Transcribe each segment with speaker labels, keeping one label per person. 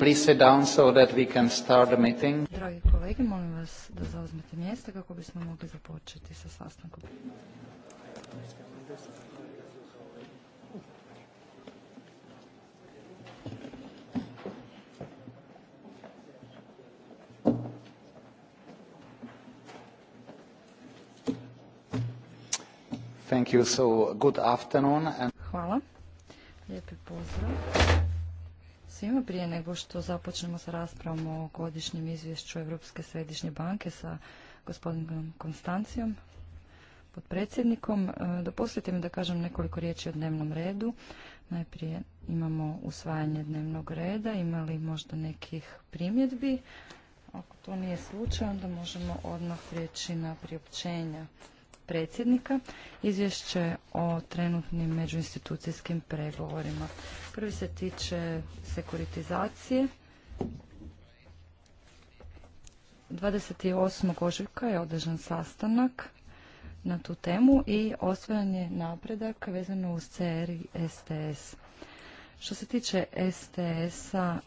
Speaker 1: please sit down so that we can start the meeting.
Speaker 2: Dragi kolege, molim vas da zauzmete mjesta kako bismo mogli započeti sa sastankom.
Speaker 1: Thank you. So, good afternoon and...
Speaker 2: Hvala. Lijepi pozdrav svima. Prije nego što započnemo sa raspravom o godišnjem izvješću Europske središnje banke sa gospodinom Konstancijom, podpredsjednikom, e, dopustite mi da kažem nekoliko riječi o dnevnom redu. Najprije imamo usvajanje dnevnog reda, imali li možda nekih primjedbi? Ako to nije slučaj, onda možemo odmah prijeći na priopćenja predsjednika, izvješće o trenutnim međuinstitucijskim pregovorima. Prvi se tiče sekuritizacije. 28. ožujka je održan sastanak na tu temu i osvojan je napredak vezano uz CR i STS. Što se tiče STS-a,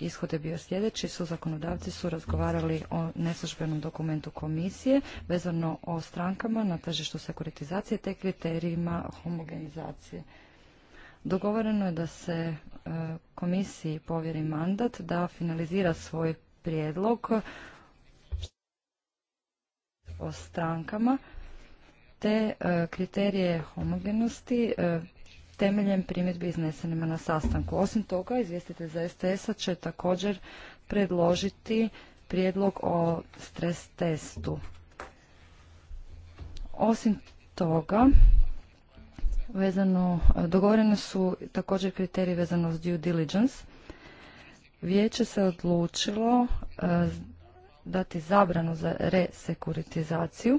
Speaker 2: ishod je bio sljedeći. Su zakonodavci su razgovarali o neslužbenom dokumentu komisije vezano o strankama na tržištu sekuritizacije te kriterijima homogenizacije. Dogovoreno je da se e, komisiji povjeri mandat da finalizira svoj prijedlog o strankama te e, kriterije homogenosti e, temeljem primjedbi iznesenima na sastanku. Osim toga, izvjestitelj za STS-a će također predložiti prijedlog o stres testu. Osim toga, vezano, dogovorene su također kriteriji vezano s due diligence. Vijeće se odlučilo e, dati zabranu za resekuritizaciju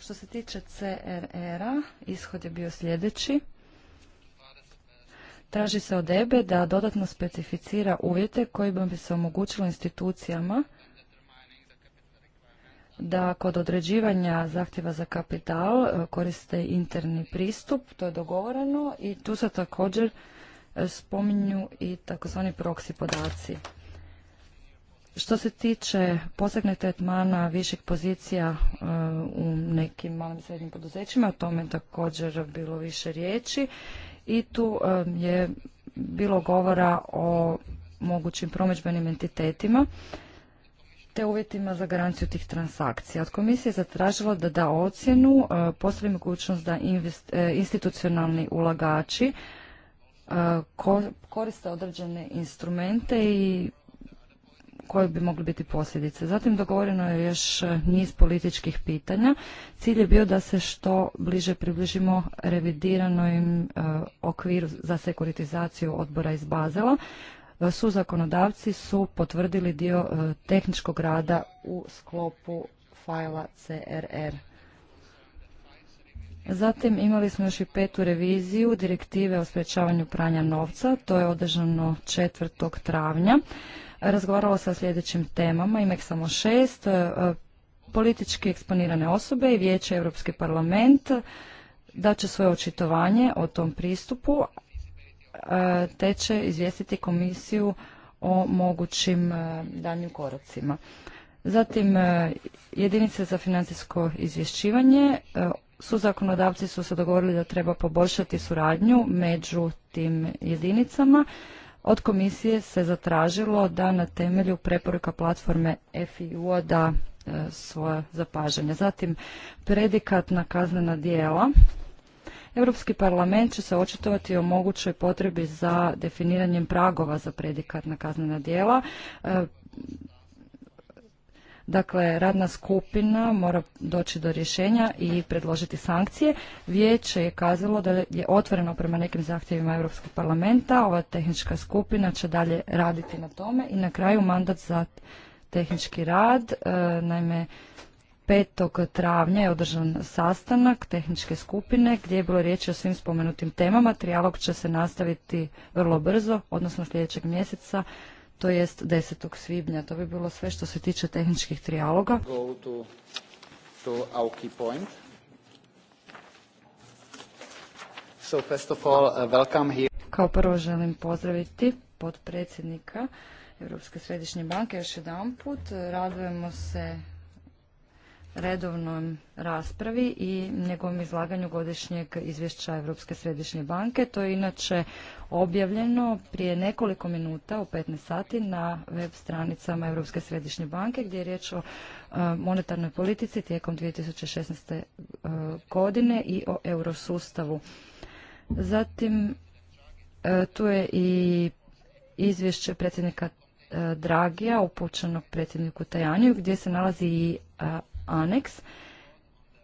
Speaker 2: Što se tiče CRR-a, ishod je bio sljedeći. Traži se od EBE e da dodatno specificira uvjete koji bi se omogućilo institucijama da kod određivanja zahtjeva za kapital e, koriste interni pristup, to je dogovoreno i tu se također e, spominju i takozvani proksi podaci. Što se tiče posebne tretmana viših pozicija e, u nekim malim srednjim poduzećima, o tome također bilo više riječi i tu e, je bilo govora o mogućim promidžbenim entitetima te uvjetima za garanciju tih transakcija. Od komisije je zatražila da da ocjenu, e, postoji mogućnost da institucionalni ulagači koriste određene instrumente i koje bi mogli biti posljedice. Zatim dogovoreno je još niz političkih pitanja. Cilj je bio da se što bliže približimo revidiranom e, okviru za sekuritizaciju odbora iz Bazela. E, su zakonodavci su potvrdili dio e, tehničkog rada u sklopu fajla CRR. Zatim imali smo još i petu reviziju direktive o sprječavanju pranja novca, to je održano 4. travnja razgovaralo sa sljedećim temama, imek samo šest, e, politički eksponirane osobe i Vijeće Europski parlament da će svoje očitovanje o tom pristupu e, te će izvijestiti komisiju o mogućim e, daljnjim koracima. Zatim, jedinice za financijsko izvješćivanje. Su zakonodavci su se dogovorili da treba poboljšati suradnju među tim jedinicama od komisije se zatražilo da na temelju preporuka platforme fiu da e, svoje Zatim, predikatna kaznena dijela. Europski parlament će se očitovati o mogućoj potrebi za definiranjem pragova za predikatna kaznena dijela. E, Dakle, radna skupina mora doći do rješenja i predložiti sankcije. Vijeće je kazalo da je otvoreno prema nekim zahtjevima Europskog parlamenta. Ova tehnička skupina će dalje raditi na tome i na kraju mandat za tehnički rad. E, naime, 5. travnja je održan sastanak tehničke skupine gdje je bilo riječi o svim spomenutim temama. Trijalog će se nastaviti vrlo brzo, odnosno sljedećeg mjeseca to jest 10. svibnja. To bi bilo sve što se tiče tehničkih trijaloga. Uh, Kao prvo želim pozdraviti podpredsjednika Europske središnje banke još jedan put. Radujemo se redovnom raspravi i njegovom izlaganju godišnjeg izvješća Europske središnje banke. To je inače objavljeno prije nekoliko minuta u 15 sati na web stranicama Europske središnje banke gdje je riječ o e, monetarnoj politici tijekom 2016. E, godine i o eurosustavu. Zatim e, tu je i izvješće predsjednika Dragija upućenog predsjedniku Tajanju gdje se nalazi i aneks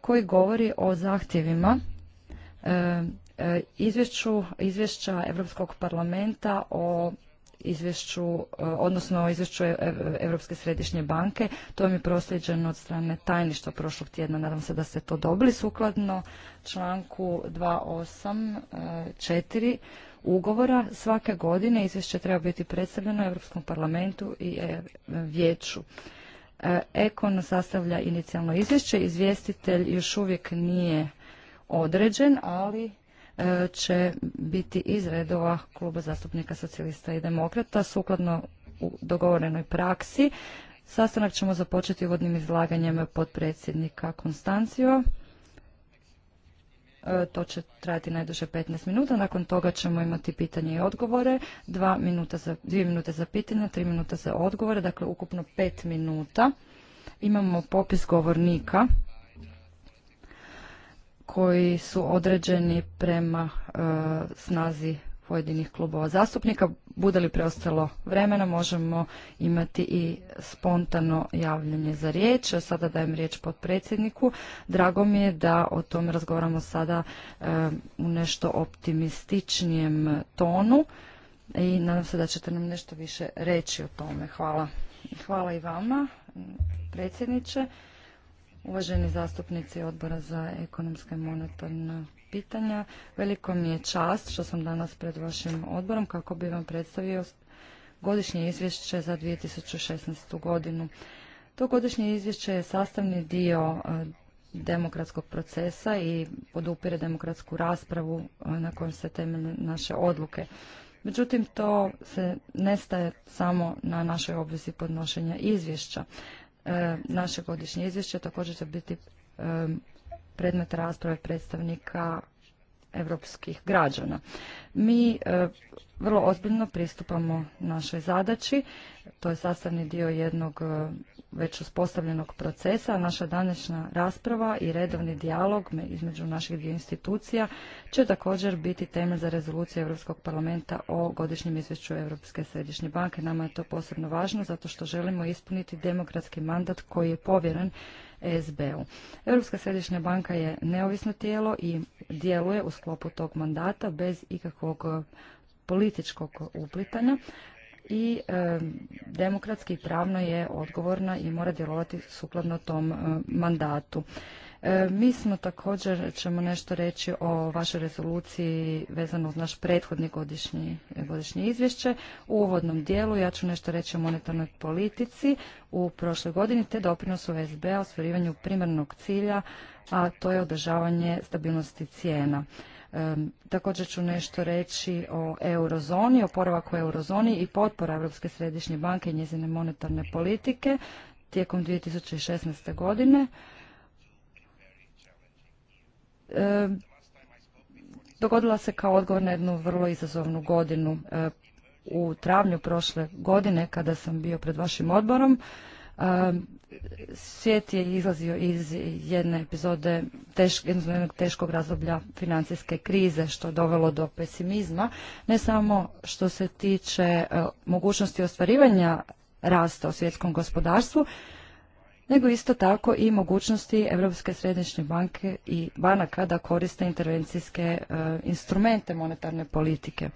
Speaker 2: koji govori o zahtjevima e, e, izvješću izvješća Europskog parlamenta o izvješću, e, odnosno o izvješću Europske središnje banke. To mi je prosljeđeno od strane tajništva prošlog tjedna. Nadam se da ste to dobili sukladno članku 284 ugovora. Svake godine izvješće treba biti predstavljeno Europskom parlamentu i vijeću. E, Ekon sastavlja inicijalno izvješće, izvjestitelj još uvijek nije određen, ali e, će biti iz redova Kluba zastupnika socijalista i demokrata sukladno u dogovorenoj praksi. Sastanak ćemo započeti uvodnim izlaganjem potpredsjednika Konstancijova. E, to će trajati najduže 15 minuta. Nakon toga ćemo imati pitanje i odgovore. Dva minuta za, dvije minute za pitanja, tri minuta za odgovore. Dakle, ukupno pet minuta. Imamo popis govornika koji su određeni prema e, snazi pojedinih klubova zastupnika. Bude li preostalo vremena, možemo imati i spontano javljanje za riječ. Sada dajem riječ predsjedniku. Drago mi je da o tom razgovaramo sada eh, u nešto optimističnijem tonu i nadam se da ćete nam nešto više reći o tome. Hvala. Hvala i vama, predsjedniče. Uvaženi zastupnici odbora za ekonomske i monetarna pitanja. Veliko mi je čast što sam danas pred vašim odborom kako bi vam predstavio godišnje izvješće za 2016. godinu. To godišnje izvješće je sastavni dio e, demokratskog procesa i podupire demokratsku raspravu e, na kojem se temelje naše odluke. Međutim, to se nestaje samo na našoj obvezi podnošenja izvješća. E, naše godišnje izvješće također će biti predmet rasprave predstavnika europskih građana. Mi e, vrlo ozbiljno pristupamo našoj zadaći, to je sastavni dio jednog e, već uspostavljenog procesa. Naša današnja rasprava i redovni dijalog između naših dvije institucija će također biti temelj za rezoluciju Europskog parlamenta o godišnjem izvješću Europske središnje banke. Nama je to posebno važno zato što želimo ispuniti demokratski mandat koji je povjeren sbu Europska središnja banka je neovisno tijelo i djeluje u sklopu tog mandata bez ikakvog e, političkog uplitanja i e, demokratski i pravno je odgovorna i mora djelovati sukladno tom e, mandatu. E, mi smo također, ćemo nešto reći o vašoj rezoluciji vezano uz naš prethodni godišnji, godišnje izvješće. U uvodnom dijelu ja ću nešto reći o monetarnoj politici u prošloj godini te doprinosu SBA ostvarivanju primarnog cilja, a to je održavanje stabilnosti cijena. E, također ću nešto reći o eurozoni, oporavak u eurozoni i potpora Europske središnje banke i njezine monetarne politike tijekom 2016. godine. E, dogodila se kao odgovor na jednu vrlo izazovnu godinu. E, u travnju prošle godine, kada sam bio pred vašim odborom, e, svijet je izlazio iz jedne epizode jednog teškog razdoblja financijske krize što je dovelo do pesimizma ne samo što se tiče mogućnosti ostvarivanja rasta u svjetskom gospodarstvu nego isto tako i mogućnosti Europske središnje banke i banaka da koriste intervencijske e, instrumente monetarne politike.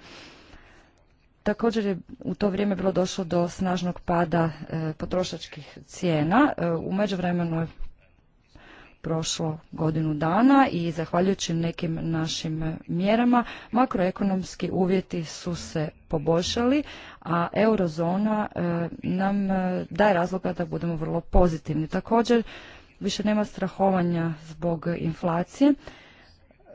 Speaker 2: Također je u to vrijeme bilo došlo do snažnog pada e, potrošačkih cijena. E, u međuvremenu je prošlo godinu dana i zahvaljujući nekim našim mjerama makroekonomski uvjeti su se poboljšali, a eurozona e, nam e, daje razloga da budemo vrlo pozitivni. Također više nema strahovanja zbog inflacije. E,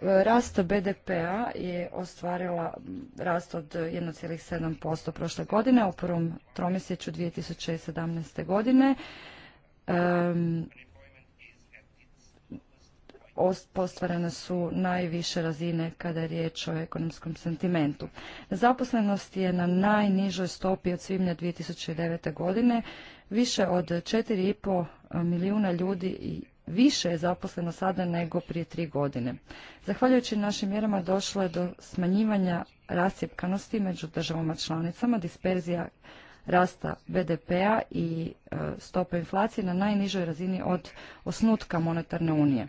Speaker 2: rast BDP-a je ostvarila rast od 1,7% prošle godine u prvom tromjesečju 2017. godine postvarane su najviše razine kada je riječ o ekonomskom sentimentu. Zaposlenost je na najnižoj stopi od svibnja 2009. godine. Više od 4,5 milijuna ljudi i više je zaposleno sada nego prije tri godine. Zahvaljujući našim mjerama došlo je do smanjivanja rasjepkanosti među državama članicama, disperzija rasta BDP-a i e, stopa inflacije na najnižoj razini od osnutka monetarne unije.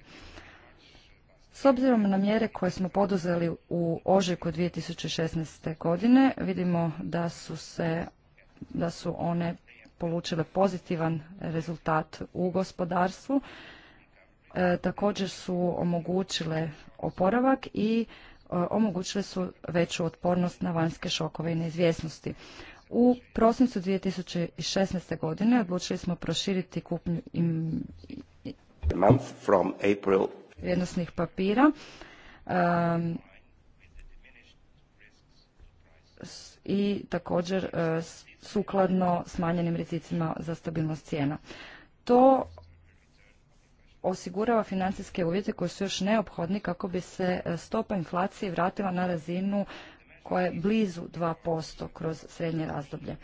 Speaker 2: S obzirom na mjere koje smo poduzeli u ožujku 2016. godine, vidimo da su, se, da su one polučile pozitivan rezultat u gospodarstvu. E, također su omogućile oporavak i e, omogućile su veću otpornost na vanjske šokove i neizvjesnosti. U prosincu 2016. godine odlučili smo proširiti kupnju im,
Speaker 1: from April
Speaker 2: vrijednosnih papira i također e, sukladno smanjenim rizicima za stabilnost cijena. To osigurava financijske uvjete koji su još neophodni kako bi se e, stopa inflacije vratila na razinu koja je blizu 2% kroz srednje razdoblje.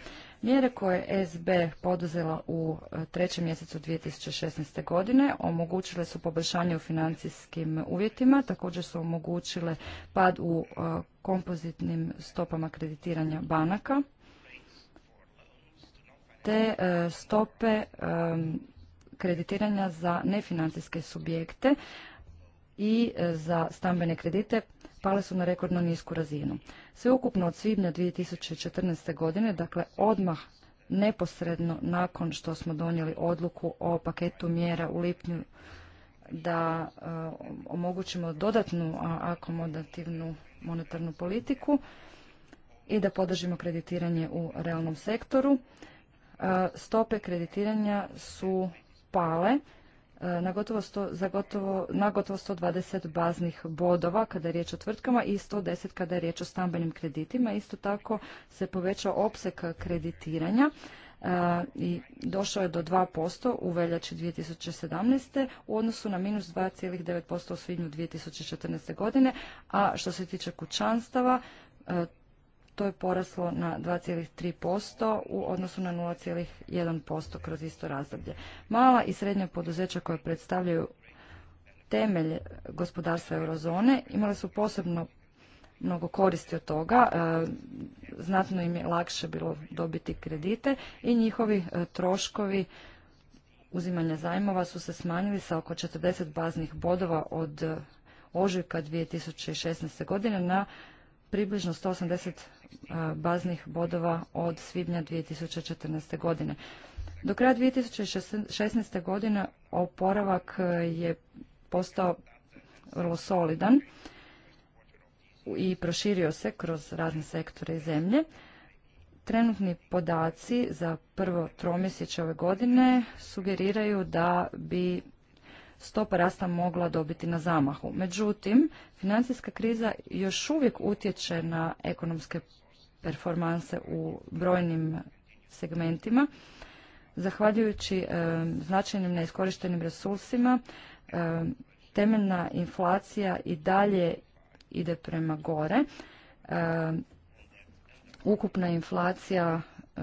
Speaker 2: Mjere koje je SB poduzela u e, trećem mjesecu 2016. godine omogućile su poboljšanje u financijskim uvjetima, također su omogućile pad u e, kompozitnim stopama kreditiranja banaka, te e, stope kreditiranja za nefinancijske subjekte i za stambene kredite pale su na rekordno nisku razinu. Sveukupno od svibnja 2014. godine, dakle odmah neposredno nakon što smo donijeli odluku o paketu mjera u lipnju da e, omogućimo dodatnu akomodativnu monetarnu politiku i da podržimo kreditiranje u realnom sektoru. E, stope kreditiranja su pale E, na gotovo, sto za 120 baznih bodova kada je riječ o tvrtkama i 110 kada je riječ o stambenim kreditima. Isto tako se povećao opsek kreditiranja e, i došao je do 2% u veljači 2017. u odnosu na minus 2,9% u svibnju 2014. godine, a što se tiče kućanstava, e, to je poraslo na 2,3% u odnosu na 0,1% kroz isto razdoblje. Mala i srednja poduzeća koje predstavljaju temelj gospodarstva eurozone imale su posebno mnogo koristi od toga, e, znatno im je lakše bilo dobiti kredite i njihovi e, troškovi uzimanja zajmova su se smanjili sa oko 40 baznih bodova od e, ožujka 2016. godine na približno 180 baznih bodova od svibnja 2014. godine. Do kraja 2016. godine oporavak e, je postao vrlo solidan i proširio se kroz razne sektore i zemlje. Trenutni podaci za prvo tromjesečje ove godine sugeriraju da bi stopa rasta mogla dobiti na zamahu. Međutim, financijska kriza još uvijek utječe na ekonomske performanse u brojnim segmentima. Zahvaljujući e, značajnim neiskorištenim resursima, e, temeljna inflacija i dalje ide prema gore. E, ukupna inflacija e,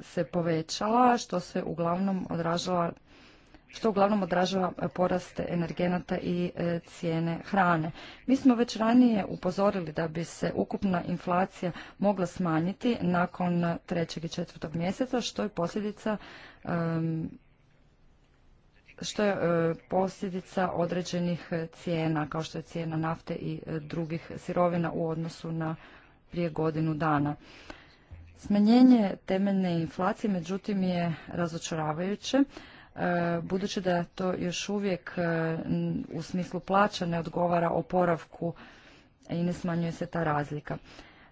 Speaker 2: se povećala, što se uglavnom odražava što uglavnom odražava e, porast energenata i e, cijene hrane. Mi smo već ranije upozorili da bi se ukupna inflacija mogla smanjiti nakon trećeg i četvrtog mjeseca, što je posljedica što je e, posljedica određenih cijena, kao što je cijena nafte i drugih sirovina u odnosu na prije godinu dana. Smanjenje temeljne inflacije, međutim, je razočaravajuće. E, budući da to još uvijek e, u smislu plaća ne odgovara oporavku e, i ne smanjuje se ta razlika.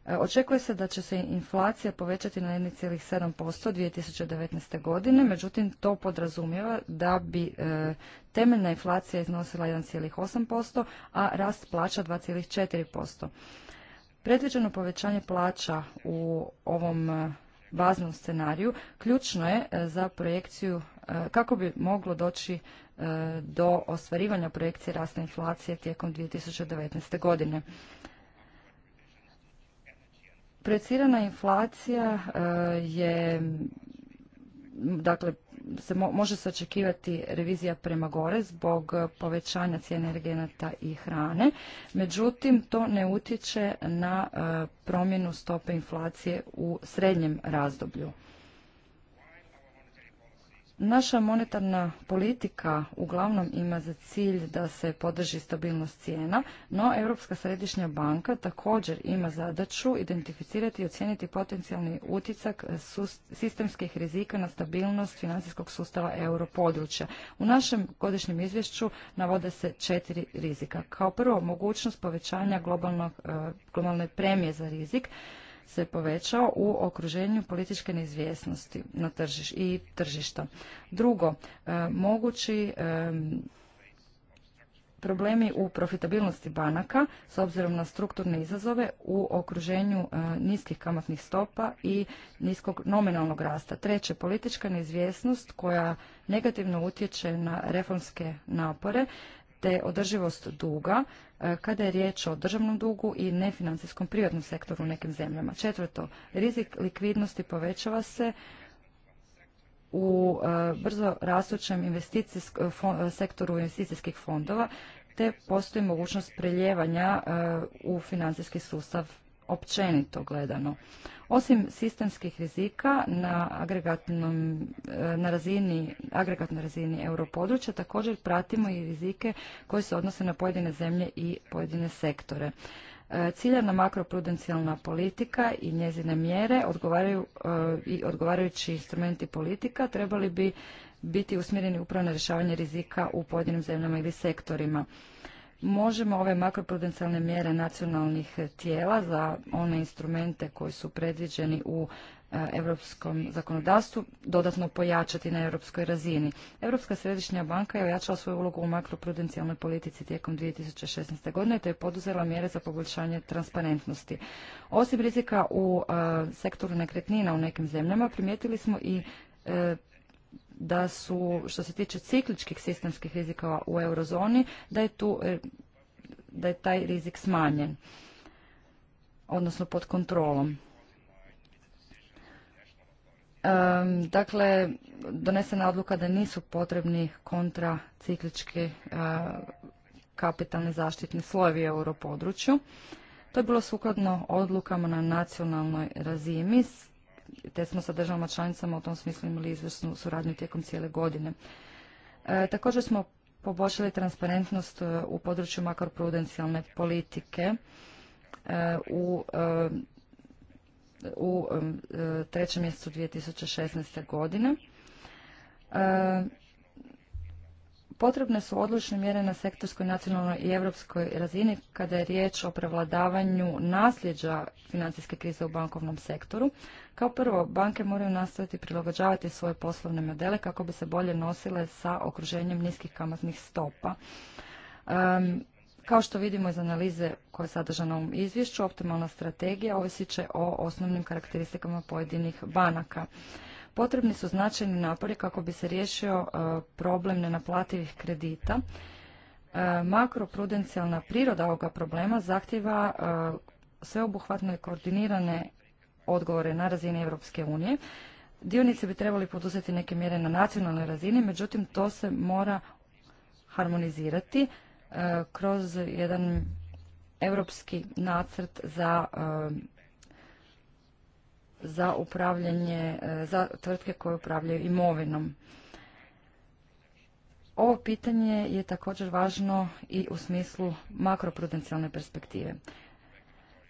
Speaker 2: Očekuje se da će se inflacija povećati na 1,7% 2019. godine, međutim to podrazumijeva da bi e, temeljna inflacija iznosila 1,8%, a rast plaća 2,4%. Predviđeno povećanje plaća u ovom baznom scenariju ključno je e, za projekciju e, kako bi moglo doći e, do ostvarivanja projekcije rasta inflacije tijekom 2019. godine. Projecirana inflacija je dakle se može se očekivati revizija prema gore zbog povećanja cijene energenata i hrane. Međutim, to ne utječe na e, promjenu stope inflacije u srednjem razdoblju. Naša monetarna politika uglavnom ima za cilj da se podrži stabilnost cijena, no Europska središnja banka također ima zadaću identificirati i ocijeniti potencijalni uticak sistemskih rizika na stabilnost financijskog sustava europodručja. U našem godišnjem izvješću navode se četiri rizika. Kao prvo, mogućnost povećanja e, globalne premije za rizik, se povećao u okruženju političke neizvjesnosti na i tržišta. Drugo, e, mogući e, problemi u profitabilnosti banaka s obzirom na strukturne izazove u okruženju e, niskih kamatnih stopa i niskog nominalnog rasta. Treće, politička neizvjesnost koja negativno utječe na reformske napore te održivost duga E, kada je riječ o državnom dugu i nefinancijskom privatnom sektoru u nekim zemljama. Četvrto, rizik likvidnosti povećava se u e, brzo rastućem e, sektoru investicijskih fondova, te postoji mogućnost preljevanja u financijski sustav općenito gledano. Osim sistemskih rizika na, agregatnom, e, na razini, agregatnoj razini europodručja također pratimo i rizike koji se odnose na pojedine zemlje i pojedine sektore. E, ciljana makroprudencijalna politika i njezine mjere odgovaraju, e, i odgovarajući instrumenti politika trebali bi biti usmjereni upravo na rješavanje rizika u pojedinim zemljama ili sektorima možemo ove makroprudencijalne mjere nacionalnih tijela za one instrumente koji su predviđeni u europskom zakonodavstvu dodatno pojačati na europskoj razini. Europska središnja banka je ojačala svoju ulogu u makroprudencijalnoj politici tijekom 2016. godine te je poduzela mjere za poboljšanje transparentnosti. Osim rizika u e, sektoru nekretnina u nekim zemljama primijetili smo i e, da su, što se tiče cikličkih sistemskih rizika u eurozoni, da je, e, da je taj rizik smanjen, odnosno pod kontrolom. dakle, donesena odluka da nisu potrebni kontraciklički uh, kapitalni zaštitni slojevi u europodručju. To je bilo sukladno odlukama na nacionalnoj razini te smo sa državama članicama u tom smislu imali izvrsnu suradnju tijekom cijele godine. E, također smo poboljšali transparentnost e, u području makroprudencijalne politike e, u e, u e, trećem mjesecu 2016. godine. Potrebne su odlučne mjere na sektorskoj, nacionalnoj i europskoj razini kada je riječ o prevladavanju nasljeđa financijske krize u bankovnom sektoru. Kao prvo, banke moraju nastaviti prilagođavati svoje poslovne modele kako bi se bolje nosile sa okruženjem niskih kamatnih stopa. kao što vidimo iz analize koja je sadržana u ovom izvješću, optimalna strategija ovisit će o osnovnim karakteristikama pojedinih banaka. Potrebni su značajni napori kako bi se riješio e, problem nenaplativih kredita. E, makroprudencijalna priroda ovoga problema zahtjeva e, sveobuhvatne koordinirane odgovore na razini Europske unije. Dionici bi trebali poduzeti neke mjere na nacionalnoj razini, međutim to se mora harmonizirati kroz jedan europski nacrt za za upravljanje, e, za tvrtke koje upravljaju imovinom. Ovo pitanje je također važno i u smislu makroprudencijalne perspektive.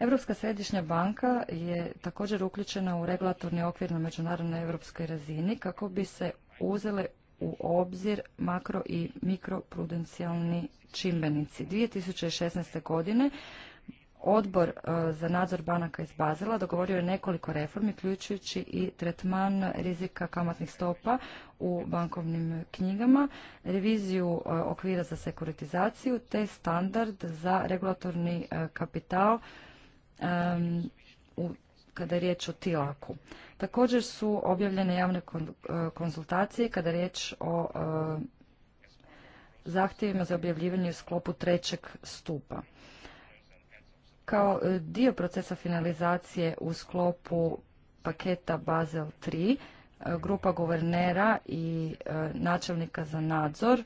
Speaker 2: Europska središnja banka je također uključena u regulatorni okvir na međunarodnoj europskoj razini kako bi se uzele u obzir makro i mikroprudencijalni čimbenici. 2016. godine Odbor e, za nadzor banaka iz Bazela dogovorio je nekoliko reformi, uključujući i tretman rizika kamatnih stopa u bankovnim knjigama, reviziju e, okvira za sekuritizaciju te standard za regulatorni e, kapital kada je riječ o tilaku. Također su objavljene javne konzultacije kada je riječ o zahtjevima za objavljivanje u sklopu trećeg stupa kao e, dio procesa finalizacije u sklopu paketa Basel 3 e, grupa guvernera i e, načelnika za nadzor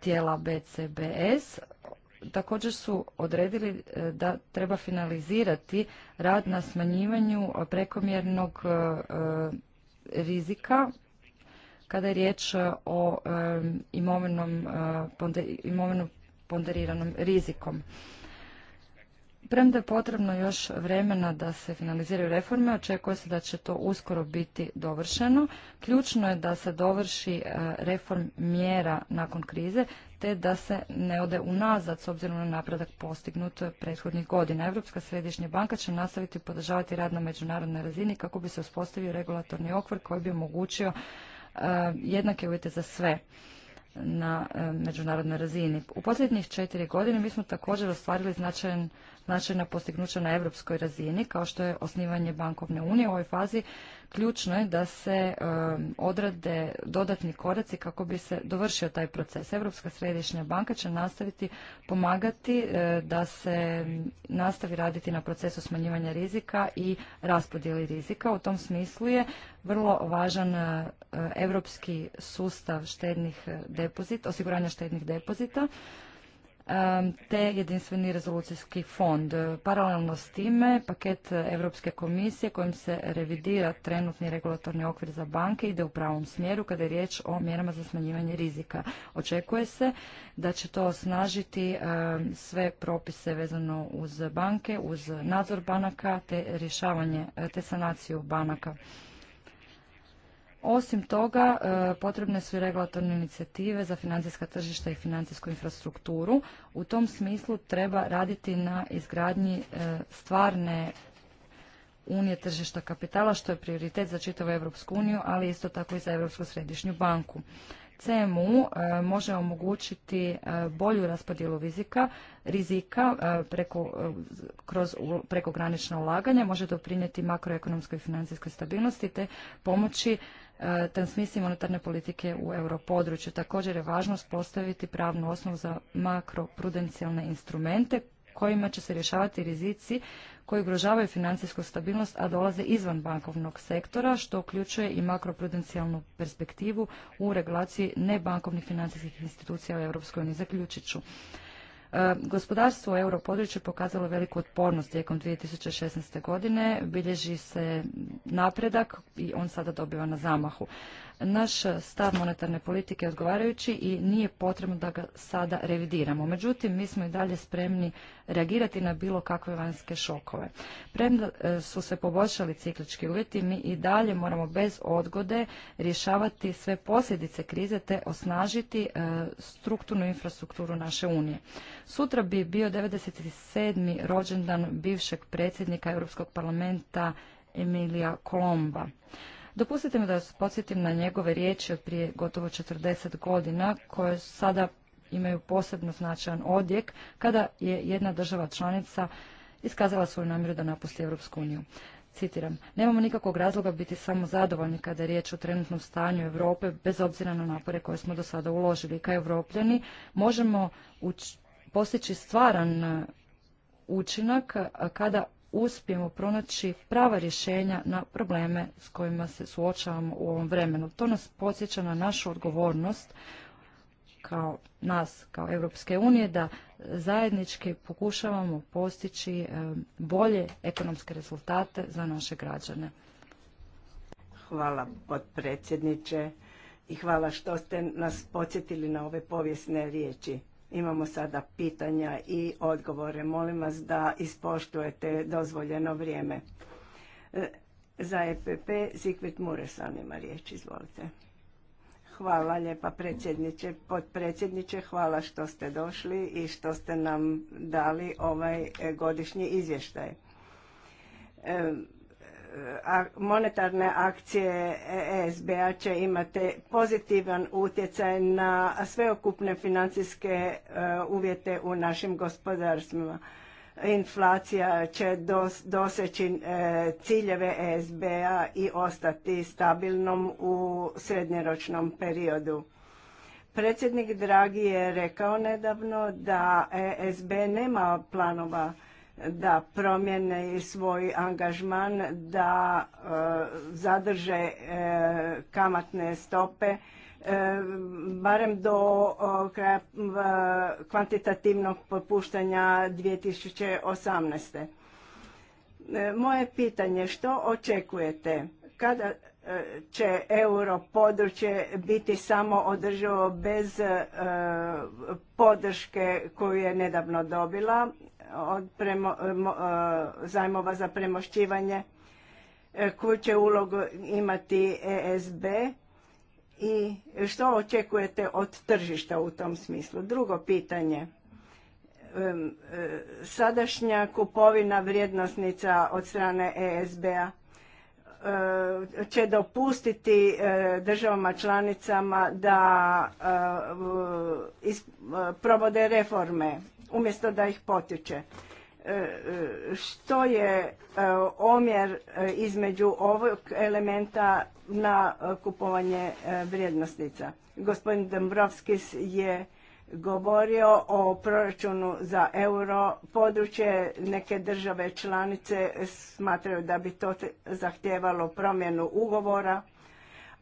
Speaker 2: tijela BCBS također su odredili da treba finalizirati rad na smanjivanju prekomjernog rizika kada je riječ o imovenom ponderiranom rizikom. Premda je potrebno još vremena da se finaliziraju reforme, očekuje se da će to uskoro biti dovršeno. Ključno je da se dovrši e, reform mjera nakon krize, te da se ne ode unazad s obzirom na napredak postignut prethodnih godina. Europska središnja banka će nastaviti podržavati rad na međunarodnoj razini kako bi se uspostavio regulatorni okvir koji bi omogućio e, jednake uvjete za sve na e, međunarodnoj razini. U posljednjih četiri godine mi smo također ostvarili značajan značajna postignuća na europskoj razini, kao što je osnivanje bankovne unije. U ovoj fazi ključno je da se um, odrade dodatni koraci kako bi se dovršio taj proces. Europska središnja banka će nastaviti pomagati uh, da se nastavi raditi na procesu smanjivanja rizika i raspodjeli rizika. U tom smislu je vrlo važan uh, europski sustav štednih uh, depozita, osiguranja štednih depozita te jedinstveni rezolucijski fond. Paralelno s time, paket Europske komisije kojim se revidira trenutni regulatorni okvir za banke ide u pravom smjeru kada je riječ o mjerama za smanjivanje rizika. Očekuje se da će to osnažiti sve propise vezano uz banke, uz nadzor banaka te rješavanje, te sanaciju banaka. Osim toga, e, potrebne su i regulatorne inicijative za financijska tržišta i financijsku infrastrukturu. U tom smislu treba raditi na izgradnji e, stvarne unije tržišta kapitala, što je prioritet za čitavu Evropsku uniju, ali isto tako i za Europsku središnju banku. CMU e, može omogućiti bolju raspodjelu rizika, rizika preko, kroz prekogranična ulaganja, može doprinijeti makroekonomskoj i financijskoj stabilnosti te pomoći E, transmisiji monetarne politike u europodručju. Također je važno postaviti pravnu osnovu za makroprudencijalne instrumente kojima će se rješavati rizici koji ugrožavaju financijsku stabilnost, a dolaze izvan bankovnog sektora, što uključuje i makroprudencijalnu perspektivu u regulaciji nebankovnih financijskih institucija u EU. Zaključit ću. Gospodarstvo u europodručju pokazalo veliku otpornost tijekom 2016. godine. Bilježi se napredak i on sada dobiva na zamahu naš stav monetarne politike je odgovarajući i nije potrebno da ga sada revidiramo. Međutim, mi smo i dalje spremni reagirati na bilo kakve vanjske šokove. Premda e, su se poboljšali ciklički uvjeti, mi i dalje moramo bez odgode rješavati sve posljedice krize te osnažiti e, strukturnu infrastrukturu naše unije. Sutra bi bio 97. rođendan bivšeg predsjednika Europskog parlamenta Emilija Kolomba. Dopustite mi da vas podsjetim na njegove riječi od prije gotovo 40 godina, koje sada imaju posebno značajan odjek kada je jedna država članica iskazala svoju namjeru da napusti Europsku uniju. Citiram, nemamo nikakvog razloga biti samo zadovoljni kada je riječ o trenutnom stanju Europe, bez obzira na napore koje smo do sada uložili. Kao europljani možemo postići stvaran učinak kada uspijemo pronaći prava rješenja na probleme s kojima se suočavamo u ovom vremenu. To nas podsjeća na našu odgovornost kao nas, kao Europske unije, da zajednički pokušavamo postići e, bolje ekonomske rezultate za naše građane.
Speaker 3: Hvala potpredsjedniče i hvala što ste nas podsjetili na ove povijesne riječi. Imamo sada pitanja i odgovore. Molim vas da ispoštujete dozvoljeno vrijeme. E, za EPP Zikvit Muresan ima riječ, izvolite. Hvala lijepa predsjedniče, potpredsjedniče, hvala što ste došli i što ste nam dali ovaj e, godišnji izvještaj. E, monetarne akcije ESB-a će imati pozitivan utjecaj na sveokupne financijske e, uvjete u našim gospodarstvima. Inflacija će doseći e, ciljeve ESB-a i ostati stabilnom u srednjeročnom periodu. Predsjednik Dragi je rekao nedavno da ESB nema planova da promjene svoj angažman, da e, zadrže e, kamatne stope e, barem do kraja kvantitativnog popuštanja 2018. Moje pitanje, što očekujete? Kada će euro područje biti samo održivo bez podrške koju je nedavno dobila od e, e, zajmova za premošćivanje e, koju će ulogu imati ESB i što očekujete od tržišta u tom smislu? Drugo pitanje. Sadašnja kupovina vrijednosnica od strane ESB-a će dopustiti državama članicama da provode reforme umjesto da ih potiče. E, e, što je e, omjer između ovog elementa na kupovanje vrijednosnica? Gospodin Dombrovskis je govorio o proračunu za euro područje. Neke države članice smatraju da bi to zahtjevalo promjenu ugovora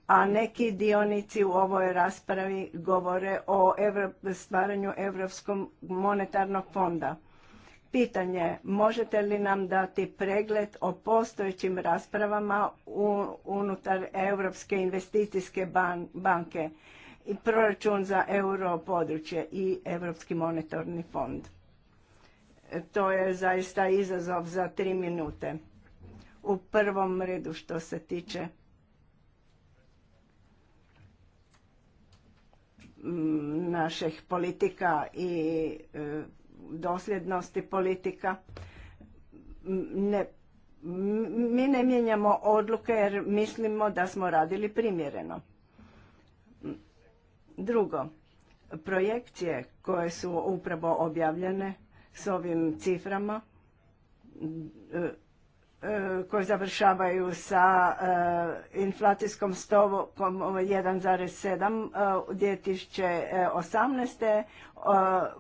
Speaker 3: a neki dionici u ovoj raspravi govore o stvaranju Evropskog monetarnog fonda. Pitanje, možete li nam dati pregled o postojećim raspravama unutar Europske investicijske banke i proračun za euro područje i Europski monetarni fond? E, to je zaista izazov za tri minute. U prvom redu što se tiče Mm, naših politika i e, dosljednosti politika. Ne, mi ne mijenjamo odluke jer mislimo da smo radili primjereno. Drugo, projekcije koje su upravo objavljene s ovim ciframa E, koji završavaju sa e, inflacijskom stovom 1,7 e, u 2018.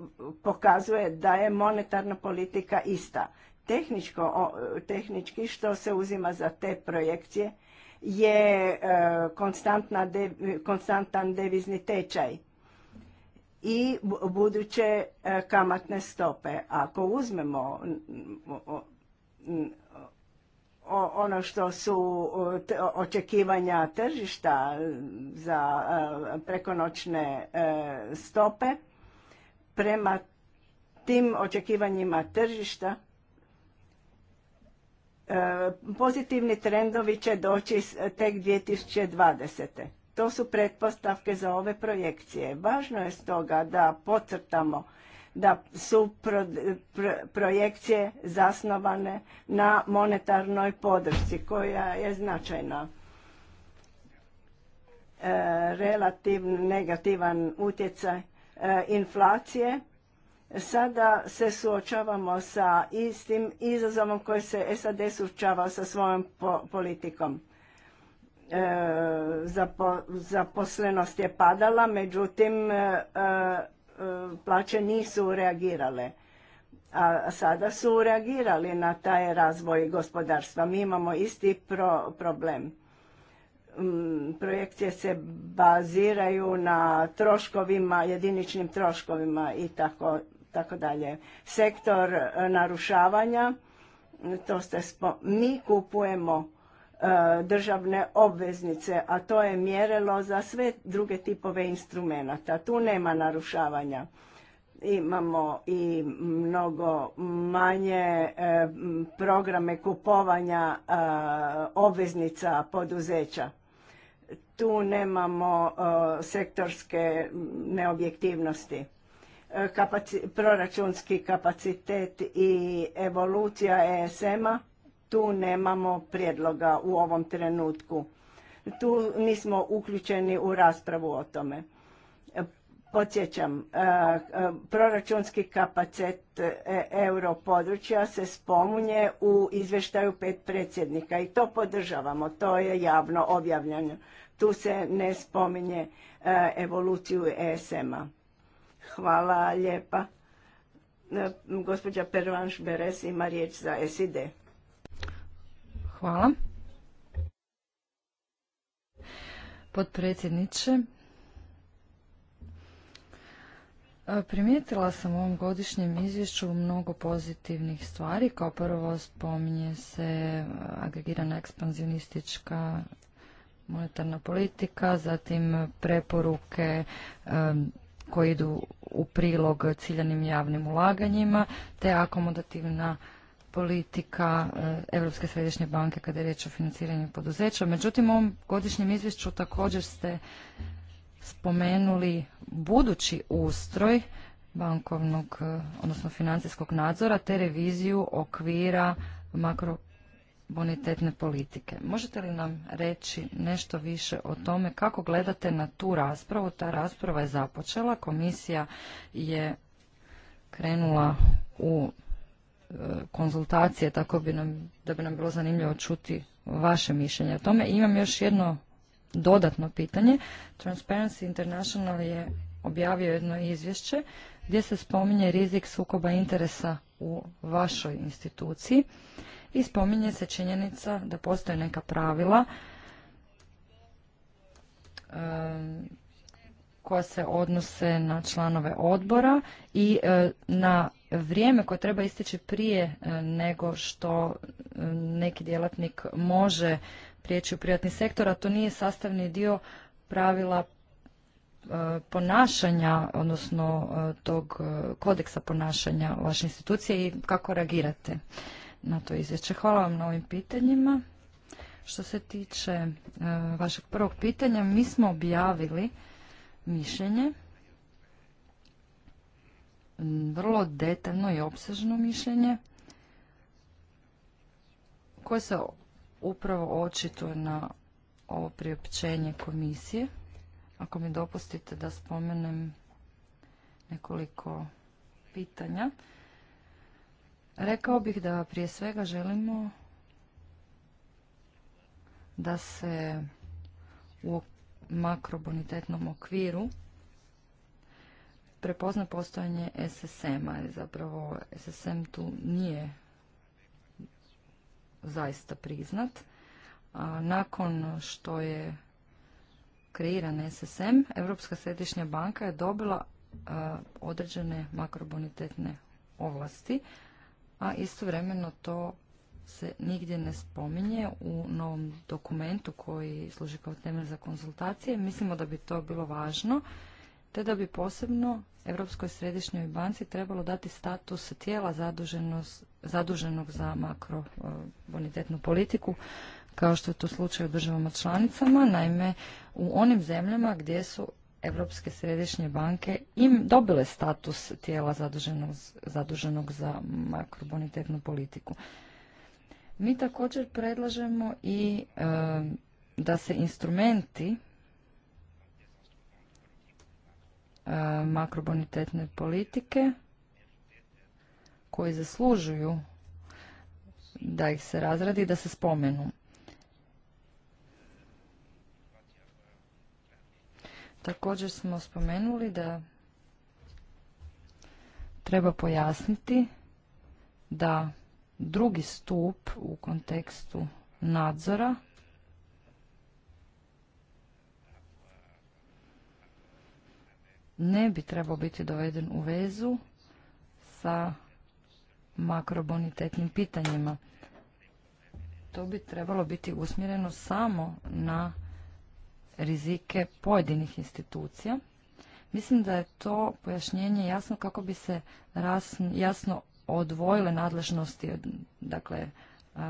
Speaker 3: pokazuje da je monetarna politika ista. Tehničko, tehnički što se uzima za te projekcije je konstantan devizni tečaj i buduće kamatne stope. Ako uzmemo ono što su očekivanja tržišta za e, prekonočne e, stope prema tim očekivanjima tržišta e, pozitivni trendovi će doći tek 2020. To su pretpostavke za ove projekcije. Važno je stoga da pocrtamo da su projekcije zasnovane na monetarnoj podršci koja je značajna. E, relativno negativan utjecaj e, inflacije. Sada se suočavamo sa istim izazovom koji se SAD suočava sa svojom politikom. E, zaposlenost je padala, međutim e, plaće nisu reagirale. A sada su reagirali na taj razvoj gospodarstva. Mi imamo isti problem. Mm, projekcije se baziraju na troškovima, jediničnim troškovima i tako, tako dalje. Sektor e, narušavanja, to ste mi kupujemo E, državne obveznice, a to je mjerelo za sve druge tipove instrumenata. Tu nema narušavanja. Imamo i mnogo manje e, programe kupovanja e, obveznica poduzeća. Tu nemamo sektorske neobjektivnosti. proračunski kapacitet i evolucija ESM-a tu nemamo prijedloga u ovom trenutku. Tu nismo uključeni u raspravu o tome. Podsjećam, eh, eh, proračunski kapacet eh, europodručja se spomunje u izvještaju pet predsjednika i to podržavamo, to je javno objavljeno. Tu se ne spominje evoluciju ESM-a. Hvala lijepa. Gospođa Pervanš Beres ima riječ za SID.
Speaker 2: Hvala. Potpredsjedniče, e, Primijetila sam u ovom godišnjem izvješću mnogo pozitivnih stvari. Kao prvo spominje se e, agregirana ekspanzionistička monetarna politika, zatim preporuke e, koje idu u prilog ciljanim javnim ulaganjima, te akomodativna politika e, Europske središnje banke kada je riječ o financiranju poduzeća. Međutim, u ovom godišnjem izvješću također ste spomenuli budući ustroj bankovnog, e, odnosno financijskog nadzora te reviziju okvira makrobonitetne politike. Možete li nam reći nešto više o tome kako gledate na tu raspravu? Ta rasprava je započela, komisija je krenula u konzultacije, tako bi nam, da bi nam bilo zanimljivo čuti vaše mišljenje o tome. Imam još jedno dodatno pitanje. Transparency International je objavio jedno izvješće gdje se spominje rizik sukoba interesa u vašoj instituciji i spominje se činjenica da postoje neka pravila koja se odnose na članove odbora i e, na vrijeme koje treba isteći prije e, nego što e, neki djelatnik može prijeći u privatni sektor, a to nije sastavni dio pravila e, ponašanja, odnosno tog kodeksa ponašanja vaše institucije i kako reagirate na to izvješće. Hvala vam na ovim pitanjima. Što se tiče vašeg prvog pitanja, mi smo objavili mišljenje vrlo detaljno i opsežno mišljenje koje se upravo očituje na ovo priopćenje komisije. Ako mi dopustite da spomenem nekoliko pitanja. Rekao bih da prije svega želimo da se u makrobonitetnom okviru prepozna postojanje SSM-a. Zapravo SSM tu nije zaista priznat. nakon što je kreiran SSM, Europska središnja banka je dobila određene makrobonitetne ovlasti, a istovremeno to se nigdje ne spominje u novom dokumentu koji služi kao temelj za konzultacije. Mislimo da bi to bilo važno te da bi posebno Europskoj središnjoj banci trebalo dati status tijela zaduženog za makrobonitetnu e, politiku, kao što je to slučaj u državama članicama, naime u onim zemljama gdje su Europske središnje banke im dobile status tijela zaduženog, za makrobonitetnu politiku. Mi također predlažemo i e, da se instrumenti E, makrobonitetne politike koji zaslužuju da ih se razradi i da se spomenu. Također smo spomenuli da treba pojasniti da drugi stup u kontekstu nadzora ne bi trebao biti doveden u vezu sa makrobonitetnim pitanjima. To bi trebalo biti usmjereno samo na rizike pojedinih institucija. Mislim da je to pojašnjenje jasno kako bi se jasno odvojile nadležnosti dakle,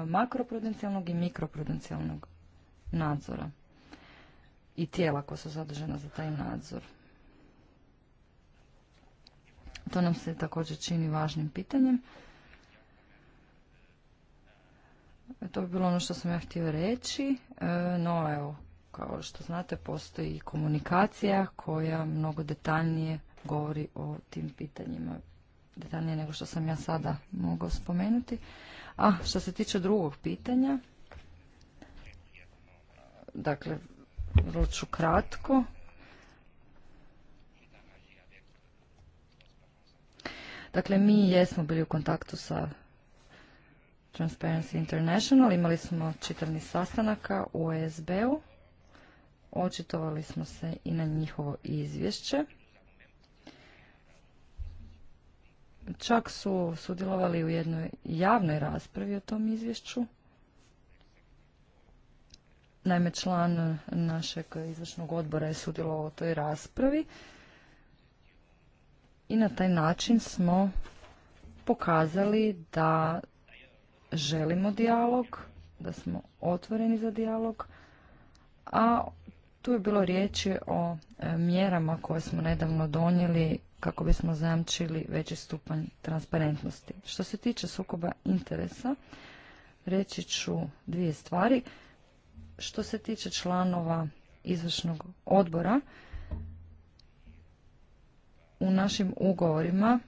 Speaker 2: makroprudencijalnog i mikroprudencijalnog nadzora i tijela koja su zadržena za taj nadzor. To nam se također čini važnim pitanjem. E, to bi bilo ono što sam ja htio reći, e, no evo, kao što znate, postoji komunikacija koja mnogo detaljnije govori o tim pitanjima, detaljnije nego što sam ja sada mogao spomenuti. A što se tiče drugog pitanja, dakle, vrlo ću kratko, Dakle, mi jesmo bili u kontaktu sa Transparency International, imali smo čitavni sastanaka u ESB-u, očitovali smo se i na njihovo izvješće. Čak su sudjelovali u jednoj javnoj raspravi o tom izvješću. Naime, član našeg izvršnog odbora je sudjelovao u toj raspravi i na taj način smo pokazali da želimo dijalog, da smo otvoreni za dijalog, a tu je bilo riječi o e, mjerama koje smo nedavno donijeli kako bismo zajamčili veći stupanj transparentnosti. Što se tiče sukoba interesa, reći ću dvije stvari. Što se tiče članova izvršnog odbora, u našim ugovorima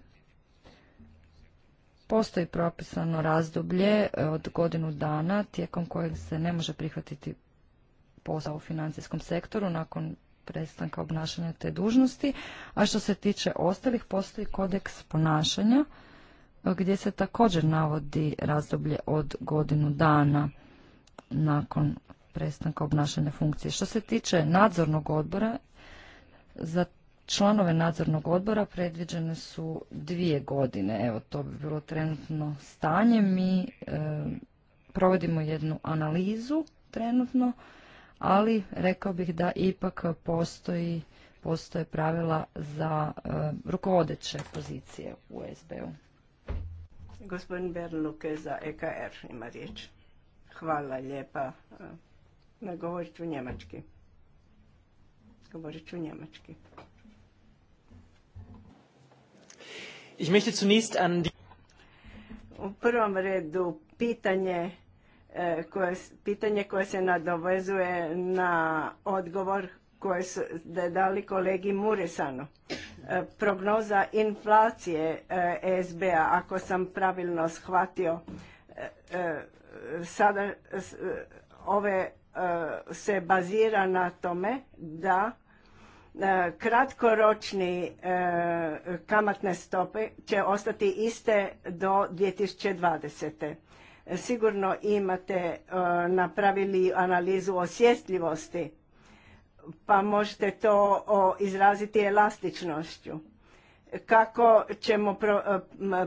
Speaker 2: postoji propisano razdoblje e, od godinu dana tijekom kojeg se ne može prihvatiti posao u financijskom sektoru nakon prestanka obnašanja te dužnosti. A što se tiče ostalih, postoji kodeks ponašanja e, gdje se također navodi razdoblje od godinu dana nakon prestanka obnašanja funkcije. Što se tiče nadzornog odbora, za članove nadzornog odbora predviđene su dvije godine. Evo, to bi bilo trenutno stanje. Mi e, provodimo jednu analizu trenutno, ali rekao bih da ipak postoji, postoje pravila za e, rukovodeće pozicije u SB-u.
Speaker 3: Gospodin Berluke za EKR ima riječ. Hvala lijepa. E, ne govorit ću njemački. Govorit ću njemački. U prvom redu pitanje e, koje, pitanje koje se nadovezuje na odgovor koje su dali kolegi Muresanu. E, prognoza inflacije e, SBA, ako sam pravilno shvatio, sada ove se bazira na tome da E, kratkoročni e, kamatne stope će ostati iste do 2020. Sigurno imate e, napravili analizu osjetljivosti, pa možete to izraziti elastičnošću. Kako ćemo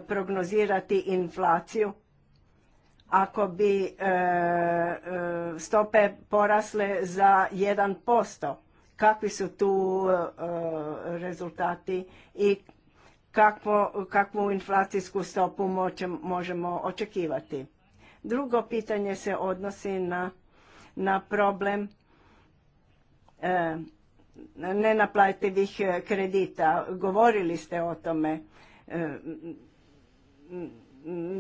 Speaker 3: prognozirati inflaciju? Ako bi stope porasle za 1%, kakvi su tu e, rezultati i kakvu inflacijsku stopu možemo očekivati. Drugo pitanje se odnosi na, problem e, nenaplativih kredita. Govorili ste o tome. E,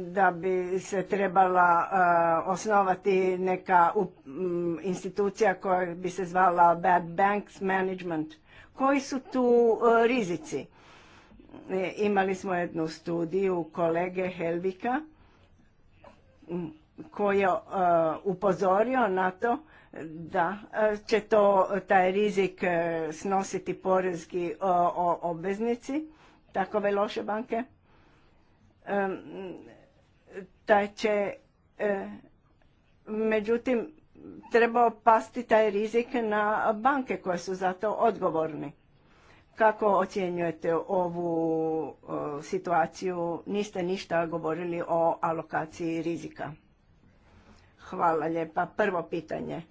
Speaker 3: da bi se trebala eh, osnovati neka mm, institucija koja bi se zvala Bad Banks Management. Koji su tu eh, rizici? E, imali smo jednu studiju kolege Helvika mm, koji je eh, upozorio na to da će to taj rizik snositi porezki obveznici takove loše banke da će e, međutim trebao pasti taj rizik na banke koje su za to odgovorni. Kako ocjenjujete ovu e, situaciju? Niste ništa govorili o alokaciji rizika. Hvala lijepa. Prvo pitanje.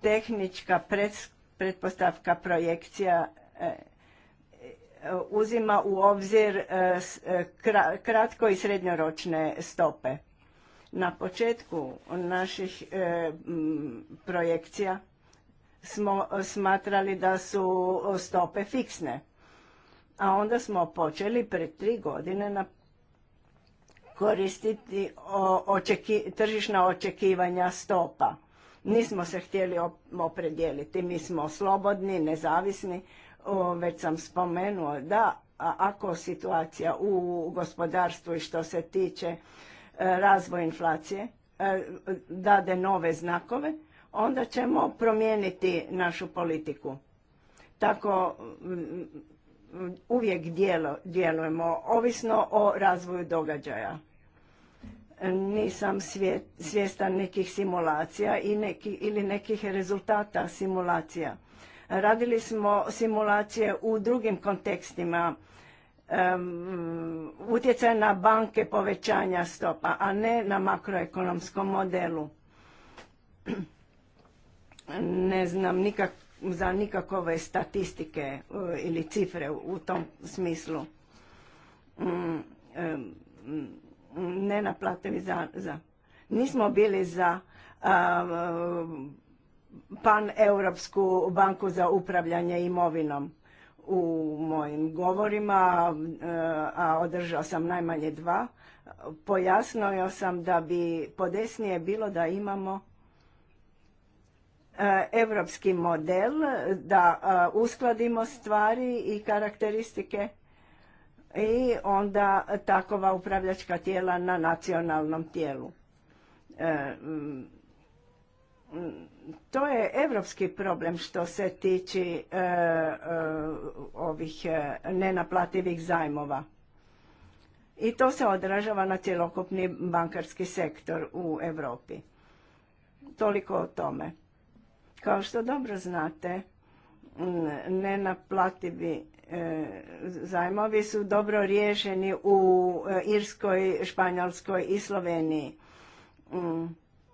Speaker 3: Tehnička pretpostavka projekcija e, uzima u obzir e, e, kratko i srednjoročne stope. Na početku naših e, projekcija smo smatrali da su stope fiksne. A onda smo počeli pred tri godine na koristiti tržišna očekivanja stopa. Nismo se htjeli opredijeliti, mi smo slobodni, nezavisni, već sam spomenuo da ako situacija u gospodarstvu i što se tiče e, razvoja inflacije e, dade nove znakove, onda ćemo promijeniti našu politiku. Tako uvijek djelujemo, ovisno o razvoju događaja. Nisam svjestan nekih simulacija i ili nekih rezultata simulacija Radili smo simulacije u drugim kontekstima, utjecaj na banke povećanja stopa, a ne na makroekonomskom modelu. Ne znam za nikakove statistike eh, ili cifre u, tom smislu. Mm, mm, ne um, za, Nismo bili za pan-europsku banku za upravljanje imovinom. U mojim govorima, eh, a održao sam najmanje dva, pojasnio sam da bi podesnije bilo da imamo europski eh, model, da eh, uskladimo stvari i karakteristike i onda takova upravljačka tijela na nacionalnom tijelu to je evropski problem što se tiče e, ovih e, nenaplativih zajmova. I to se odražava na cjelokupni bankarski sektor u Europi. Toliko o tome. Kao što dobro znate, nenaplativi e, zajmovi su dobro riješeni u Irskoj, Španjolskoj i Sloveniji. Mm.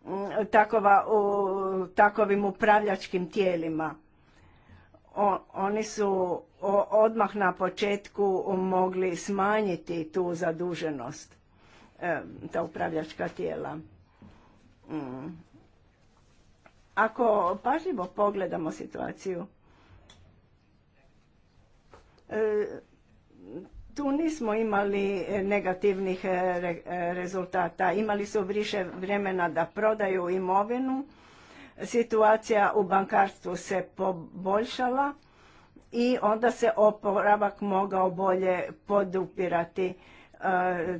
Speaker 3: Mm, takova, u takovim upravljačkim tijelima. oni su o, odmah na početku mogli smanjiti tu zaduženost, ta upravljačka tijela. Mm. Ako pažljivo pogledamo situaciju, e, tu nismo imali e, negativnih e, e, rezultata. Imali su više vremena da prodaju imovinu. Situacija u bankarstvu se poboljšala i onda se oporavak mogao bolje podupirati.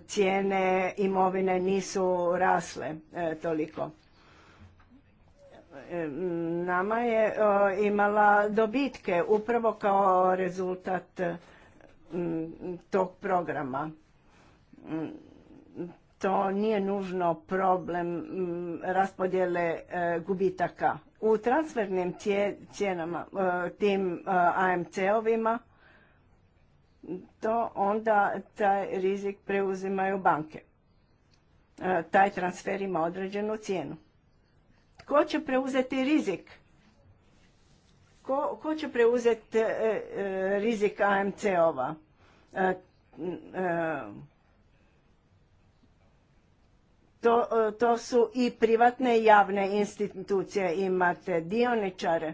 Speaker 3: cijene imovine nisu rasle toliko. nama je imala dobitke upravo kao rezultat Mm, tog programa. Mm, to nije nužno problem mm, raspodjele eh, gubitaka. U transfernim cijenama, eh, tim eh, AMC-ovima, to onda taj rizik preuzimaju banke. Taj transfer ima određenu cijenu. Tko će preuzeti rizik? ko, će preuzeti e, e, rizik AMC-ova? E, to, su i privatne i javne institucije, imate dioničare.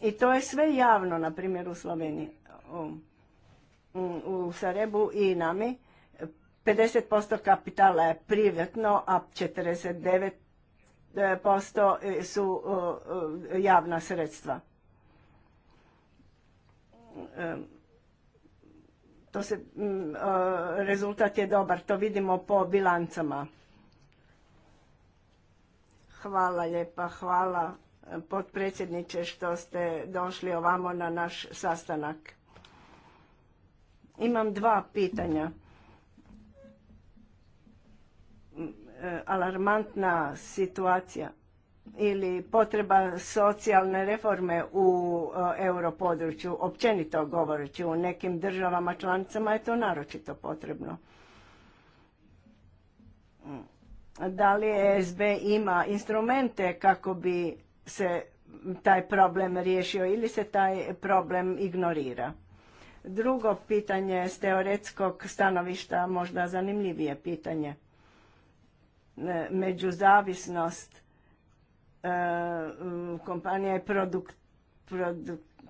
Speaker 3: I to je sve javno, na primjer u Sloveniji, u, u Sarebu i Nami. 50% kapitala je privatno, a 49% su javna sredstva to se, mm, e, rezultat je dobar, to vidimo po bilancama. Hvala lijepa, hvala e, potpredsjedniče što ste došli ovamo na naš sastanak. Imam dva pitanja. Mm, e, alarmantna situacija ili potreba socijalne reforme u e, europodručju, općenito govoreći u nekim državama članicama je to naročito potrebno. Da li ESB ima instrumente kako bi se taj problem riješio ili se taj problem ignorira? Drugo pitanje s teoretskog stanovišta, možda zanimljivije pitanje, e, međuzavisnost E, kompanija je produkt,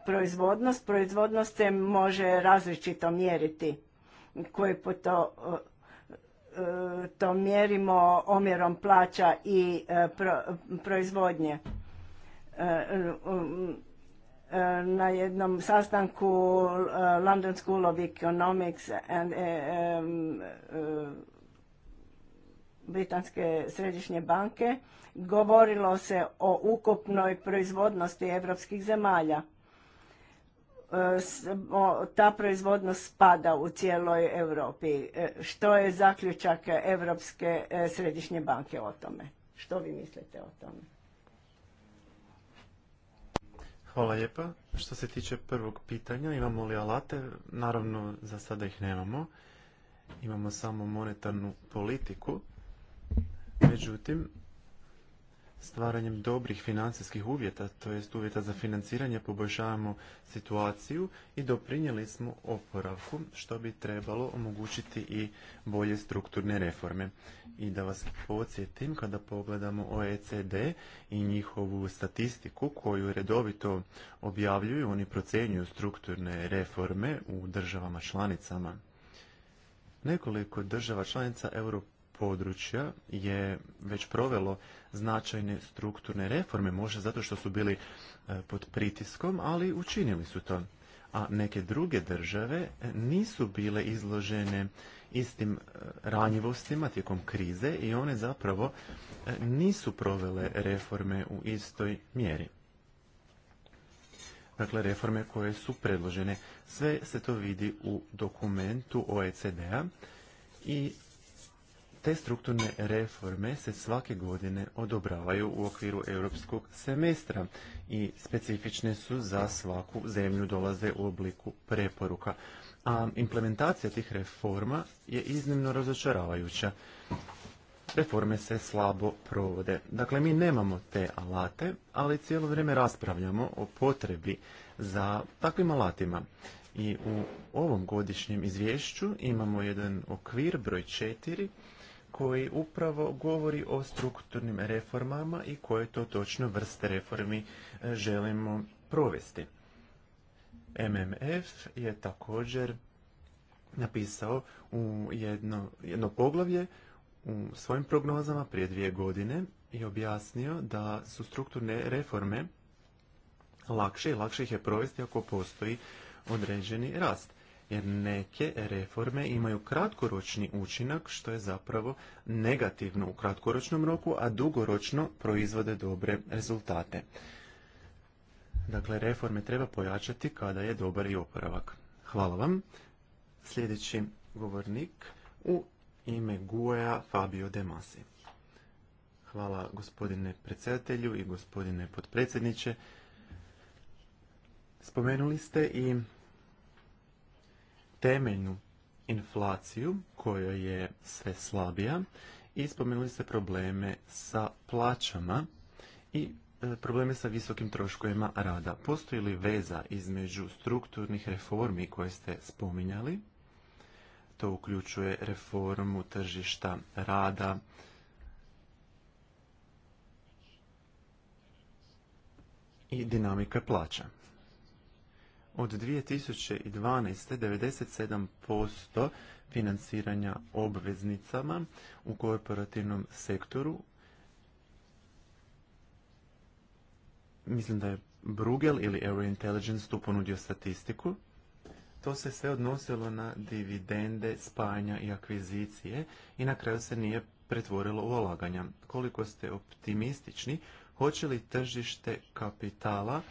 Speaker 3: proizvodnost. Proizvodnost se može različito mjeriti. koje po to, e, e, to mjerimo omjerom plaća i proizvodnje. Na jednom sastanku London School of Economics and Britanske središnje banke govorilo se o ukupnoj proizvodnosti evropskih zemalja. E, ta proizvodnost spada u cijeloj Europi. E, što je zaključak Evropske e, središnje banke o tome? Što vi mislite o tome?
Speaker 1: Hvala lijepa. Što se tiče prvog pitanja, imamo li alate? Naravno, za sada ih nemamo. Imamo samo monetarnu politiku Međutim, stvaranjem dobrih financijskih uvjeta, to jest uvjeta za financiranje, poboljšavamo situaciju i doprinijeli smo oporavku, što bi trebalo omogućiti i bolje strukturne reforme. I da vas podsjetim, kada pogledamo OECD i njihovu statistiku koju redovito objavljuju, oni procjenjuju strukturne reforme u državama članicama. Nekoliko država članica euro područja je već provelo značajne strukturne reforme, možda zato što su bili e, pod pritiskom, ali učinili su to. A neke druge države e, nisu bile izložene istim e, ranjivostima tijekom krize i one zapravo nisu provele reforme u istoj mjeri. Dakle, reforme koje su predložene. Sve se to vidi u dokumentu OECD-a i te strukturne reforme se svake godine odobravaju u okviru europskog semestra i specifične su za svaku zemlju dolaze u obliku preporuka. A implementacija tih reforma je iznimno razočaravajuća. Reforme se slabo provode. Dakle, mi nemamo te alate, ali cijelo vrijeme raspravljamo o potrebi za takvim alatima. I u ovom godišnjem izvješću imamo jedan okvir, broj četiri, koji upravo govori o strukturnim reformama i koje to točno vrste reformi e, želimo provesti. MMF je također napisao u jedno, jedno poglavlje u svojim prognozama prije dvije godine i objasnio da su strukturne reforme lakše i lakše ih je provesti ako postoji određeni rast jer neke reforme imaju kratkoročni učinak što je zapravo negativno u kratkoročnom roku, a dugoročno proizvode dobre rezultate. Dakle, reforme treba pojačati kada je dobar i oporavak. Hvala vam. Sljedeći govornik u ime GUA Fabio De Masi. Hvala gospodine predsjedatelju i gospodine potpredsjedniče. Spomenuli ste i temeljnu inflaciju koja je sve slabija i spomenuli ste probleme sa plaćama i e, probleme sa visokim troškovima rada. Postoji li veza između strukturnih reformi koje ste spominjali? To uključuje reformu tržišta rada, i dinamika plaća. Od 2012. 97% financiranja obveznicama u korporativnom sektoru mislim da je Brugel ili Intelligence tu ponudio statistiku. To se sve odnosilo na dividende, spajanja i akvizicije i na kraju se nije pretvorilo u ulaganja. Koliko ste optimistični, hoće li tržište kapitala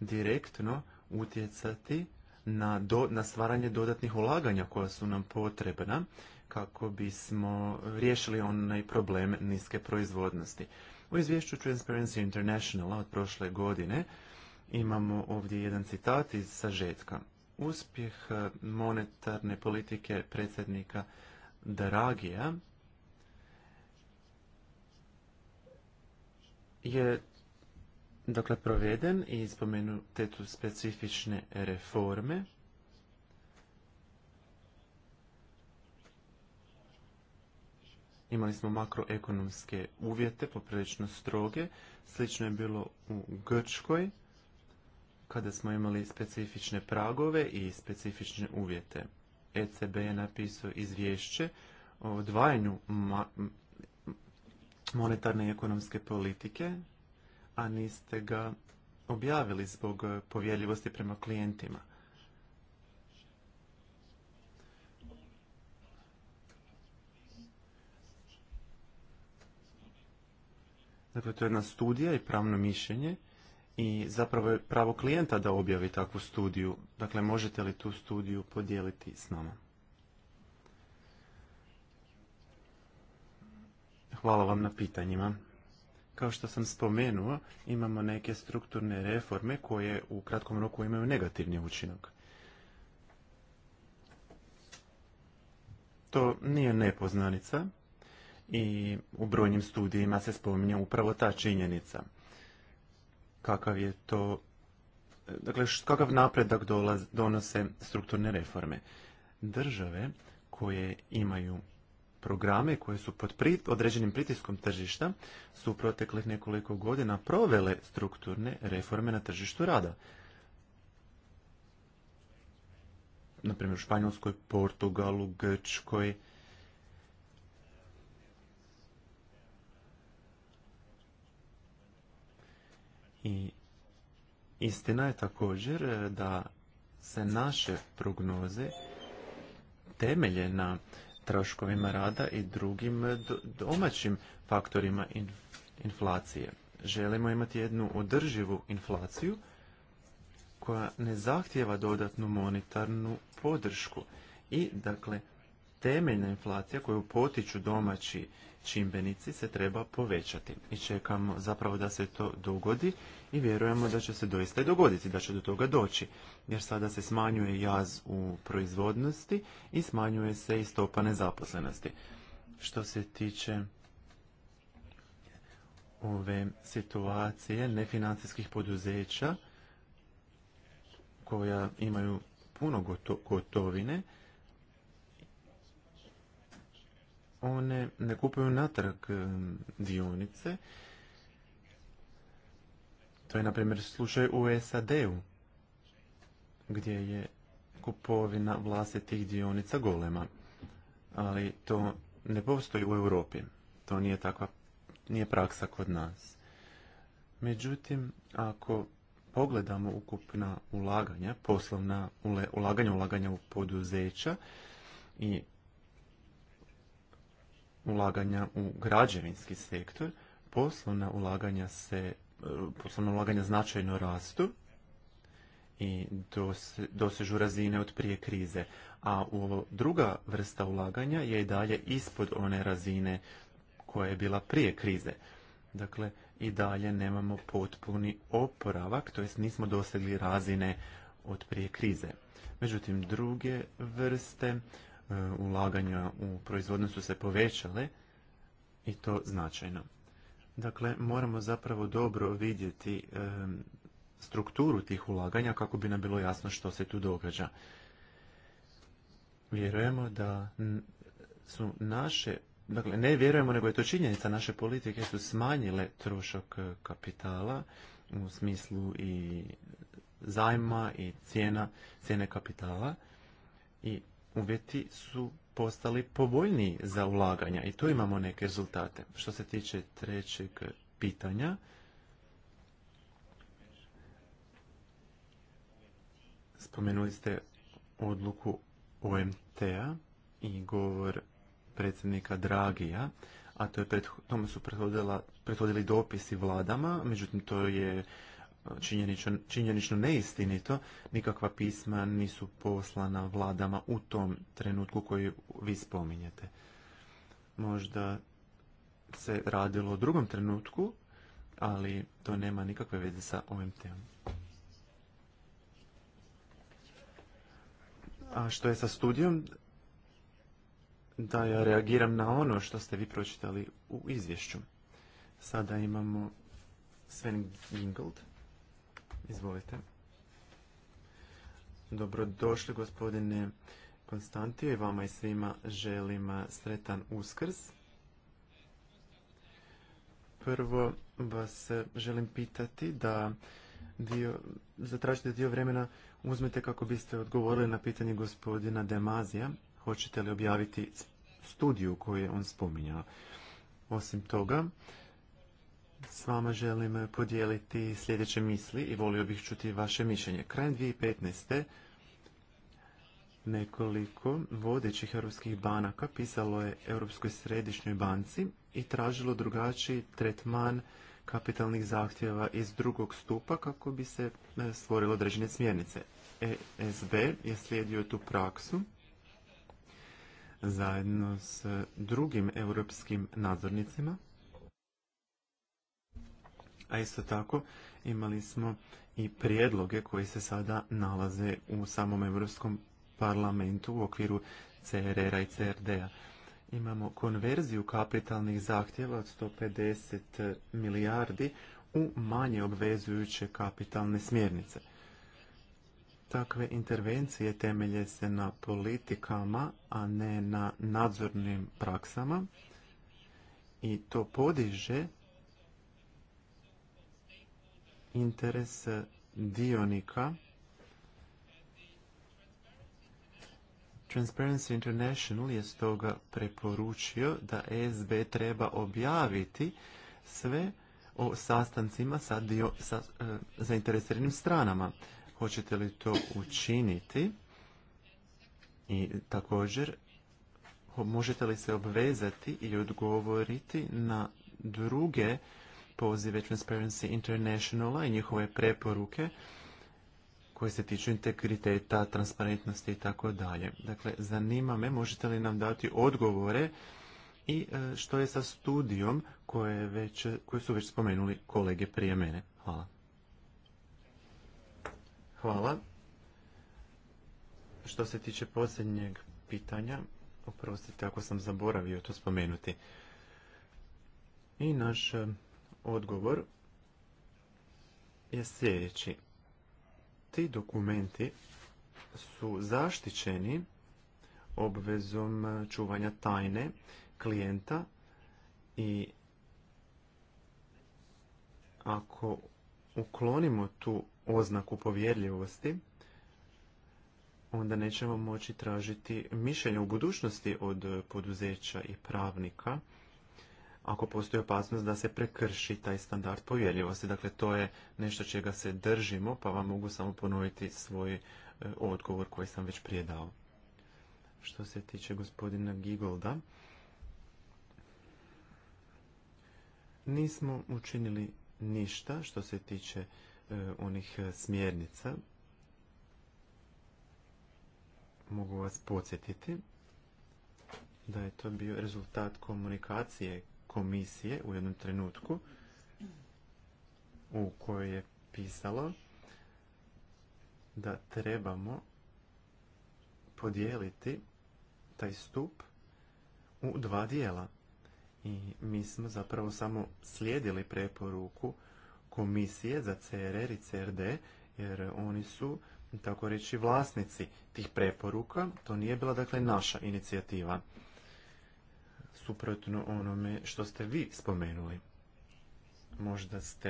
Speaker 1: direktno utjecati na, do, na stvaranje dodatnih ulaganja koja su nam potrebna kako bismo riješili onaj problem niske proizvodnosti. U izvješću Transparency International od prošle godine imamo ovdje jedan citat iz sažetka. Uspjeh e, monetarne politike predsjednika Dragija je dakle proveden i spomenute tu specifične reforme. Imali smo makroekonomske uvjete, poprilično stroge. Slično je bilo u Grčkoj, kada smo imali specifične pragove i specifične uvjete. ECB je napisao izvješće o odvajanju monetarne i ekonomske politike a niste ga objavili zbog eh, povjeljivosti prema klijentima. Dakle, to je jedna studija i pravno mišljenje i zapravo je pravo klijenta da objavi takvu studiju. Dakle, možete li tu studiju podijeliti s nama? Hvala vam na pitanjima. Kao što sam spomenuo, imamo neke strukturne reforme koje u kratkom roku imaju negativni učinak. To nije nepoznanica i u brojnim studijima se spominje upravo ta činjenica. Kakav je to, dakle, kakav napredak donose strukturne reforme. Države koje imaju programe koje su pod određenim pritiskom tržišta su u proteklih nekoliko godina provele strukturne reforme na tržištu rada. Naprimjer u Španjolskoj, Portugalu, Grčkoj. I istina je također da se naše prognoze temelje na troškovima rada i drugim eh, domaćim faktorima inflacije. Želimo imati jednu održivu inflaciju koja ne zahtjeva dodatnu monetarnu podršku i dakle temeljna inflacija koju potiču domaći čimbenici se treba povećati i čekamo zapravo da se to dogodi i vjerujemo da će se doista i dogoditi, da će do toga doći, jer sada se smanjuje jaz u proizvodnosti i smanjuje se i stopa nezaposlenosti. Što se tiče ove situacije nefinancijskih poduzeća koja imaju puno gotovine, one ne kupuju natrag e, dionice. To je, na primjer, slučaj u SAD-u, gdje je kupovina vlastitih dionica golema. Ali to ne postoji u Europi. To nije takva, nije praksa kod nas. Međutim, ako pogledamo ukupna ulaganja, poslovna ulaganja, ulaganja u poduzeća i ulaganja u građevinski sektor, poslovna ulaganja se e, poslovna ulaganja značajno rastu i dosežu razine od prije krize. A u druga vrsta ulaganja je i dalje ispod one razine koja je bila prije krize. Dakle, i dalje nemamo potpuni oporavak, to jest nismo dosegli razine od prije krize. Međutim, druge vrste E, ulaganja u proizvodnju su se povećale i to značajno. Dakle, moramo zapravo dobro vidjeti e, strukturu tih ulaganja kako bi nam bilo jasno što se tu događa. Vjerujemo da su naše, dakle ne vjerujemo nego je to činjenica, naše politike su smanjile trošak e, kapitala u smislu i zajma i cijena, cijene kapitala i uvjeti su postali povoljniji za ulaganja i tu imamo neke rezultate. Što se tiče trećeg pitanja, spomenuli ste odluku OMT-a i govor predsjednika Dragija, a to je tome su prethodili dopisi vladama, međutim to je činjenično, činjenično neistinito, nikakva pisma nisu poslana vladama u tom trenutku koji vi spominjete. Možda se radilo o drugom trenutku, ali to nema nikakve veze sa ovim temom. A što je sa studijom? Da ja reagiram na ono što ste vi pročitali u izvješću. Sada imamo Sven Gingold. Izvolite. Dobrodošli gospodine Konstantio i vama i svima želim sretan uskrs. Prvo vas želim pitati da dio, zatražite dio vremena uzmete kako biste odgovorili na pitanje gospodina Demazija. Hoćete li objaviti studiju koju je on spominjao? Osim toga, s vama želim podijeliti sljedeće misli i volio bih čuti vaše mišljenje. Krajem 2015. nekoliko vodećih europskih banaka pisalo je Europskoj središnjoj banci i tražilo drugačiji tretman kapitalnih zahtjeva iz drugog stupa kako bi se e, stvorilo određene smjernice. ESB je slijedio tu praksu zajedno s drugim europskim nadzornicima a isto tako imali smo i prijedloge koji se sada nalaze u samom Europskom parlamentu u okviru CRR-a i CRD-a. Imamo konverziju kapitalnih zahtjeva od 150 milijardi u manje obvezujuće kapitalne smjernice. Takve intervencije temelje se na politikama, a ne na nadzornim praksama i to podiže interes dionika. Transparency International je stoga preporučio da ESB treba objaviti sve o sastancima sa, dio, sa e, zainteresiranim stranama. Hoćete li to učiniti? I također, možete li se obvezati i odgovoriti na druge pozive Transparency Internationala i njihove preporuke koje se tiču integriteta, transparentnosti i tako dalje. Dakle, zanima me, možete li nam dati odgovore i e, što je sa studijom koje, su već spomenuli kolege prije mene. Hvala. Hvala. Što se tiče posljednjeg pitanja, oprostite ako sam zaboravio to spomenuti. I naš odgovor je sljedeći. Ti dokumenti su zaštićeni obvezom čuvanja tajne klijenta i ako uklonimo tu oznaku povjerljivosti, onda nećemo moći tražiti mišljenje u budućnosti od poduzeća i pravnika ako postoji opasnost da se prekrši taj standard povjerljivosti. Dakle, to je nešto čega se držimo, pa vam mogu samo ponoviti svoj e, odgovor koji sam već prije dao. Što se tiče gospodina Gigolda, nismo učinili ništa što se tiče e, onih e, smjernica. Mogu vas podsjetiti da je to bio rezultat komunikacije komisije u jednom trenutku u kojoj je pisalo da trebamo podijeliti taj stup u dva dijela. I mi smo zapravo samo slijedili preporuku komisije za CRR i CRD, jer oni su, tako reći, vlasnici tih preporuka. To nije bila, dakle, naša inicijativa suprotno onome što ste vi spomenuli. Možda ste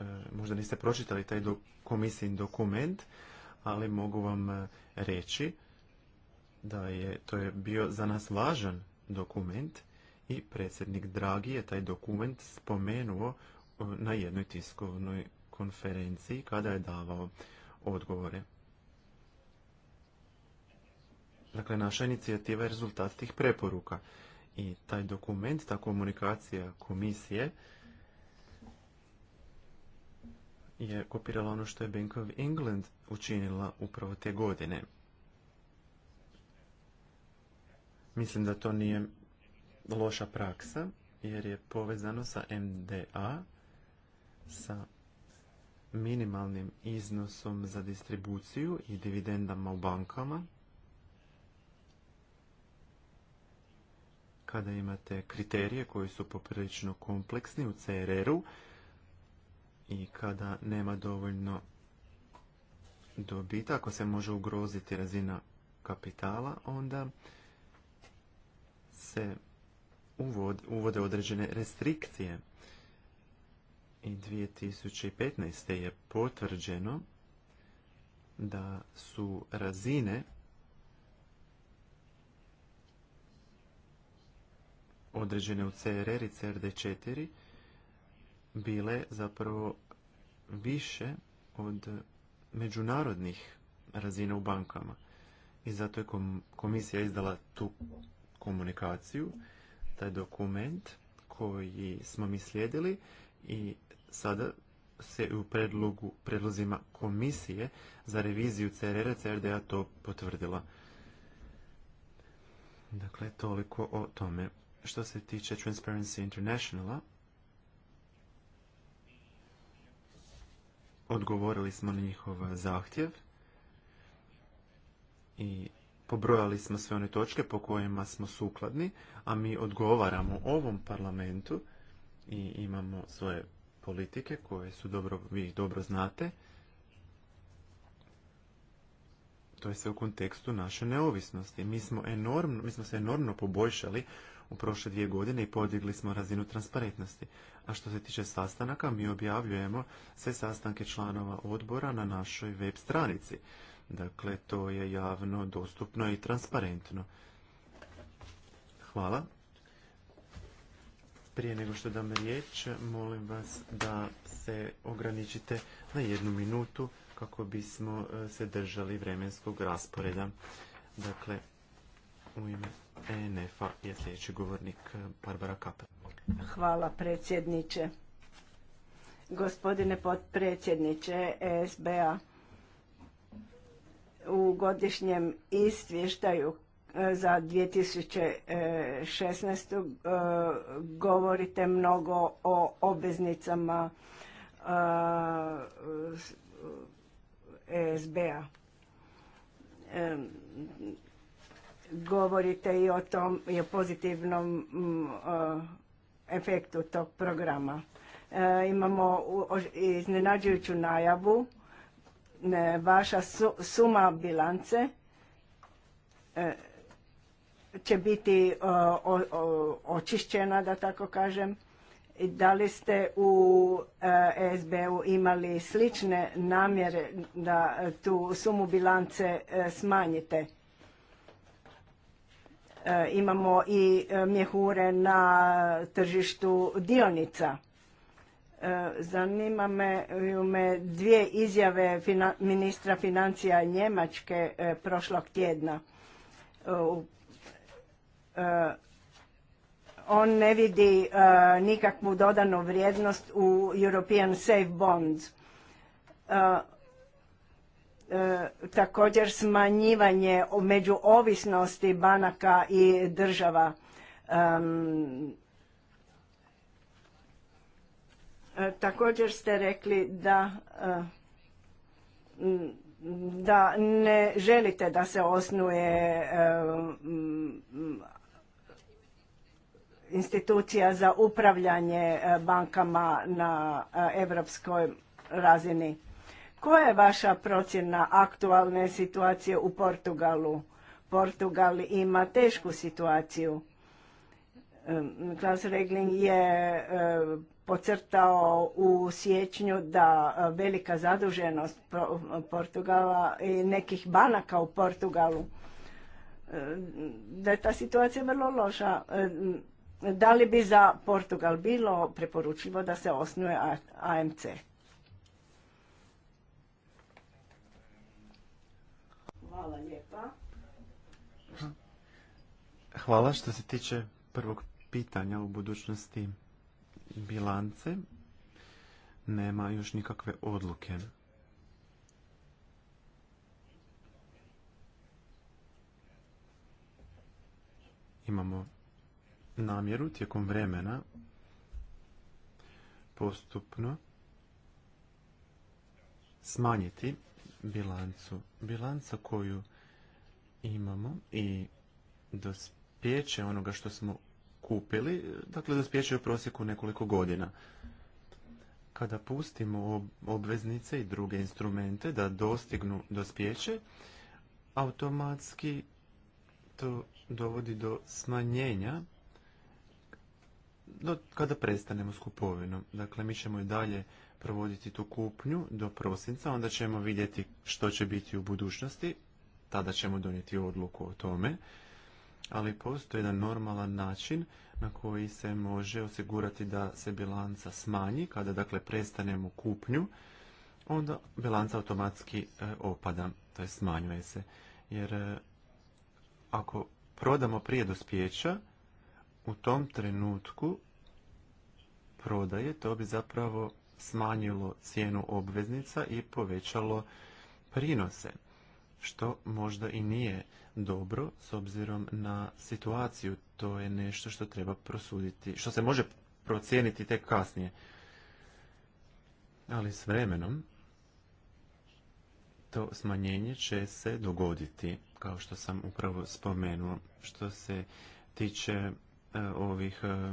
Speaker 1: e, možda niste pročitali taj komisijin dokument, ali mogu vam e, reći da je to je bio za nas važan dokument i predsjednik Dragi je taj dokument spomenuo e, na jednoj tiskovnoj konferenciji kada je davao odgovore. Dakle, naša inicijativa je rezultat tih preporuka. I taj dokument, ta komunikacija komisije je kopirala ono što je Bank of England učinila upravo te godine. Mislim da to nije loša praksa, jer je povezano sa MDA, sa minimalnim iznosom za distribuciju i dividendama u bankama, kada imate kriterije koji su poprilično kompleksni u CRR-u i kada nema dovoljno dobita, ako se može ugroziti razina kapitala, onda se uvode određene restrikcije. I 2015. je potvrđeno da su razine određene u CRR i CRD4 bile zapravo više od međunarodnih razina u bankama. I zato je komisija izdala tu komunikaciju, taj dokument koji smo mi slijedili i sada se u predlogu, predlozima komisije za reviziju CRR-a CRDA to potvrdila. Dakle, toliko o tome što se tiče Transparency Internationala, odgovorili smo na njihov zahtjev i pobrojali smo sve one točke po kojima smo sukladni, a mi odgovaramo ovom parlamentu i imamo svoje politike koje su dobro, vi dobro znate. To je sve u kontekstu naše neovisnosti. Mi smo, enormno, mi smo se enormno poboljšali u prošle dvije godine i podigli smo razinu transparentnosti. A što se tiče sastanaka, mi objavljujemo sve sastanke članova odbora na našoj web stranici. Dakle, to je javno, dostupno i transparentno. Hvala. Prije nego što dam riječ, molim vas da se ograničite na jednu minutu kako bismo e, se držali vremenskog rasporeda. Dakle, u ime ENF-a je sljedeći govornik e, Barbara Kapel.
Speaker 3: Hvala predsjedniče. Gospodine potpredsjedniče ESB-a, u godišnjem izvještaju e, za 2016. E, govorite mnogo o obveznicama ESB-a govorite i o tom i o pozitivnom mm, eh, efektu tog programa. Eh, imamo iznenađujuću najavu, vaša suma bilance eh, će biti očišćena, da tako kažem. Da li ste u sb u imali slične namjere da tu sumu bilance smanjite? E, imamo i e, mjehure na tržištu dionica. E, zanima me dvije izjave ministra financija Njemačke prošlog tjedna. On ne vidi nikakvu dodanu vrijednost u European Safe Bonds također smanjivanje među ovisnosti banaka i država. također ste rekli da da ne želite da se osnuje institucija za upravljanje bankama na europskoj razini. Koja je vaša procjena aktualne situacije u Portugalu? Portugal ima tešku situaciju. Klaus Regling je e, pocrtao u sjećnju da e, velika zaduženost Portugala i nekih banaka u Portugalu, e, da je ta situacija vrlo loša. Da li bi za Portugal bilo preporučljivo da se osnuje AMC?
Speaker 1: Hvala Hvala što se tiče prvog pitanja u budućnosti bilance. Nema još nikakve odluke. Imamo namjeru tijekom vremena postupno smanjiti bilancu. Bilanca koju imamo i dospjeće onoga što smo kupili, dakle dospjeće u prosjeku nekoliko godina. Kada pustimo obveznice i druge instrumente da dostignu dospjeće, automatski to dovodi do smanjenja kada prestanemo s kupovinom. Dakle, mi ćemo i dalje provoditi tu kupnju do prosinca, onda ćemo vidjeti što će biti u budućnosti, tada ćemo donijeti odluku o tome, ali postoji jedan normalan način na koji se može osigurati da se bilanca smanji, kada dakle prestanemo kupnju, onda bilanca automatski e, opada, to je smanjuje se. Jer e, ako prodamo prije dospijeća, u tom trenutku prodaje, to bi zapravo smanjilo cijenu obveznica i povećalo prinose, što možda i nije dobro s obzirom na situaciju. To je nešto što treba prosuditi, što se može procijeniti tek kasnije. Ali s vremenom to smanjenje će se dogoditi, kao što sam upravo spomenuo, što se tiče e, ovih e,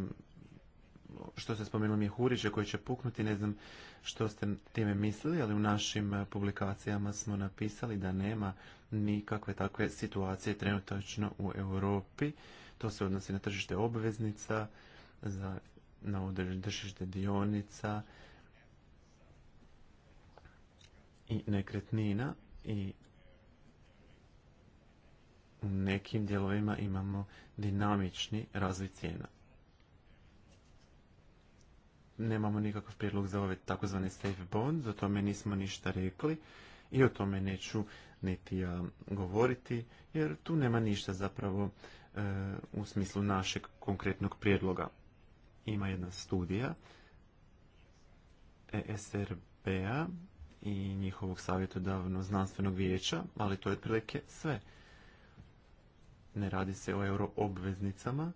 Speaker 1: što ste spomenuli mjehuriće koji će puknuti, ne znam što ste time mislili, ali u našim eh, publikacijama smo napisali da nema nikakve takve situacije trenutačno u Europi. To se odnosi na tržište obveznica, za, na tržište dionica i nekretnina i u nekim dijelovima imamo dinamični razvoj cijena nemamo nikakav prijedlog za ove ovaj takozvane safe bonds, o tome nismo ništa rekli i o tome neću niti ja govoriti, jer tu nema ništa zapravo e, u smislu našeg konkretnog prijedloga. Ima jedna studija ESRB-a i njihovog savjetodavno znanstvenog vijeća, ali to je otprilike sve. Ne radi se o euroobveznicama,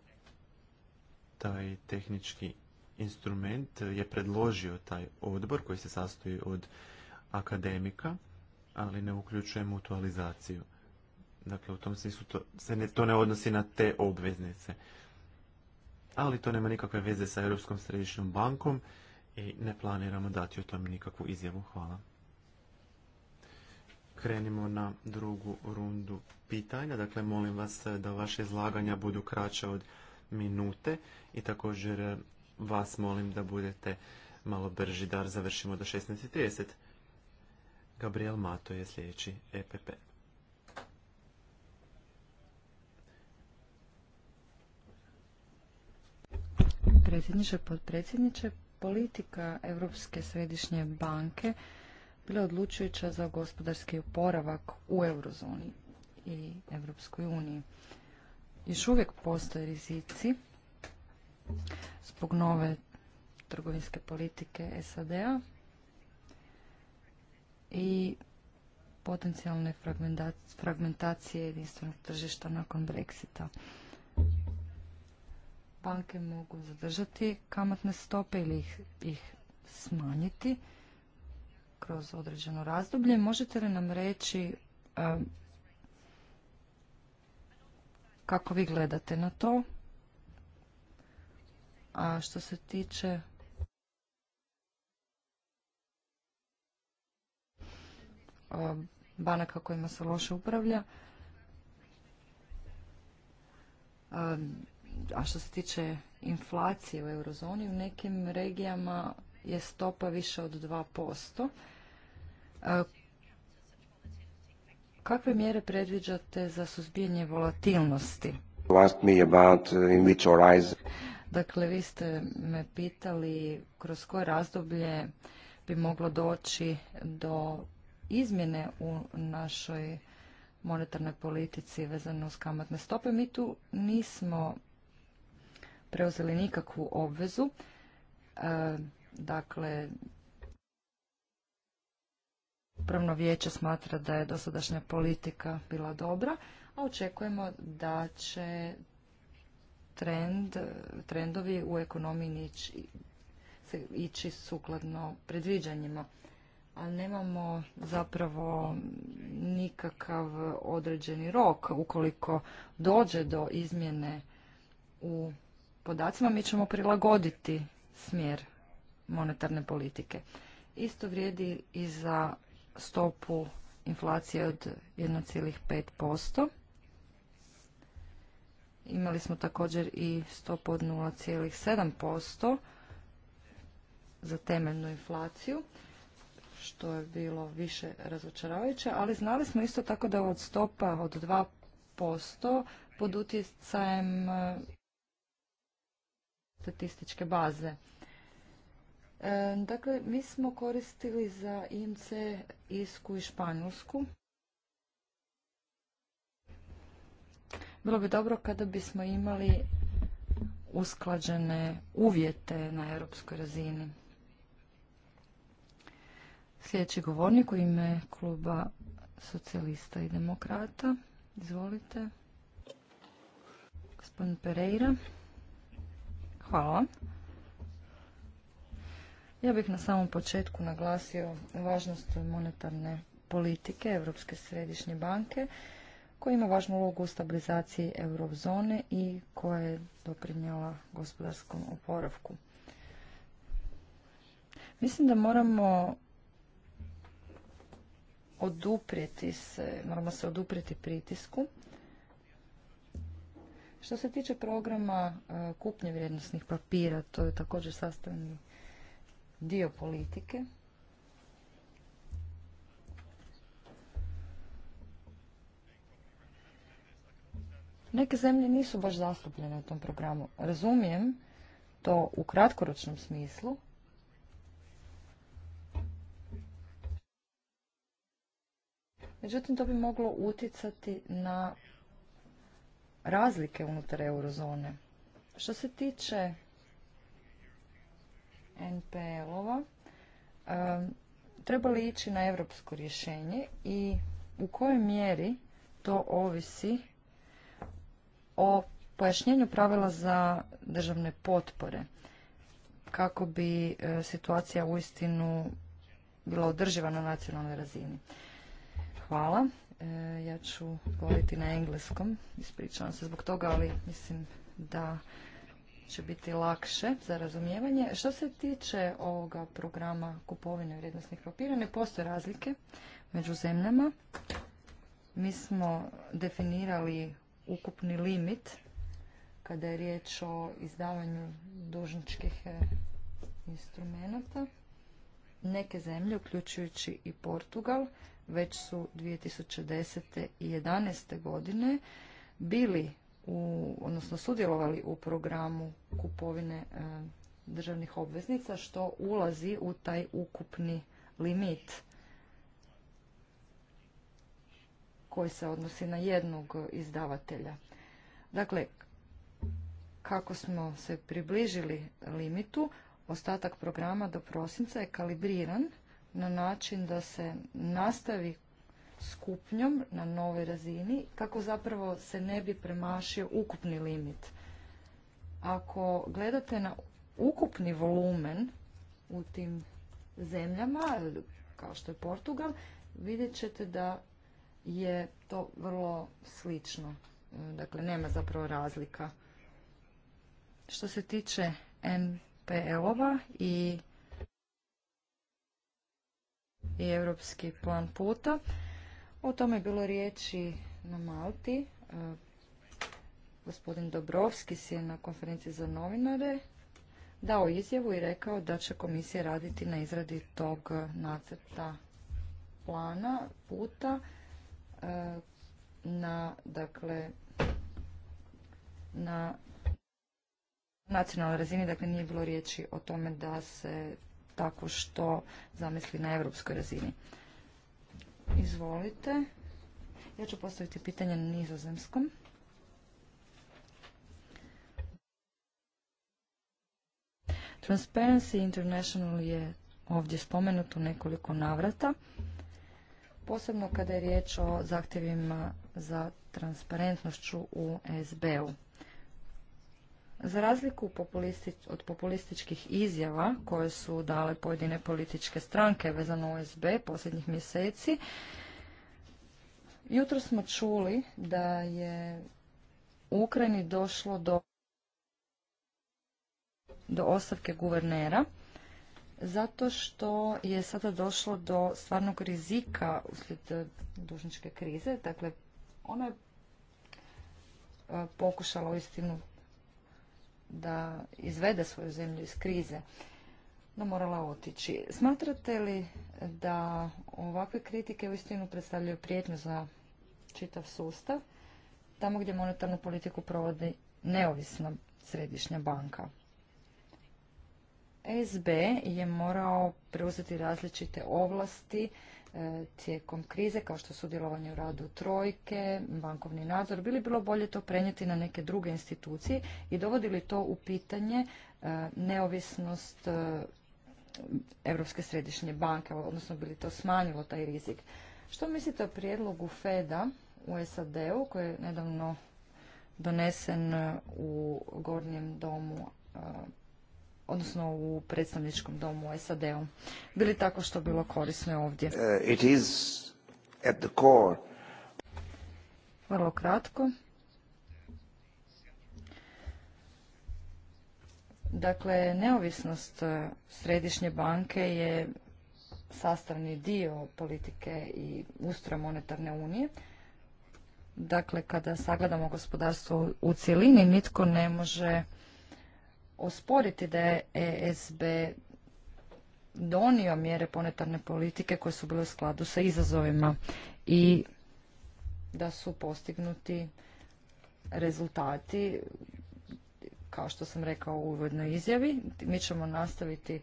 Speaker 1: taj tehnički instrument je predložio taj odbor koji se sastoji od akademika, ali ne uključuje mutualizaciju. Dakle, u tom smislu to, se ne, to ne odnosi na te obveznice. Ali to nema nikakve veze sa Europskom središnjom bankom i ne planiramo dati o tome nikakvu izjavu. Hvala. Krenimo na drugu rundu pitanja. Dakle, molim vas da vaše izlaganja budu kraća od minute i također vas molim da budete malo brži da završimo do 16.30. Gabriel Mato je sljedeći EPP.
Speaker 2: Predsjedniče, podpredsjedniče, politika Europske središnje banke bila je odlučujuća za gospodarski oporavak u eurozoni i Europskoj uniji. Još uvijek postoje rizici zbog nove trgovinske politike SAD-a i potencijalne fragmentacije jedinstvenog tržišta nakon Brexita. Banke mogu zadržati kamatne stope ili ih, ih smanjiti kroz određeno razdoblje. Možete li nam reći kako vi gledate na to a što se tiče banaka kojima se loše upravlja, a što se tiče inflacije u eurozoni, u nekim regijama je stopa više od 2%. Kakve mjere predviđate za suzbijanje volatilnosti? Dakle, vi ste me pitali kroz koje razdoblje bi moglo doći do izmjene u našoj monetarnoj politici vezano uz kamatne stope. Mi tu nismo preuzeli nikakvu obvezu. E, dakle, Upravno vijeće smatra da je dosadašnja politika bila dobra, a očekujemo da će trend, trendovi u ekonomiji ići, ići sukladno predviđanjima. Ali nemamo zapravo nikakav određeni rok. Ukoliko dođe do izmjene u podacima, mi ćemo prilagoditi smjer monetarne politike. Isto vrijedi i za stopu inflacije od 1,5%. Imali smo također i stopu od 0,7% za temeljnu inflaciju, što je bilo više razočaravajuće, ali znali smo isto tako da je od stopa od 2% pod utjecajem e, statističke baze. E, dakle, mi smo koristili za IMC Isku i Španjolsku. Bilo bi dobro kada bismo imali usklađene uvjete na europskoj razini. Sljedeći govornik u ime kluba socijalista i demokrata. Izvolite. Gospodin Pereira. Hvala. Ja bih na samom početku naglasio važnost monetarne politike Europske središnje banke koja ima važnu ulogu u stabilizaciji eurozone i koja je doprinijela gospodarskom oporavku. Mislim da moramo oduprijeti se, moramo se oduprijeti pritisku. Što se tiče programa e, kupnje vrijednostnih papira, to je također sastavni dio politike. Neke zemlje nisu baš zastupljene u tom programu. Razumijem to u kratkoročnom smislu. Međutim, to bi moglo utjecati na razlike unutar eurozone. Što se tiče NPL-ova, treba li ići na europsko rješenje i u kojoj mjeri to ovisi o pojašnjenju pravila za državne potpore kako bi e, situacija uistinu bila održiva na nacionalnoj razini. Hvala. E, ja ću govoriti na engleskom. Ispričavam se zbog toga, ali mislim da će biti lakše za razumijevanje. Što se tiče ovoga programa kupovine vrijednosnih papira, ne postoje razlike među zemljama. Mi smo definirali ukupni limit kada je riječ o izdavanju dužničkih e, instrumenata. Neke zemlje, uključujući i Portugal, već su 2010. i 2011. godine bili u, odnosno sudjelovali u programu kupovine e, državnih obveznica što ulazi u taj ukupni limit koji se odnosi na jednog izdavatelja. Dakle, kako smo se približili limitu, ostatak programa do prosinca je kalibriran na način da se nastavi skupnjom na novoj razini kako zapravo se ne bi premašio ukupni limit. Ako gledate na ukupni volumen u tim zemljama, kao što je Portugal, vidjet ćete da je to vrlo slično. E, dakle, nema zapravo razlika. Što se tiče NPL-ova i, i Europski plan puta, o tome je bilo riječi na Malti. E, gospodin Dobrovski si je na konferenciji za novinare dao izjavu i rekao da će komisija raditi na izradi tog nacrta plana puta E, na dakle na nacionalnoj razini, dakle nije bilo riječi o tome da se tako što zamisli na europskoj razini. Izvolite. Ja ću postaviti pitanje na nizozemskom. Transparency International je ovdje spomenuto nekoliko navrata posebno kada je riječ o zahtjevima za transparentnošću u SB-u. Za razliku od populističkih izjava koje su dale pojedine političke stranke vezano u SB posljednjih mjeseci, jutro smo čuli da je u Ukrajini došlo do, do ostavke guvernera zato što je sada došlo do stvarnog rizika uslijed e, dužničke krize. Dakle, ona je e, pokušala istinu da izvede svoju zemlju iz krize, no morala otići. Smatrate li da ovakve kritike istinu predstavljaju prijetnju za čitav sustav, tamo gdje monetarnu politiku provodi neovisna središnja banka? SB je morao preuzeti različite ovlasti e, tijekom krize, kao što su sudjelovanje u radu trojke, bankovni nadzor, bi bilo bolje to prenijeti na neke druge institucije i dovodili to u pitanje e, neovisnost e, Europske središnje banke, odnosno bi li to smanjilo taj rizik. Što mislite o prijedlogu Feda u SAD-u koji je nedavno donesen u gornjem domu odnosno u predstavničkom domu SAD-u. Bili tako što bilo korisno ovdje. Uh, Vrlo kratko. Dakle, neovisnost uh, središnje banke je sastavni dio politike i ustroja monetarne unije. Dakle, kada sagledamo gospodarstvo u cjelini, nitko ne može osporiti da je ESB donio mjere monetarne politike koje su bile u skladu sa izazovima i da su postignuti rezultati kao što sam rekao u uvodnoj izjavi. Mi ćemo nastaviti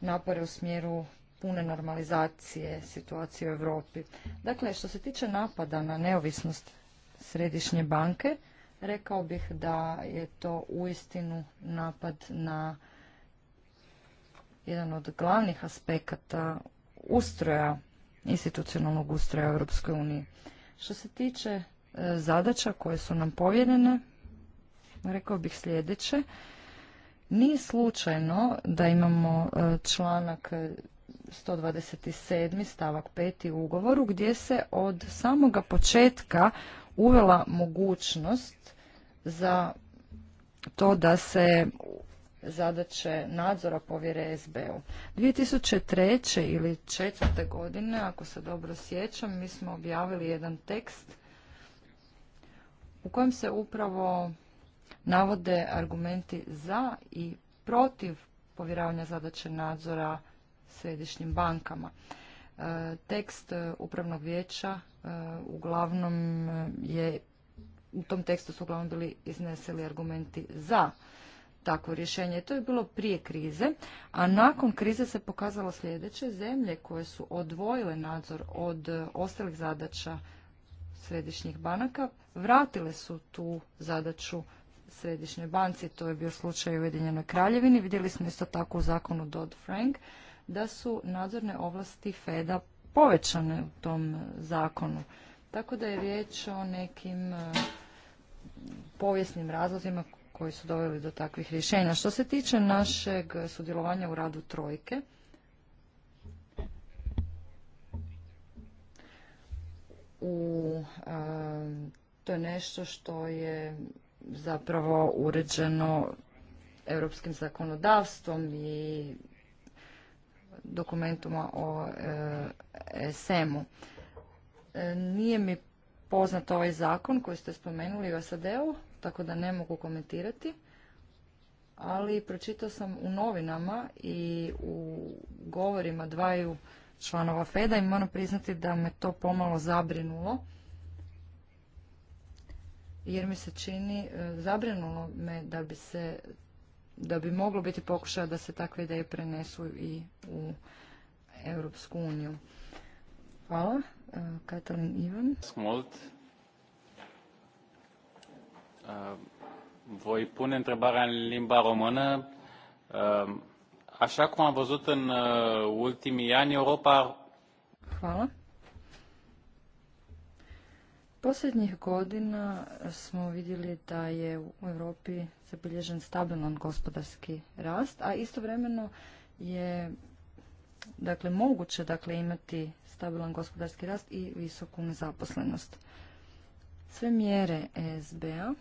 Speaker 2: napore u smjeru pune normalizacije situacije u Europi. Dakle, što se tiče napada na neovisnost središnje banke, Rekao bih da je to uistinu napad na jedan od glavnih aspekata ustroja, institucionalnog ustroja Europske unije. Što se tiče e, zadaća koje su nam povjedene, rekao bih sljedeće. Nije slučajno da imamo e, članak 127. stavak 5. ugovoru gdje se od samoga početka uvela mogućnost za to da se zadaće nadzora povjere SB-u. 2003. ili 2004. godine, ako se dobro sjećam, mi smo objavili jedan tekst u kojem se upravo navode argumenti za i protiv povjeravanja zadaće nadzora središnjim bankama. E, tekst e, upravnog vijeća e, uglavnom je u tom tekstu su uglavnom bili izneseli argumenti za takvo rješenje. To je bilo prije krize, a nakon krize se pokazalo sljedeće. Zemlje koje su odvojile nadzor od ostalih zadaća središnjih banaka, vratile su tu zadaću središnjoj banci. To je bio slučaj u Ujedinjenoj kraljevini. Vidjeli smo isto tako u zakonu Dodd-Frank da su nadzorne ovlasti Feda povećane u tom zakonu. Tako da je riječ o nekim povijesnim razlozima koji su doveli do takvih rješenja. Što se tiče našeg sudjelovanja u radu trojke, u, to je nešto što je zapravo uređeno europskim zakonodavstvom i dokumentuma o e, SM-u. E, nije mi poznat ovaj zakon koji ste spomenuli u SAD-u, tako da ne mogu komentirati. Ali pročitao sam u novinama i u govorima dvaju članova Feda i moram priznati da me to pomalo zabrinulo. Jer mi se čini, e, zabrinulo me da bi se da bi moglo biti pokušaja da se takve ideje prenesu i u Europsku uniju. Hvala. Katalin Ivan.
Speaker 1: Mult. Uh, voi pune întrebarea în limba română. Uh, așa cum am văzut în uh, ultimii ani, Europa...
Speaker 2: Hvala. Posljednjih godina smo vidjeli da je u Europi zabilježen stabilan gospodarski rast, a istovremeno je dakle moguće dakle imati stabilan gospodarski rast i visoku nezaposlenost. Sve mjere ESB-a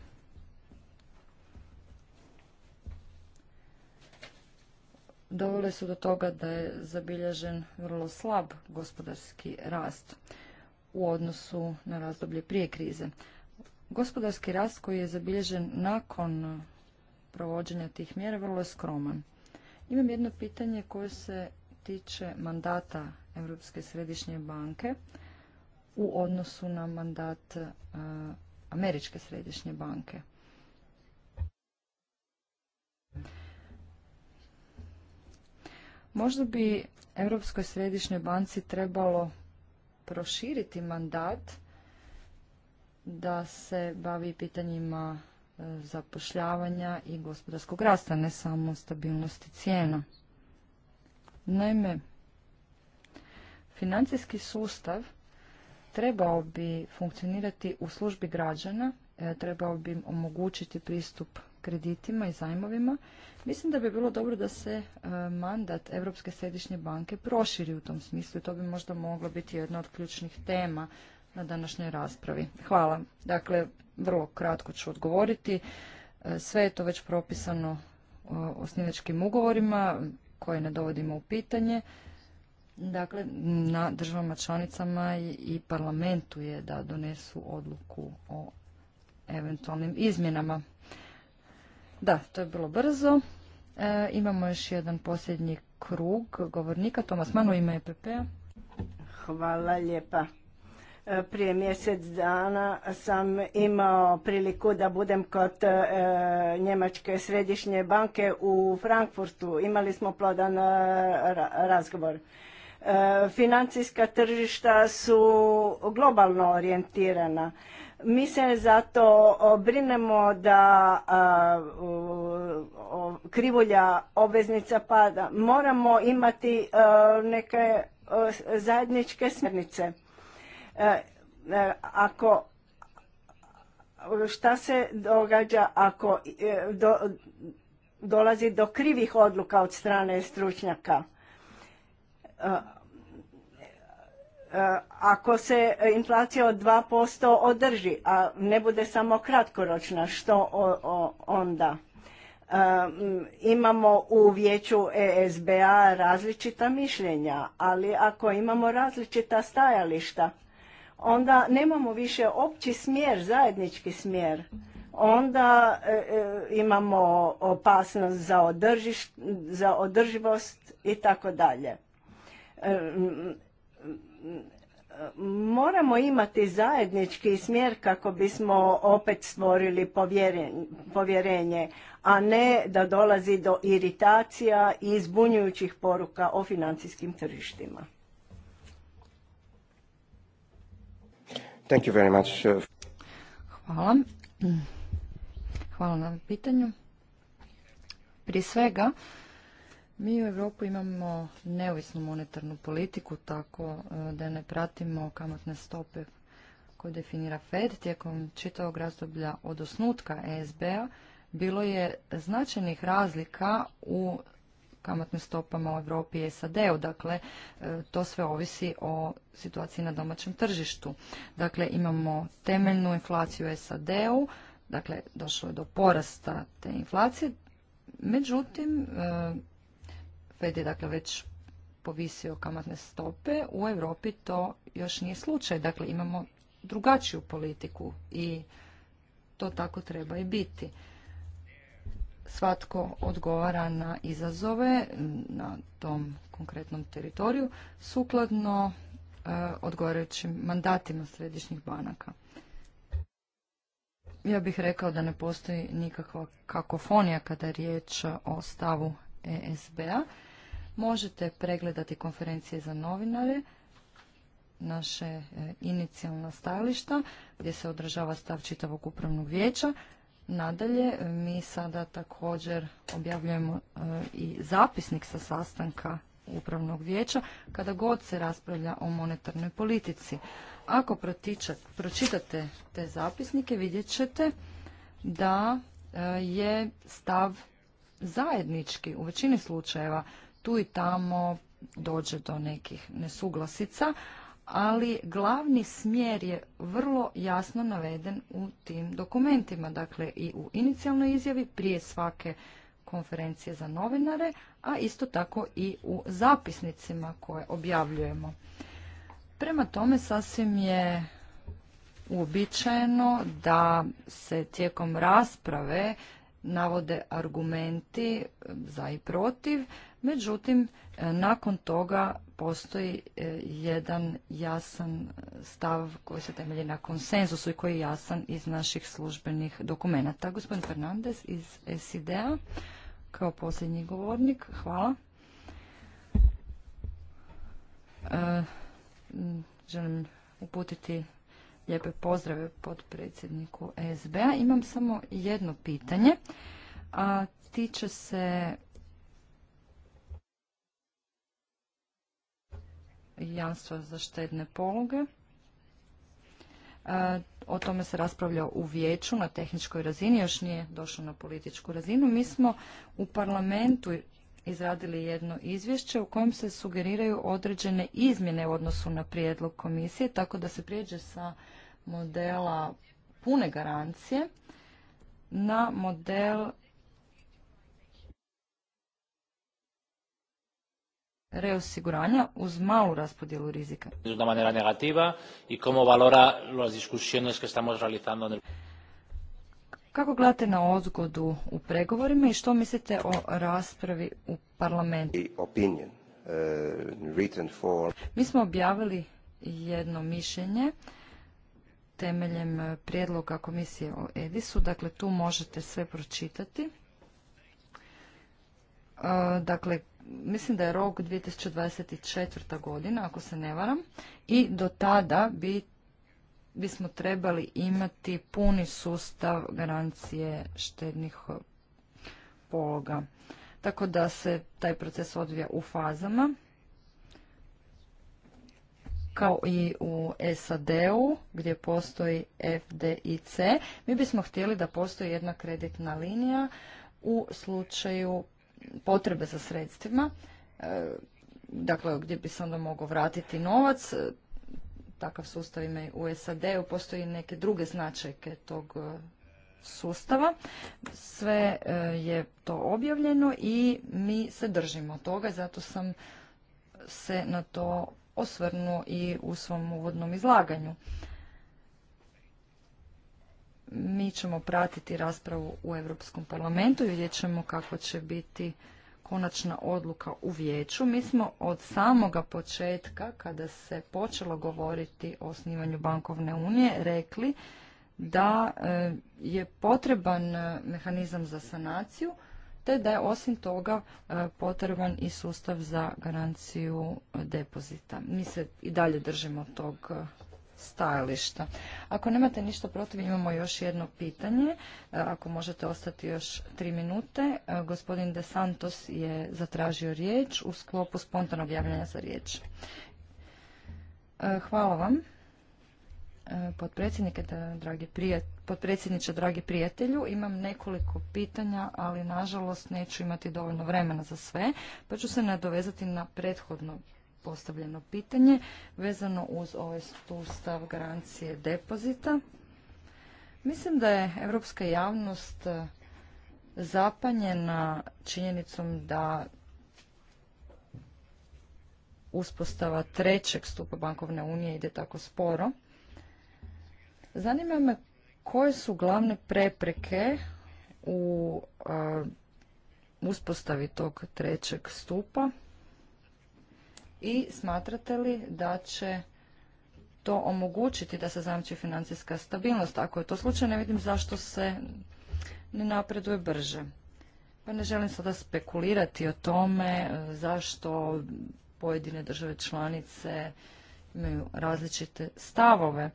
Speaker 2: su do toga da je zabilježen vrlo slab gospodarski rast u odnosu na razdoblje prije krize. Gospodarski rast koji je zabilježen nakon provođenja tih mjera vrlo je skroman. Imam jedno pitanje koje se tiče mandata Europske središnje banke u odnosu na mandat e, Američke središnje banke. Možda bi Europskoj središnjoj banci trebalo proširiti mandat da se bavi pitanjima e, zapošljavanja i gospodarskog rasta, ne samo stabilnosti cijena. Naime, Financijski sustav trebao bi funkcionirati u službi građana, e, trebao bi omogućiti pristup kreditima i zajmovima. Mislim da bi bilo dobro da se e, mandat Europske središnje banke proširi u tom smislu i to bi možda moglo biti jedna od ključnih tema na današnjoj raspravi. Hvala. Dakle, vrlo kratko ću odgovoriti. E, sve je to već propisano osnivačkim ugovorima koje ne dovodimo u pitanje. Dakle, na državama članicama i parlamentu je da donesu odluku o eventualnim izmjenama. Da, to je bilo brzo. E, imamo još jedan posljednji krug govornika. Tomas Manu ima e p-a. epp
Speaker 3: Hvala lijepa. E, prije mjesec dana sam imao priliku da budem kod Njemačke središnje banke u Frankfurtu. Imali smo plodan razgovor. Financijska tržišta su globalno orijentirana. Mi se zato brinemo da krivulja obveznica pada. Moramo imati neke zajedničke smjernice. E, e, ako šta se događa ako e, dolazi do krivih odluka od strane stručnjaka? ako se inflacija od 2% održi, a ne bude samo kratkoročna, što onda? E, imamo u vijeću ESBA različita mišljenja, ali ako imamo različita stajališta, onda nemamo više opći smjer, zajednički smjer. Onda e, e, imamo opasnost za, održivost i tako dalje moramo imati zajednički smjer kako bismo opet stvorili povjerenje, a ne da dolazi do iritacija i zbunjujućih poruka o financijskim tržištima.
Speaker 1: Thank you very much. Uh,
Speaker 2: Hvala. Hvala na pitanju. Prije svega, mi u Europu imamo neovisnu monetarnu politiku tako e, da ne pratimo kamatne stope koje definira Fed tijekom čitavog razdoblja od osnutka ESB-a bilo je značajnih razlika u kamatnim stopama u Europi i SAD-u. Dakle, e, to sve ovisi o situaciji na domaćem tržištu. Dakle, imamo temeljnu inflaciju u SAD-u, dakle, došlo je do porasta te inflacije. Međutim, e, Fed je dakle već povisio kamatne stope. U Europi to još nije slučaj. Dakle, imamo drugačiju politiku i to tako treba i biti. Svatko odgovara na izazove na tom konkretnom teritoriju sukladno e, odgovarajućim mandatima središnjih banaka. Ja bih rekao da ne postoji nikakva kakofonija kada je riječ o stavu ESB-a. Možete pregledati konferencije za novinare, naše e, inicijalna stajališta gdje se održava stav čitavog upravnog vijeća. Nadalje, mi sada također objavljujemo e, i zapisnik sa sastanka upravnog vijeća kada god se raspravlja o monetarnoj politici. Ako pročitate te zapisnike vidjet ćete da e, je stav zajednički u većini slučajeva tu i tamo dođe do nekih nesuglasica, ali glavni smjer je vrlo jasno naveden u tim dokumentima, dakle i u inicijalnoj izjavi prije svake konferencije za novinare, a isto tako i u zapisnicima koje objavljujemo. Prema tome sasvim je uobičajeno da se tijekom rasprave navode argumenti za i protiv, Međutim, e, nakon toga postoji e, jedan jasan stav koji se temelji na konsenzusu i koji je jasan iz naših službenih dokumenata. Gospodin Fernandez iz SID-a kao posljednji govornik. Hvala. E, želim uputiti lijepe pozdrave podpredsjedniku SBA. Imam samo jedno pitanje, a tiče se jamstva za štedne pologe. E, o tome se raspravlja u vijeću na tehničkoj razini, još nije došlo na političku razinu. Mi smo u parlamentu izradili jedno izvješće u kojem se sugeriraju određene izmjene u odnosu na prijedlog komisije, tako da se prijeđe sa modela pune garancije na model reosiguranja uz malu raspodjelu rizika.
Speaker 1: negativa i valora las discusiones que estamos realizando
Speaker 2: Kako gledate na odgodu u pregovorima i što mislite o raspravi u parlamentu?
Speaker 1: Opinion,
Speaker 3: uh,
Speaker 2: Mi smo objavili jedno mišljenje temeljem uh, prijedloga komisije o Edisu, dakle tu možete sve pročitati. Uh, dakle, mislim da je rok 2024. godina, ako se ne varam, i do tada bi bismo trebali imati puni sustav garancije štednih pologa. Tako da se taj proces odvija u fazama, kao i u SAD-u gdje postoji FDIC. Mi bismo htjeli da postoji jedna kreditna linija u slučaju potrebe za sredstvima, e, dakle gdje bi se onda mogao vratiti novac, e, takav sustav ima i u SAD-u, postoji neke druge značajke tog e, sustava. Sve je to objavljeno i mi se držimo toga, zato sam se na to osvrnuo i u svom uvodnom izlaganju mi ćemo pratiti raspravu u Europskom parlamentu i vidjet ćemo kako će biti konačna odluka u vijeću. Mi smo od samoga početka, kada se počelo govoriti o osnivanju bankovne unije, rekli da e, je potreban e, mehanizam za sanaciju, te da je osim toga e, potreban i sustav za garanciju depozita. Mi se i dalje držimo tog stajališta. Ako nemate ništa protiv, imamo još jedno pitanje. E, ako možete ostati još tri minute. E, gospodin De Santos je zatražio riječ u sklopu spontanog javljanja za riječ. E, hvala vam. Podpredsjedniče, dragi dragi prijatelju, imam nekoliko pitanja, ali nažalost neću imati dovoljno vremena za sve, pa ću se nadovezati na prethodno postavljeno pitanje vezano uz ovaj sustav garancije depozita. Mislim da je europska javnost e, zapanjena činjenicom da uspostava trećeg stupa bankovne unije ide tako sporo. Zanima me koje su glavne prepreke u e, uspostavi tog trećeg stupa i smatrate li da će to omogućiti da se zamči financijska stabilnost? Ako je to slučaj, ne vidim zašto se ne napreduje brže. Pa ne želim sada spekulirati o tome e, zašto pojedine države članice imaju različite stavove.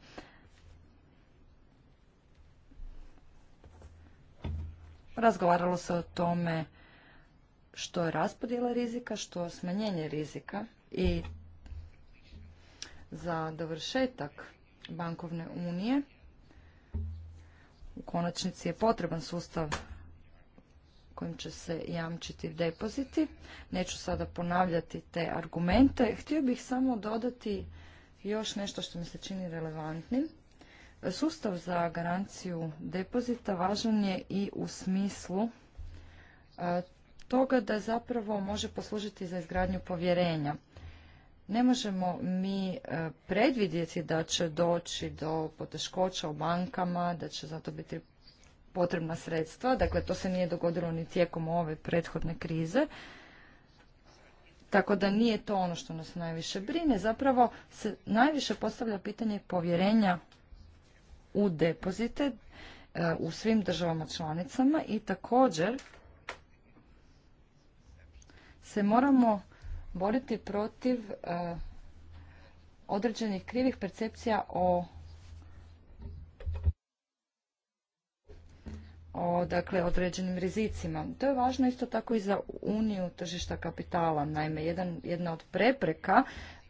Speaker 2: Razgovaralo se o tome što je raspodjela rizika, što je smanjenje rizika i za dovršetak bankovne unije u konačnici je potreban sustav kojim će se jamčiti depoziti. Neću sada ponavljati te argumente. Htio bih samo dodati još nešto što mi se čini relevantnim. Sustav za garanciju depozita važan je i u smislu e, toga da zapravo može poslužiti za izgradnju povjerenja ne možemo mi e, predvidjeti da će doći do poteškoća u bankama, da će zato biti potrebna sredstva. Dakle, to se nije dogodilo ni tijekom ove prethodne krize. Tako da nije to ono što nas najviše brine. Zapravo se najviše postavlja pitanje povjerenja u depozite e, u svim državama članicama i također se moramo boriti protiv e, određenih krivih percepcija o o dakle određenim rizicima. To je važno isto tako i za uniju tržišta kapitala. Naime, jedan, jedna od prepreka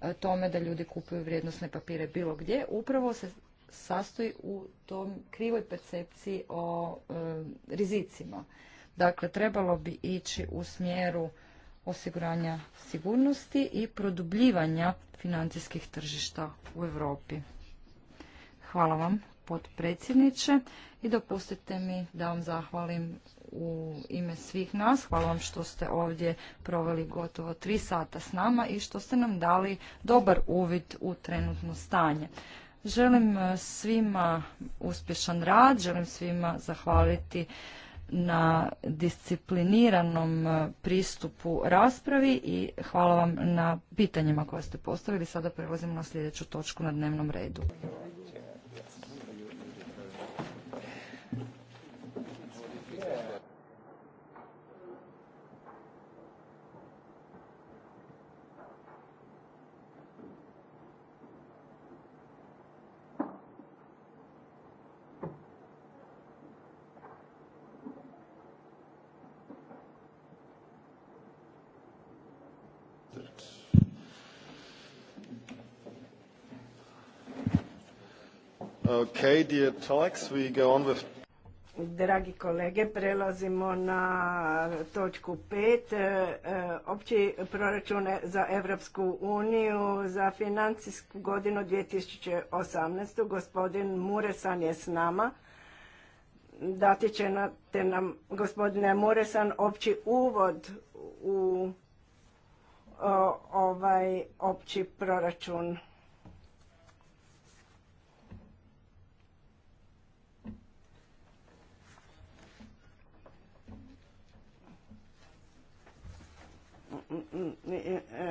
Speaker 2: e, tome da ljudi kupuju vrijednosne papire bilo gdje, upravo se sastoji u tom krivoj percepciji o e, rizicima. Dakle, trebalo bi ići u smjeru osiguranja sigurnosti i produbljivanja financijskih tržišta u Europi. Hvala vam potpredsjedniče i dopustite mi da vam zahvalim u ime svih nas. Hvala vam što ste ovdje proveli gotovo tri sata s nama i što ste nam dali dobar uvid u trenutno stanje. Želim eh, svima uspješan rad, želim svima zahvaliti na discipliniranom e, pristupu raspravi i hvala vam na pitanjima koja ste postavili. Sada prelazimo na sljedeću točku na dnevnom redu.
Speaker 3: Dragi kolege, prelazimo na točku pet. E, opći proračun za Evropsku uniju za financijsku godinu 2018. Gospodin Muresan je s nama. Dati će te nam, gospodine Muresan, opći uvod u ovaj opći proračun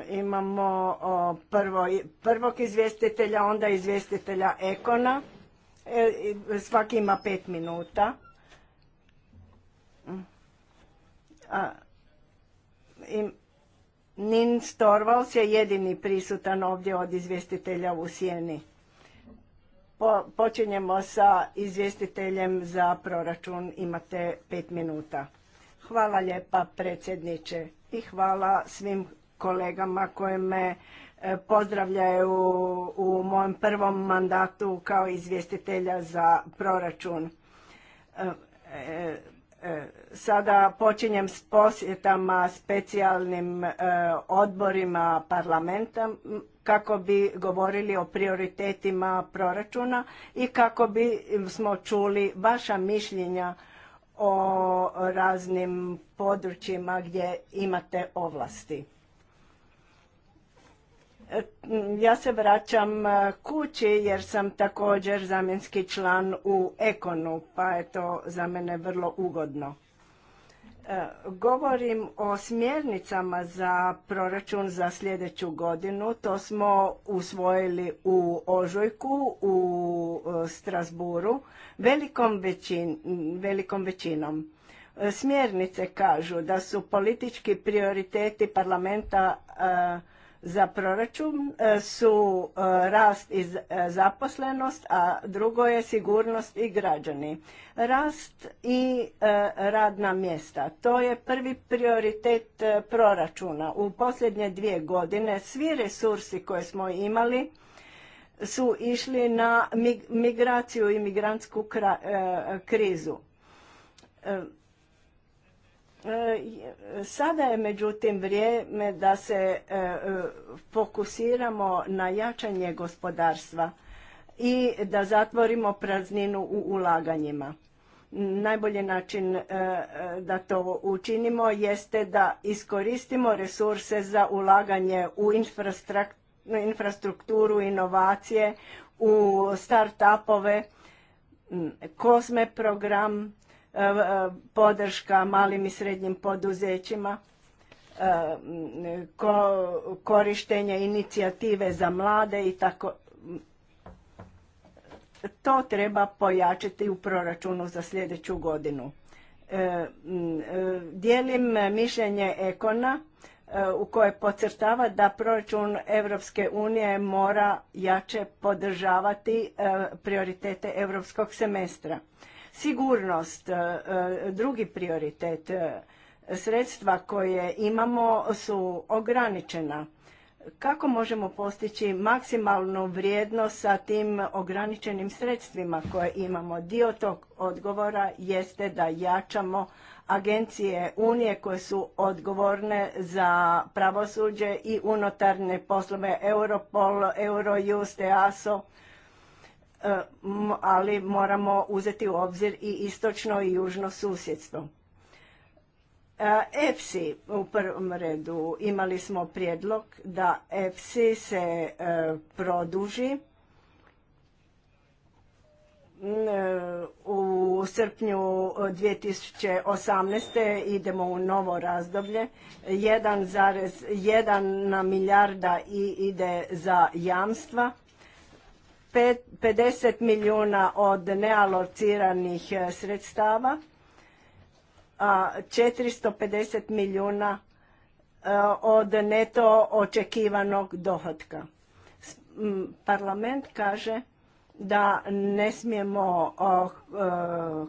Speaker 3: imamo prvog izvjestitelja, onda izvjestitelja Ekona. E, svaki ima pet minuta. Mm. Nin Storvals je jedini prisutan ovdje od izvjestitelja u Sjeni. počinjemo sa izvjestiteljem za proračun. Imate pet minuta. Hvala lijepa predsjedniče i hvala svim kolegama koje me e, pozdravljaju u, mojem prvom mandatu kao izvjestitelja za proračun. E, e, sada počinjem s posjetama specijalnim odborima parlamenta kako bi govorili o prioritetima proračuna i kako bi smo čuli vaša mišljenja o raznim područjima gdje imate ovlasti. E, ja se vraćam e, kući jer sam također zamjenski član u Ekonu, pa je to za mene vrlo ugodno. E, govorim o smjernicama za proračun za sljedeću godinu. To smo usvojili u Ožujku, u e, Strasburu, velikom, većin, velikom većinom. E, smjernice kažu da su politički prioriteti parlamenta za proračun e, su e, rast i e, zaposlenost, a drugo je sigurnost i građani. Rast i radna mjesta, to je prvi prioritet proračuna. U posljednje dvije godine svi resursi koje smo imali su išli na migraciju i migrantsku krizu E, sada je međutim vrijeme da se e, e, fokusiramo na jačanje gospodarstva i da zatvorimo prazninu u ulaganjima. Najbolji način da to učinimo jeste da iskoristimo resurse za ulaganje u infrastrukturu, inovacije, u start-upove, kozme program, E, e, podrška malim i srednjim poduzećima, e, korištenje inicijative za mlade i tako. To treba pojačiti u proračunu za sljedeću godinu. Dijelim mišljenje Ekona u koje podcrtava da proračun Europske unije mora jače podržavati prioritete europskog semestra. Sigurnost, e, e, drugi prioritet, e, sredstva koje imamo su ograničena. Kako možemo postići maksimalnu vrijednost sa tim ograničenim sredstvima koje imamo? Dio tog odgovora jeste da jačamo agencije Unije koje su odgovorne za pravosuđe i unutarnje poslove Europol, Eurojust, EASO, E, ali moramo uzeti u obzir i istočno i južno susjedstvo. E, EPSI u prvom redu imali smo prijedlog da EPSI se e, produži u srpnju 2018. idemo u novo razdoblje. 1,1 milijarda ide za jamstva 50 milijuna od nealociranih e, sredstava, a 450 milijuna e, od neto očekivanog dohotka. Parlament kaže da ne smijemo e,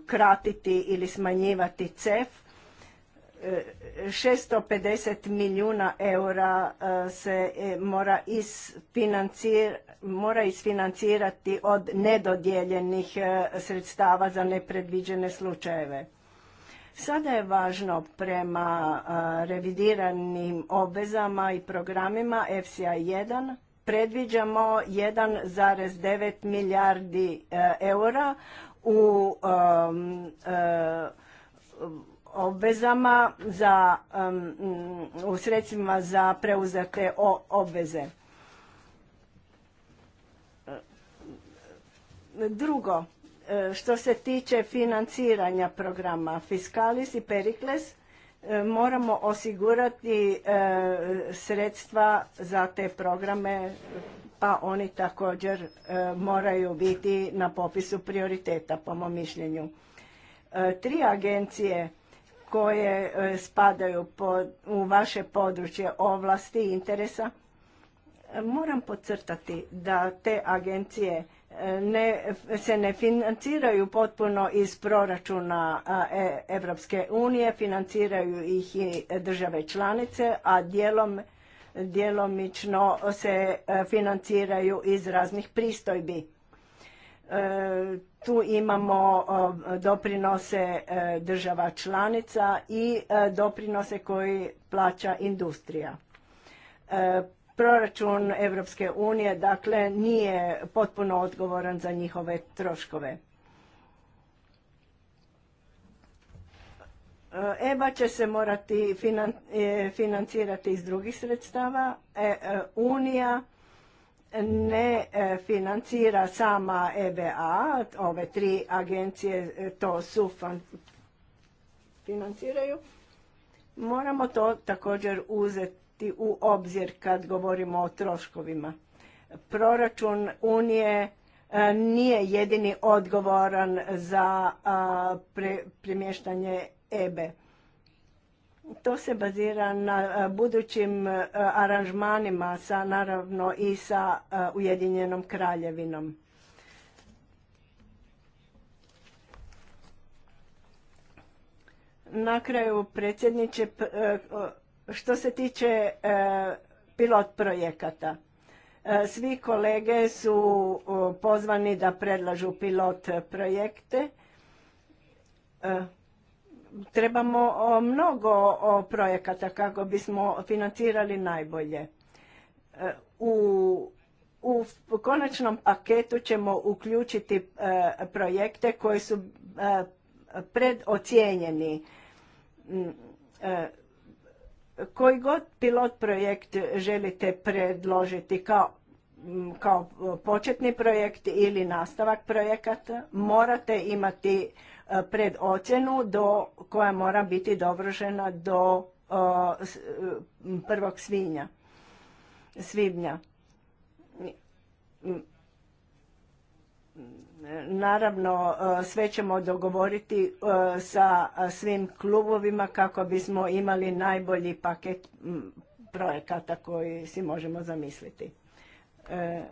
Speaker 3: kratiti ili smanjivati CEF, 650 milijuna eura e, se e, mora isfinancirati od nedodijeljenih e, sredstava za nepredviđene slučajeve. Sada je važno prema revidiranim obvezama i programima fci 1 predviđamo 1,9 milijardi eura u obvezama za, u sredstvima za preuzete obveze. Drugo, eh, što se tiče financiranja programa Fiskalis i Perikles, eh, moramo osigurati eh, sredstva za te programe, pa oni također moraju biti na popisu prioriteta, po mom mišljenju. tri agencije koje e, spadaju u vaše područje ovlasti i interesa. E, moram podcrtati da te agencije e, se ne financiraju potpuno iz proračuna Evropske unije, financiraju ih i države članice, a dijelom, djelomično se financiraju iz raznih pristojbi tu imamo doprinose e, država članica i e, doprinose koji plaća industrija. E, proračun Europske unije dakle nije potpuno odgovoran za njihove troškove. EBA će se morati financirati iz drugih sredstava. Unija ne e, financira sama EBA, ove tri agencije e, to su financiraju. Moramo to također uzeti u obzir kad govorimo o troškovima. Proračun Unije e, nije jedini odgovoran za premještanje EBA. To se bazira na e, budućim e, aranžmanima sa naravno i sa e, Ujedinjenom kraljevinom. Na kraju predsjedniče što se tiče pilot projekata svi kolege su pozvani da predlažu pilot projekte trebamo mnogo projekata kako bismo financirali najbolje. E, u, u konačnom paketu ćemo uključiti e, projekte koji su e, predocijenjeni. Mm, koji god pilot projekt želite predložiti kao mm, kao početni projekt ili nastavak projekata morate imati pred ocjenu do, koja mora biti dovršena do prvog svinja, svibnja. Naravno, sve ćemo dogovoriti sa svim klubovima kako bismo imali najbolji paket projekata koji si možemo zamisliti. E,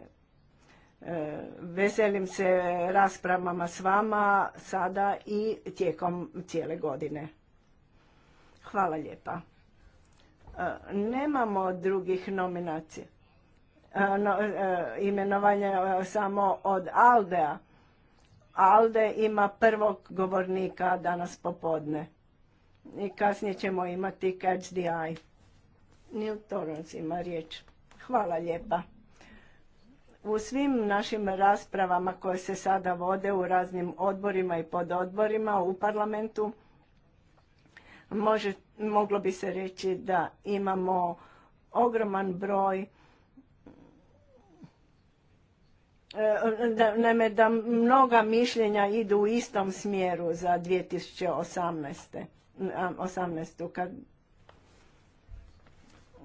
Speaker 3: E, veselim se raspravama s vama sada i tijekom cijele godine. Hvala lijepa. E, nemamo drugih nominacija. E, imenovanje imenovanja samo od Aldea. Alde ima prvog govornika danas popodne. I kasnije ćemo imati Catch the Eye. Neil ima riječ. Hvala lijepa. U svim našim raspravama koje se sada vode u raznim odborima i pododborima u parlamentu može, moglo bi se reći da imamo ogroman broj e, da, naime da mnoga mišljenja idu u istom smjeru za 2018. 18. kad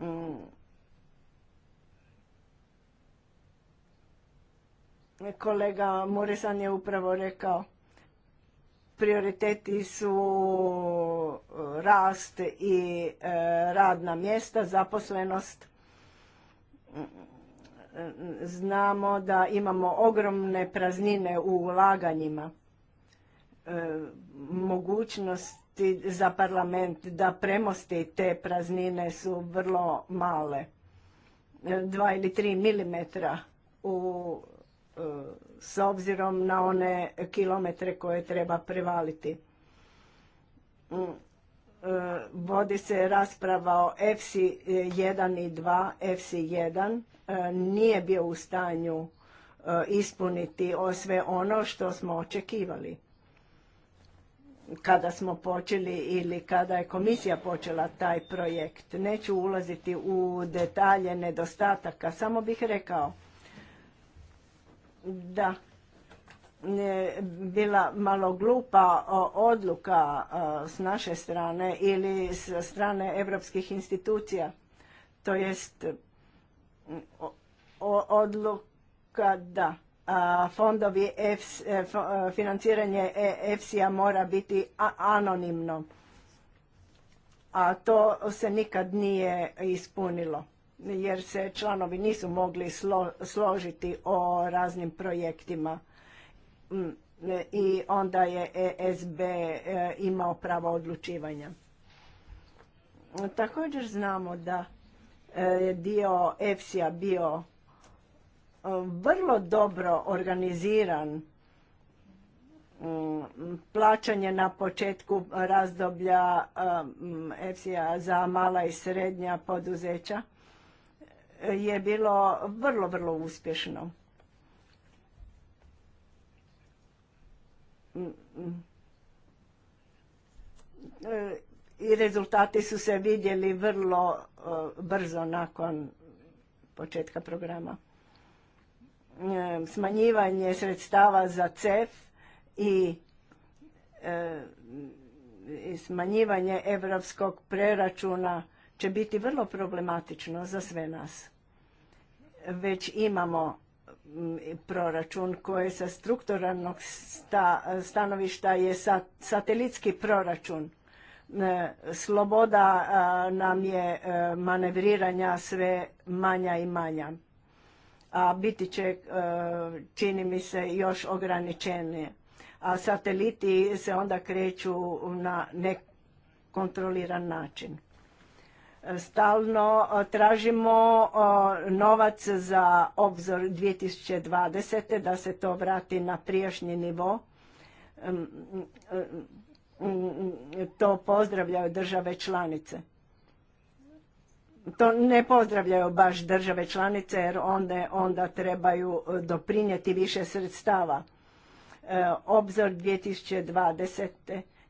Speaker 3: mm, Kolega Morisan je upravo rekao, prioriteti su e, rast i e, radna mjesta, zaposlenost. Znamo da imamo ogromne praznine u ulaganjima. E, mogućnosti za parlament da premosti te praznine su vrlo male. Dva ili tri milimetra u E, s obzirom na one kilometre koje treba prevaliti. Mm, e, vodi se rasprava o fc 1 i 2. fc 1 nije bio u stanju e, ispuniti sve ono što smo očekivali kada smo počeli ili kada je komisija počela taj projekt. Neću ulaziti u detalje nedostataka, samo bih rekao da e, bila malo glupa odluka e, s naše strane ili s strane evropskih institucija. To jest odluka da fondovi e, financiranje EFSI-a mora biti anonimno. A to se nikad nije ispunilo jer se članovi nisu mogli složiti o raznim projektima mm, i onda je ESB e, imao pravo odlučivanja. Također znamo da e, je dio efsi bio e, vrlo dobro organiziran mm, plaćanje na početku razdoblja efsi mm, za mala i srednja poduzeća je bilo vrlo, vrlo uspješno. Mm, mm. E, I rezultati su se vidjeli vrlo e, brzo nakon početka programa. E, smanjivanje sredstava za CEF i smanjivanje evropskog preračuna će biti vrlo problematično za sve nas već imamo mm, proračun koji sa strukturalnog stanovišta je satelitski proračun. E, sloboda nam je e, manevriranja sve manja i manja. A biti će, e, čini mi se, još ograničenije. A sateliti se onda kreću na nekontroliran način. Stalno tražimo novac za obzor 2020. da se to vrati na prijašnji nivo. Mm, mm, mm, to pozdravljaju države članice. To ne pozdravljaju baš države članice jer onda, onda trebaju doprinijeti više sredstava. E, obzor 2020.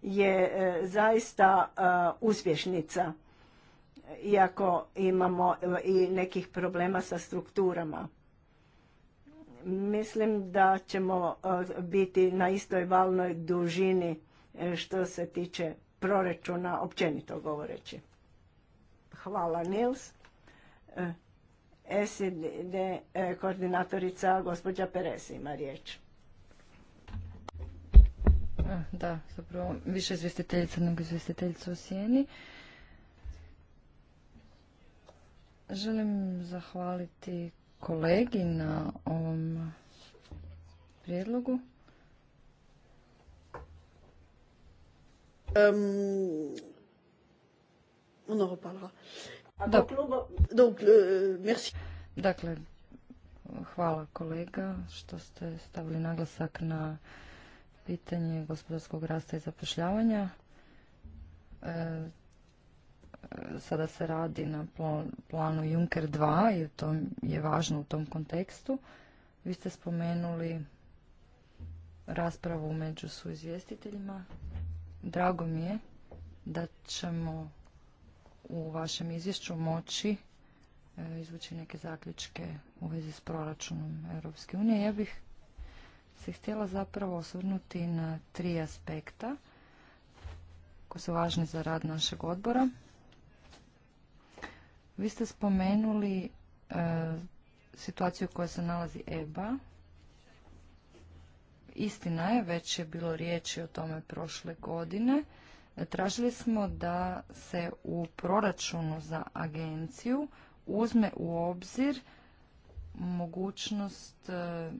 Speaker 3: je e, zaista uspješnica iako imamo i nekih problema sa strukturama. Mislim da ćemo e, biti na istoj valnoj dužini e, što se tiče proračuna, općenito govoreći. Hvala Nils. E, SED koordinatorica gospođa Peres ima riječ.
Speaker 2: Da, zapravo više izvjestiteljica nego izvjestiteljica u Sijeni. Želim zahvaliti kolegi na ovom prijedlogu. Euh, dakle, hvala kolega što ste stavili naglasak na pitanje gospodarskog rasta i zapošljavanja. E, sada se radi na planu Juncker 2 i to je važno u tom kontekstu. Vi ste spomenuli raspravu među suizvjestiteljima. Drago mi je da ćemo u vašem izvješću moći e, izvući neke zaključke u vezi s proračunom Europske unije. Ja bih se htjela zapravo osvrnuti na tri aspekta koji su važni za rad našeg odbora. Vi ste spomenuli e, situaciju u kojoj se nalazi EBA. Istina je, već je bilo riječi o tome prošle godine. E, tražili smo da se u proračunu za agenciju uzme u obzir mogućnost, e,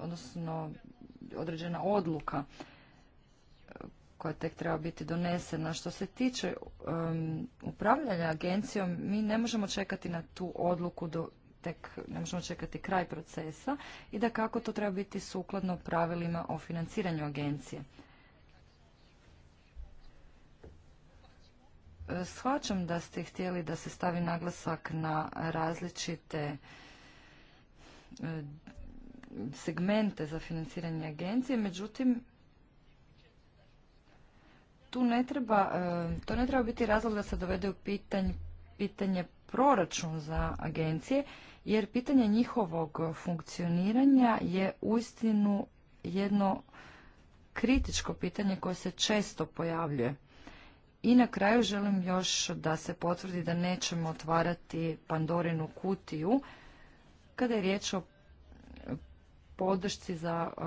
Speaker 2: odnosno određena odluka koja tek treba biti donesena. Što se tiče upravljanja agencijom, mi ne možemo čekati na tu odluku do tek ne možemo čekati kraj procesa i da kako to treba biti sukladno pravilima o financiranju agencije. E, shvaćam da ste htjeli da se stavi naglasak na različite e, segmente za financiranje agencije, međutim tu ne treba, e, to ne treba biti razlog da se dovede u pitanje, pitanje proračun za agencije, jer pitanje njihovog funkcioniranja je uistinu jedno kritičko pitanje koje se često pojavljuje. I na kraju želim još da se potvrdi da nećemo otvarati Pandorinu kutiju kada je riječ o podršci za e,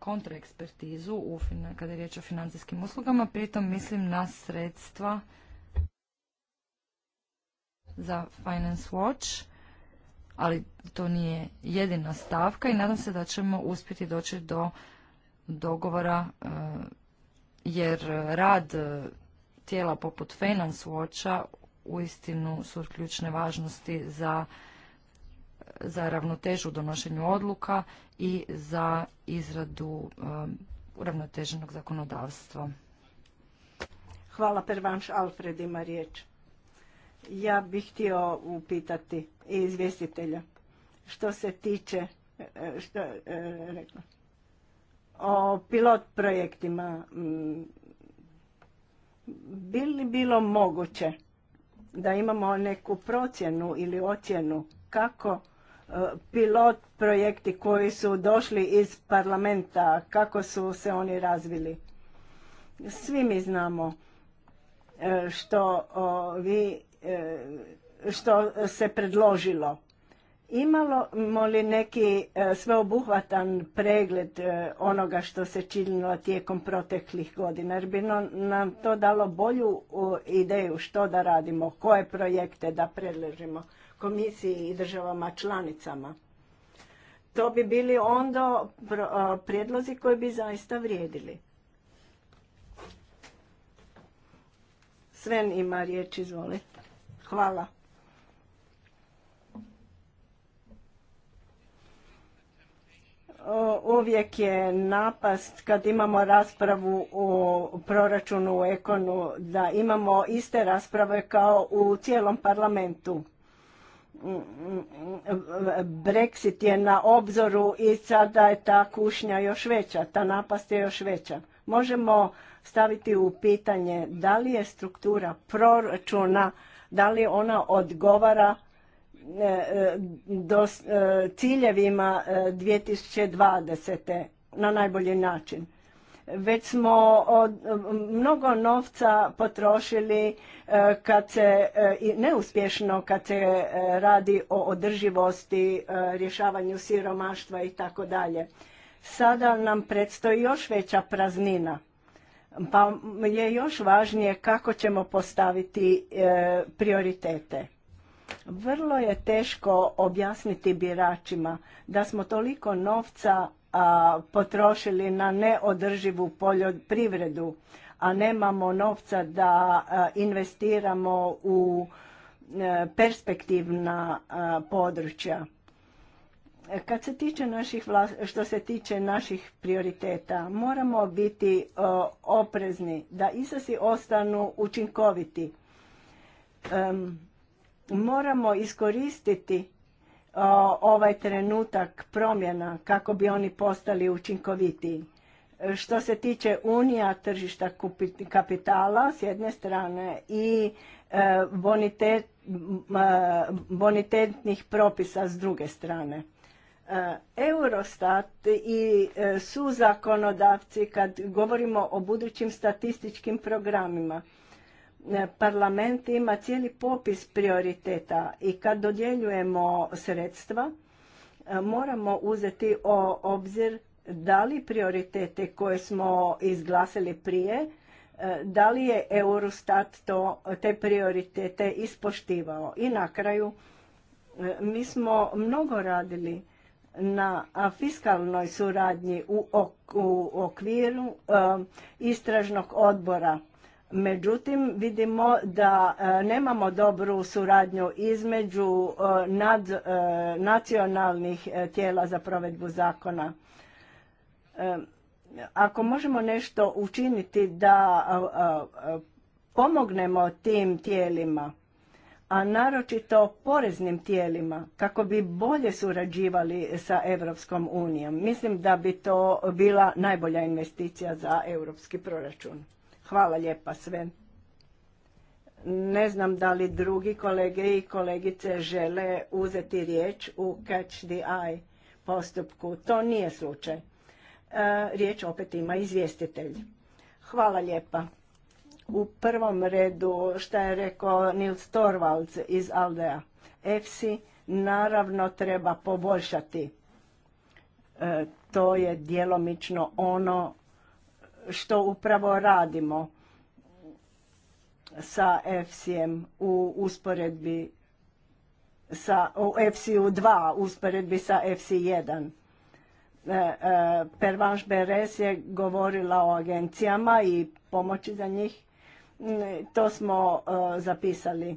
Speaker 2: kontraekspertizu u, kada je riječ o financijskim uslugama, pritom mislim na sredstva za Finance Watch, ali to nije jedina stavka i nadam se da ćemo uspjeti doći do dogovora eh, jer rad eh, tijela poput Finance Watcha uistinu su ključne važnosti za za ravnotežu u donošenju odluka i za izradu um, uravnoteženog zakonodavstva.
Speaker 3: Hvala Pervanš Alfred ima riječ. Ja bih htio upitati izvjestitelja što se tiče e, što e, o pilot projektima mm, bi li bilo moguće da imamo neku procjenu ili ocjenu kako pilot projekti koji su došli iz parlamenta, kako su se oni razvili. Svi mi znamo e, što vi e, što se predložilo. Imamo li neki e, sveobuhvatan pregled onoga što se činilo tijekom proteklih godina? Jer bi nam to dalo bolju ideju što da radimo, koje projekte da predložimo komisiji i državama članicama. To bi bili onda prijedlozi koji bi zaista vrijedili. Sven ima riječ, izvoli. Hvala. Uvijek je napast kad imamo raspravu o proračunu u Ekonu da imamo iste rasprave kao u cijelom parlamentu. Brexit je na obzoru i sada je ta kušnja još veća, ta napast je još veća. Možemo staviti u pitanje da li je struktura proračuna, da li ona odgovara e, do e, ciljevima 2020. E, na najbolji način. Već smo od, mnogo novca potrošili e, kad se, e, neuspješno kad se e, radi o održivosti, rješavanju siromaštva i tako dalje. Sada nam predstoji još veća praznina pa je još važnije kako ćemo postaviti prioritete. Vrlo je teško objasniti biračima da smo toliko novca potrošili na neodrživu poljoprivredu, a nemamo novca da investiramo u e, perspektivna područja. E, kad se tiče naših što se tiče naših prioriteta, moramo biti oprezni da izasi ostanu učinkoviti. Moramo iskoristiti ovaj trenutak promjena kako bi oni postali učinkovitiji. Što se tiče unija tržišta kapitala s jedne strane i e, bonitetnih e, propisa s druge strane. E, Eurostat i su zakonodavci kad govorimo o budućim statističkim programima E, parlament ima cijeli popis prioriteta i kad dodjeljujemo sredstva e, moramo uzeti u obzir da li prioritete koje smo izglasili prije, e, da li je Eurostat to, te prioritete ispoštivao. I na kraju, mi smo mnogo radili na fiskalnoj suradnji u okviru istražnog odbora Međutim, vidimo da e, nemamo dobru suradnju između e, nad, e, nacionalnih tijela za provedbu zakona. Ako možemo nešto učiniti da pomognemo tim tijelima, a naročito poreznim tijelima, kako bi bolje surađivali sa Europskom unijom. Mislim da bi to bila najbolja investicija za europski proračun. Hvala lijepa sve. Ne znam da li drugi kolege i kolegice žele uzeti riječ u catch the eye postupku. To nije slučaj. E, riječ opet ima izvjestitelj. Hvala lijepa. U prvom redu šta je rekao Nils Torvalds iz Aldea. EFSI naravno treba poboljšati. E, to je djelomično ono što upravo radimo sa FCM u usporedbi sa u FC2 usporedbi sa FC1. E, e, Pervanš Beres je govorila o agencijama i pomoći za njih. Mm, to smo e, zapisali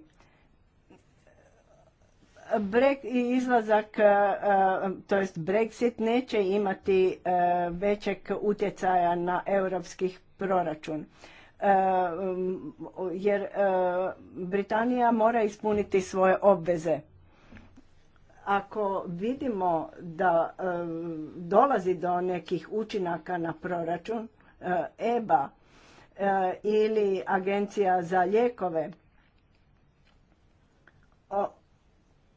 Speaker 3: i izlazak, e, e, to jest Brexit, neće imati e, većeg utjecaja na europskih proračun. Jer Britanija mora ispuniti svoje obveze. Ako vidimo da dolazi do nekih učinaka na proračun, EBA ili Agencija za lijekove,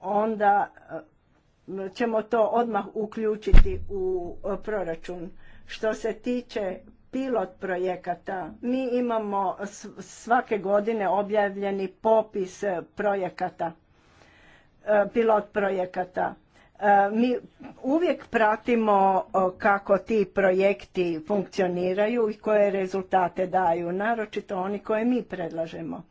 Speaker 3: onda e, ćemo to odmah uključiti u e, proračun. Što se tiče pilot projekata, mi imamo svake godine objavljeni popis e, projekata, pilot projekata. Mi uvijek pratimo kako ti projekti funkcioniraju i koje rezultate daju, naročito oni koje mi predlažemo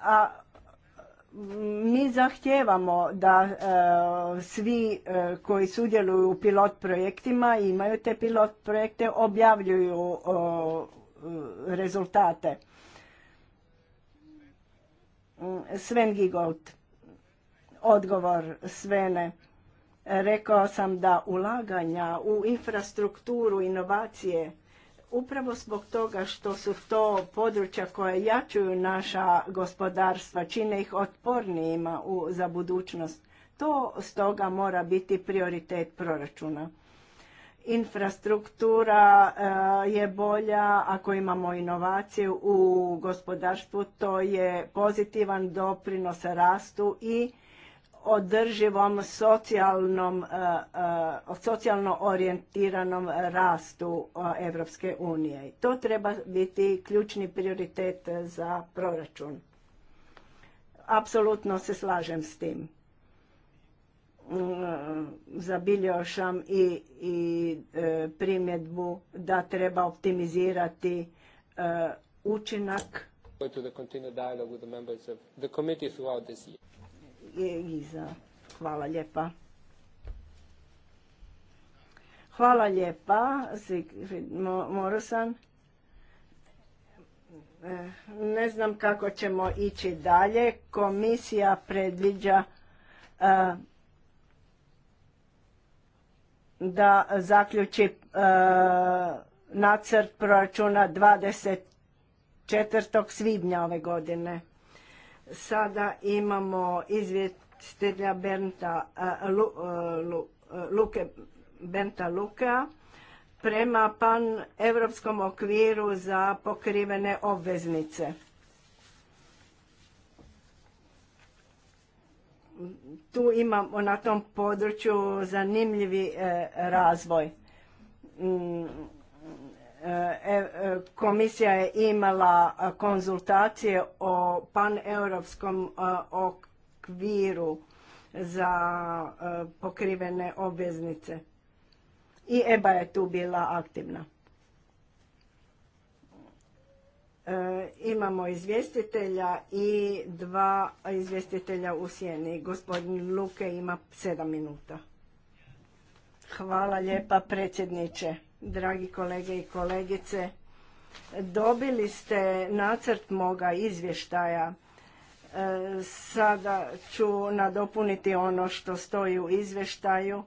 Speaker 3: a mi zahtijevamo da e, svi e, koji sudjeluju u pilot projektima i imaju te pilot projekte objavljuju rezultate. Sven Gigold, odgovor Svene. Rekao sam da ulaganja u infrastrukturu, inovacije upravo zbog toga što su to područja koja jačuju naša gospodarstva, čine ih otpornijima u, za budućnost. To stoga mora biti prioritet proračuna. Infrastruktura eh, je bolja, ako imamo inovaciju u gospodarstvu, to je pozitivan doprinos rastu i održivom socijalnom, e, e, socijalno orijentiranom rastu e, Evropske unije. To treba biti ključni prioritet za proračun. Apsolutno se slažem s tim. Mm, Zabilio sam i, i primjedbu da treba optimizirati učinak iza Hvala lijepa. Hvala lijepa, Sigrid Morosan. E, ne znam kako ćemo ići dalje. Komisija predviđa e, da zaključi e, nacrt proračuna 24. svibnja ove godine. Sada imamo izvjestitelja Luke, Benta Lukea prema pan evropskom okviru za pokrivene obveznice. Tu imamo na tom području zanimljivi e, razvoj. Mm, E, e, komisija je imala konzultacije o paneuropskom e, okviru za pokrivene obveznice. I EBA je tu bila aktivna. Imamo izvjestitelja i dva izvjestitelja u sjeni. Gospodin Luke ima sedam minuta. Hvala lijepa predsjedniče dragi kolege i kolegice. Dobili ste nacrt moga izvještaja. E, sada ću nadopuniti ono što stoji u izvještaju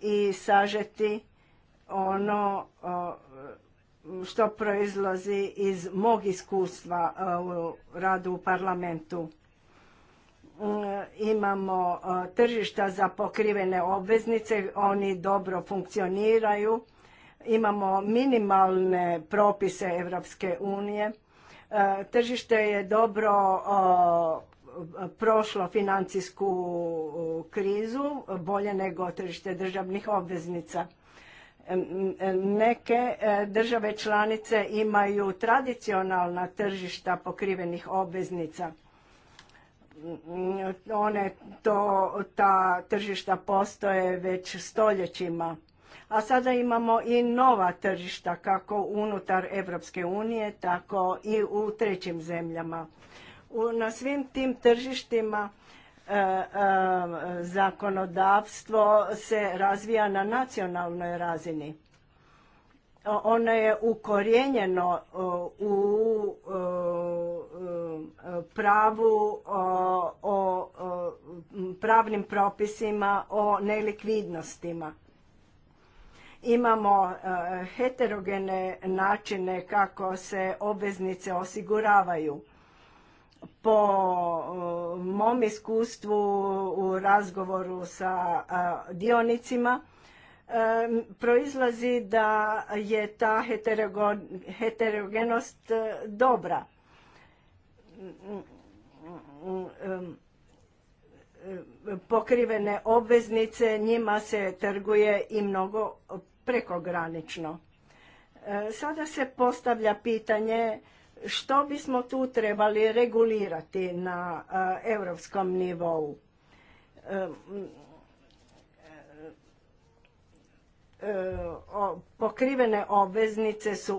Speaker 3: i sažeti ono što proizlazi iz mog iskustva e, u radu u parlamentu. Mm, imamo e, tržišta za pokrivene obveznice, oni dobro funkcioniraju, imamo minimalne propise Europske unije, e, tržište je dobro prošlo financijsku krizu, bolje nego tržište državnih obveznica. E, neke države članice imaju tradicionalna tržišta pokrivenih obveznica – one to, ta tržišta postoje već stoljećima. A sada imamo i nova tržišta kako unutar Europske unije, tako i u trećim zemljama. na svim tim tržištima e, e, zakonodavstvo se razvija na nacionalnoj razini ono je ukorijenjeno u pravu o pravnim propisima o nelikvidnostima. Imamo e, heterogene načine kako se obveznice osiguravaju. Po mom iskustvu u razgovoru sa dionicima proizlazi da je ta heterogenost e, dobra. Pokrivene obveznice, njima se trguje i mnogo prekogranično. E, sada se postavlja pitanje što bismo tu trebali regulirati na e, europskom nivou. E, pokrivene obveznice su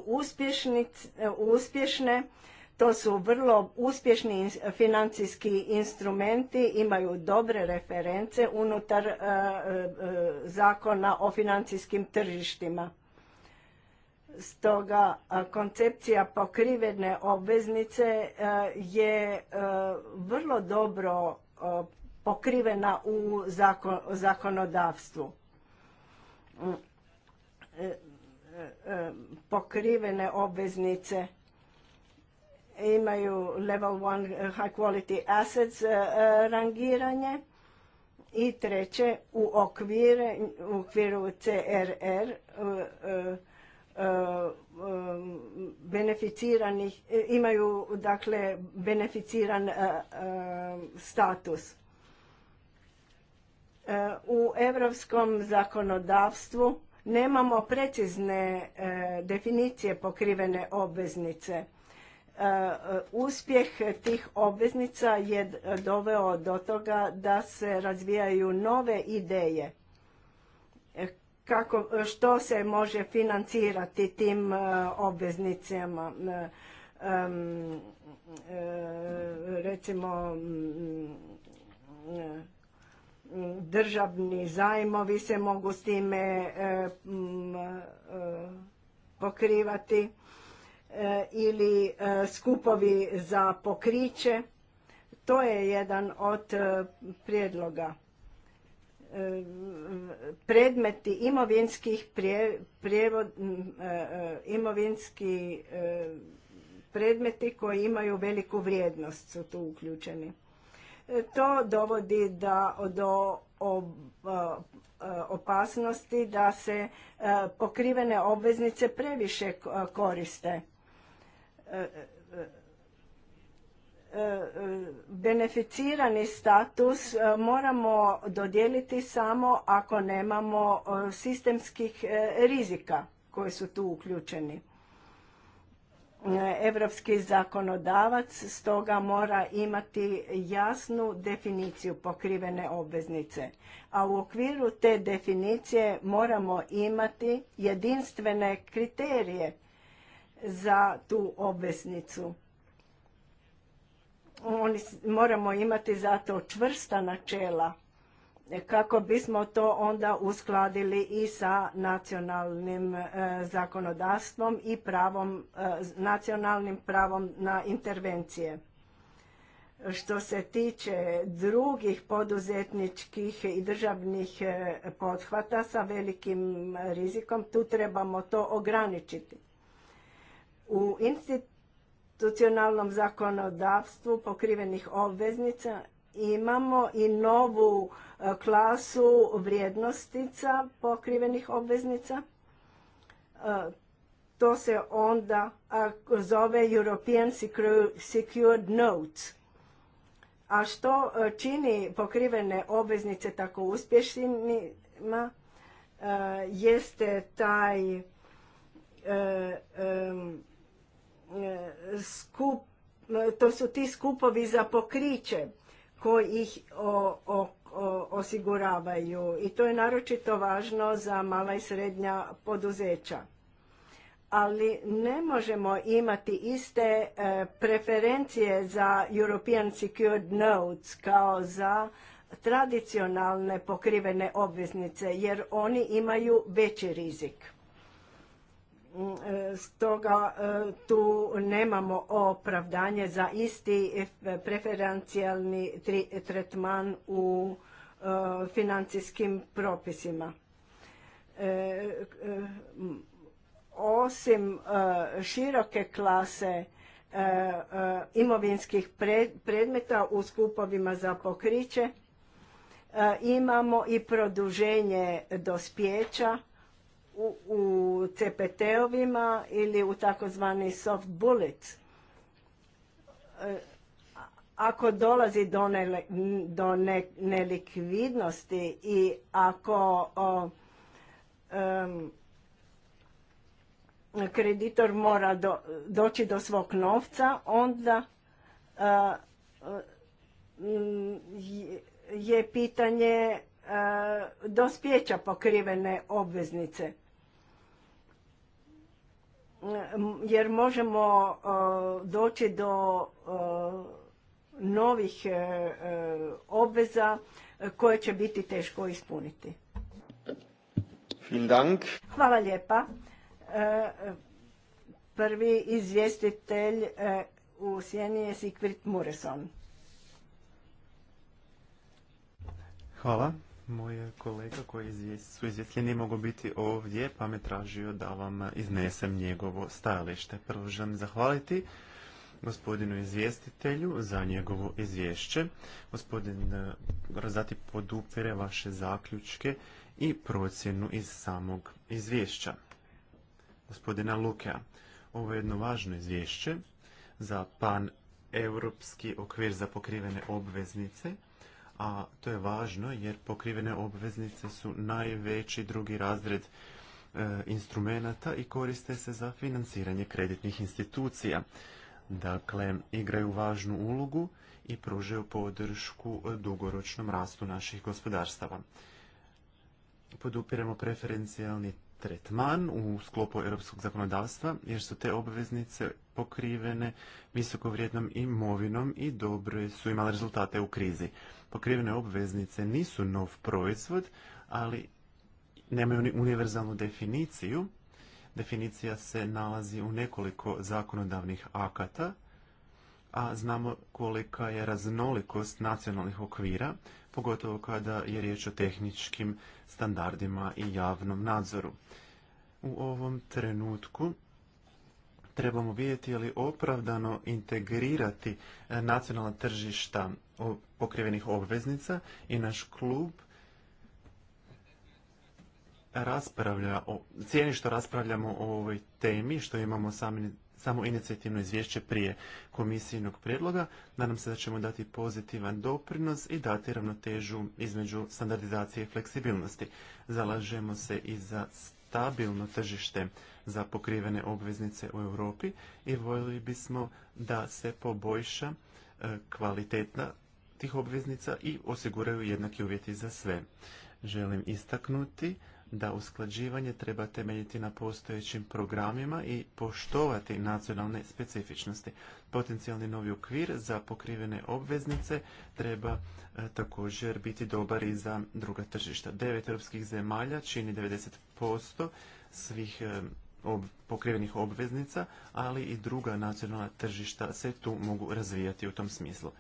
Speaker 3: e, uspješne, to su vrlo uspješni financijski instrumenti, imaju dobre reference unutar e, zakona o financijskim tržištima. Stoga koncepcija pokrivene obveznice je vrlo dobro pokrivena u zakonodavstvu pokrivene obveznice imaju level 1 high quality assets e, rangiranje i treće u, okvire, u okviru CRR e, e, beneficiranih, imaju dakle beneficiran status. U europskom zakonodavstvu nemamo precizne e, definicije pokrivene obveznice. E, e, uspjeh tih obveznica je doveo do toga da se razvijaju nove ideje kako, što se može financirati tim obveznicama. recimo Državni zajmovi se mogu s time e, e, pokrivati e, ili skupovi za pokriće. To je jedan od prijedloga. Predmeti imovinskih imovinski predmeti koji imaju veliku vrijednost su tu uključeni. To dovodi do e, opasnosti da se e, pokrivene obveznice previše koriste. E, beneficirani status moramo dodijeliti samo ako nemamo sistemskih rizika koji su tu uključeni. Evropski zakonodavac stoga mora imati jasnu definiciju pokrivene obveznice, a u okviru te definicije moramo imati jedinstvene kriterije za tu obveznicu. Oni, moramo imati zato čvrsta načela kako bismo to onda uskladili i sa nacionalnim e, zakonodavstvom i pravom, e, nacionalnim pravom na intervencije. Što se tiče drugih poduzetničkih i državnih e, pothvata sa velikim rizikom, tu trebamo to ograničiti. U institucionalnom zakonodavstvu pokrivenih obveznica imamo i novu e, klasu vrijednostica pokrivenih obveznica. E, to se onda zove European Secured Notes. A što e, čini pokrivene obveznice tako uspješnima jeste taj skup, to su ti skupovi za pokriće koji ih osiguravaju i to je naročito važno za mala i srednja poduzeća. Ali ne možemo imati iste e, preferencije za European Secured Notes kao za tradicionalne pokrivene obveznice jer oni imaju veći rizik. Stoga e, tu nemamo opravdanje za isti preferencijalni tretman u e, financijskim propisima. E, osim široke klase imovinskih predmeta u skupovima za pokriće, imamo i produženje dospjeća u, CPT-ovima ili u takozvani soft bullets. E, ako dolazi do, nelikvidnosti i ako kreditor mora doći do svog novca, onda e, e, je pitanje dospjeća pokrivene obveznice jer možemo e, doći do e, novih e, obveza koje će biti teško ispuniti. Hvala lijepa. Prvi izvjestitelj u Sjeni je Sigrid Mureson.
Speaker 1: Hvala. Moje kolega koji su izvjetljeni mogu biti ovdje, pa me tražio da vam iznesem njegovo stajalište. Prvo želim zahvaliti gospodinu izvjestitelju za njegovo izvješće. Gospodin e, Rozati podupire vaše zaključke i procjenu iz samog izvješća. Gospodina Lukea, ovo je jedno važno izvješće za pan Europski okvir za pokrivene obveznice – a to je važno jer pokrivene obveznice su najveći drugi razred e, instrumenata i koriste se za financiranje kreditnih institucija. Dakle, igraju važnu ulogu i pružaju podršku dugoročnom rastu naših gospodarstava. Podupiremo preferencijalni tretman u sklopu europskog zakonodavstva jer su te obveznice pokrivene visokovrijednom imovinom i dobre su imale rezultate u krizi. Pokrivene obveznice nisu nov proizvod, ali nemaju ni univerzalnu definiciju. Definicija se nalazi u nekoliko zakonodavnih akata, a znamo kolika je raznolikost nacionalnih okvira pogotovo kada je riječ o tehničkim standardima i javnom nadzoru. U ovom trenutku trebamo vidjeti je li opravdano integrirati e, nacionalna tržišta pokrivenih obveznica i naš klub raspravlja, cijeni što raspravljamo o ovoj temi, što imamo sami samo inicijativno izvješće prije komisijnog prijedloga. Nadam se da ćemo dati pozitivan doprinos i dati ravnotežu između standardizacije i fleksibilnosti. Zalažemo se i za stabilno tržište za pokrivene obveznice u Europi i voljeli bismo da se poboljša e, kvalitetna tih obveznica i osiguraju jednaki uvjeti za sve. Želim istaknuti da usklađivanje treba temeljiti na postojećim programima i poštovati nacionalne specifičnosti. Potencijalni novi okvir za pokrivene obveznice treba e, također biti dobar i za druga tržišta. Devet europskih zemalja čini 90% svih e, pokrivenih obveznica, ali i druga nacionalna tržišta se tu mogu razvijati u tom smislu.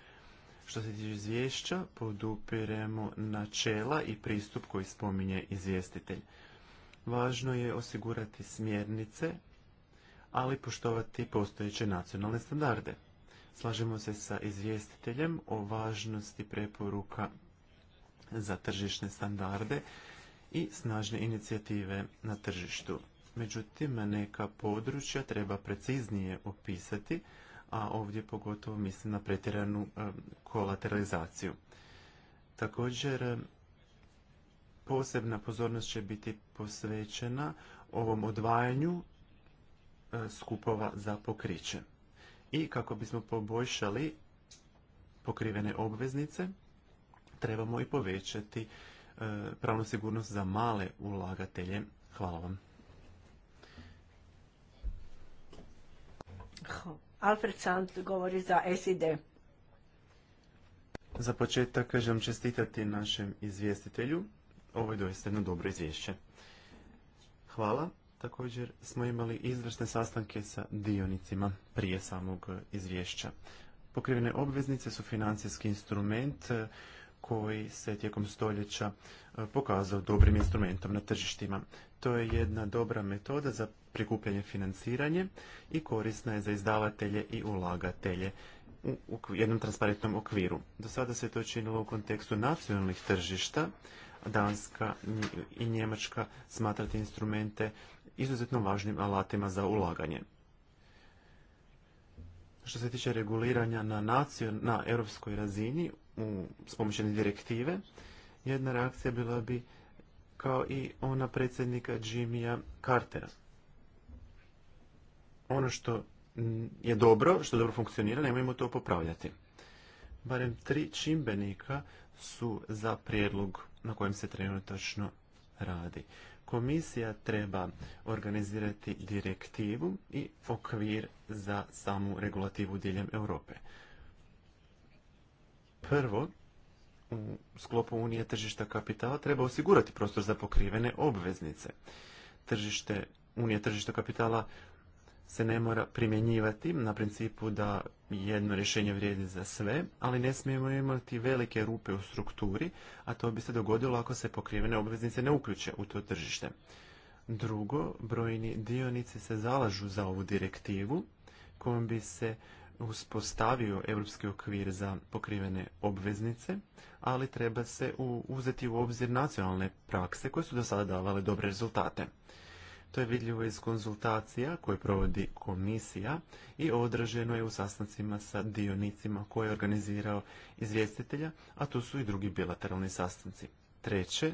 Speaker 1: Što se tiče izvješća, podupiremo načela i pristup koji spominje izvjestitelj. Važno je osigurati smjernice, ali poštovati postojeće nacionalne standarde. Slažemo se sa izvjestiteljem o važnosti preporuka za tržišne standarde i snažne inicijative na tržištu. Međutim, neka područja treba preciznije opisati, a ovdje pogotovo mislim na pretjeranu e, kolateralizaciju. Također, e, posebna pozornost će biti posvećena ovom odvajanju e, skupova za pokriće. I kako bismo poboljšali pokrivene obveznice, trebamo i povećati pravnu sigurnost za male ulagatelje. Hvala vam.
Speaker 3: Alfred Sant govori za SID.
Speaker 1: Za početak želim čestitati našem izvjestitelju. Ovo je doista jedno dobro izvješće. Hvala. Također smo imali izvrsne sastanke sa dionicima prije samog izvješća. Pokrivene obveznice su financijski instrument eh, koji se tijekom stoljeća eh, pokazao dobrim instrumentom na tržištima. To je jedna dobra metoda za prikupljanje financiranje i korisna je za izdavatelje i ulagatelje u jednom transparentnom okviru. Do sada se to činilo u kontekstu nacionalnih tržišta. Danska i Njemačka smatrati instrumente izuzetno važnim alatima za ulaganje. Što se tiče reguliranja na, na europskoj razini u, s direktive, jedna reakcija bila bi kao i ona predsjednika Jimmya Cartera. Ono što je dobro, što dobro funkcionira, nemojmo to popravljati. Barem tri čimbenika su za prijedlog na kojem se trenutačno radi. Komisija treba organizirati direktivu i okvir za samu regulativu diljem Europe. Prvo, u sklopu Unije tržišta kapitala treba osigurati prostor za pokrivene obveznice. Tržište, Unije tržišta kapitala se ne mora primjenjivati na principu da jedno rješenje vrijedi za sve, ali ne smijemo imati velike rupe u strukturi, a to bi se dogodilo ako se pokrivene obveznice ne uključe u to tržište. Drugo, brojni dionici se zalažu za ovu direktivu kojom bi se uspostavio europski okvir za pokrivene obveznice, ali treba se uzeti u obzir nacionalne prakse koje su do sada davale dobre rezultate. To je vidljivo iz konzultacija koje provodi komisija i odraženo je u sastancima sa dionicima koje je organizirao izvjestitelja, a tu su i drugi bilateralni sastanci. Treće,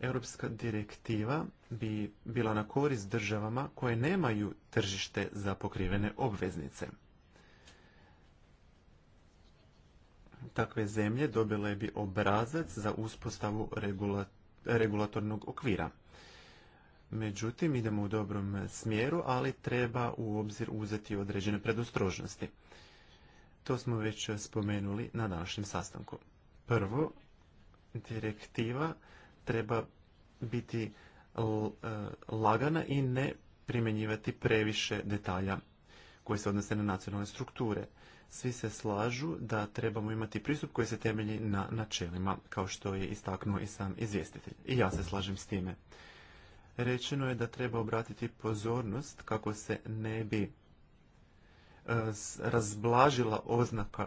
Speaker 1: europska direktiva bi bila na korist državama koje nemaju tržište za pokrivene obveznice. Takve zemlje dobile bi obrazac za uspostavu regulatornog okvira. Međutim, idemo u dobrom smjeru, ali treba u obzir uzeti određene predostrožnosti. To smo već spomenuli na današnjem sastanku. Prvo, direktiva treba biti e, lagana i ne primjenjivati previše detalja koji se odnose na nacionalne strukture. Svi se slažu da trebamo imati pristup koji se temelji na načelima, kao što je istaknuo i sam izvjestitelj. I ja se slažem s time. Rečeno je da treba obratiti pozornost kako se ne bi e, razblažila oznaka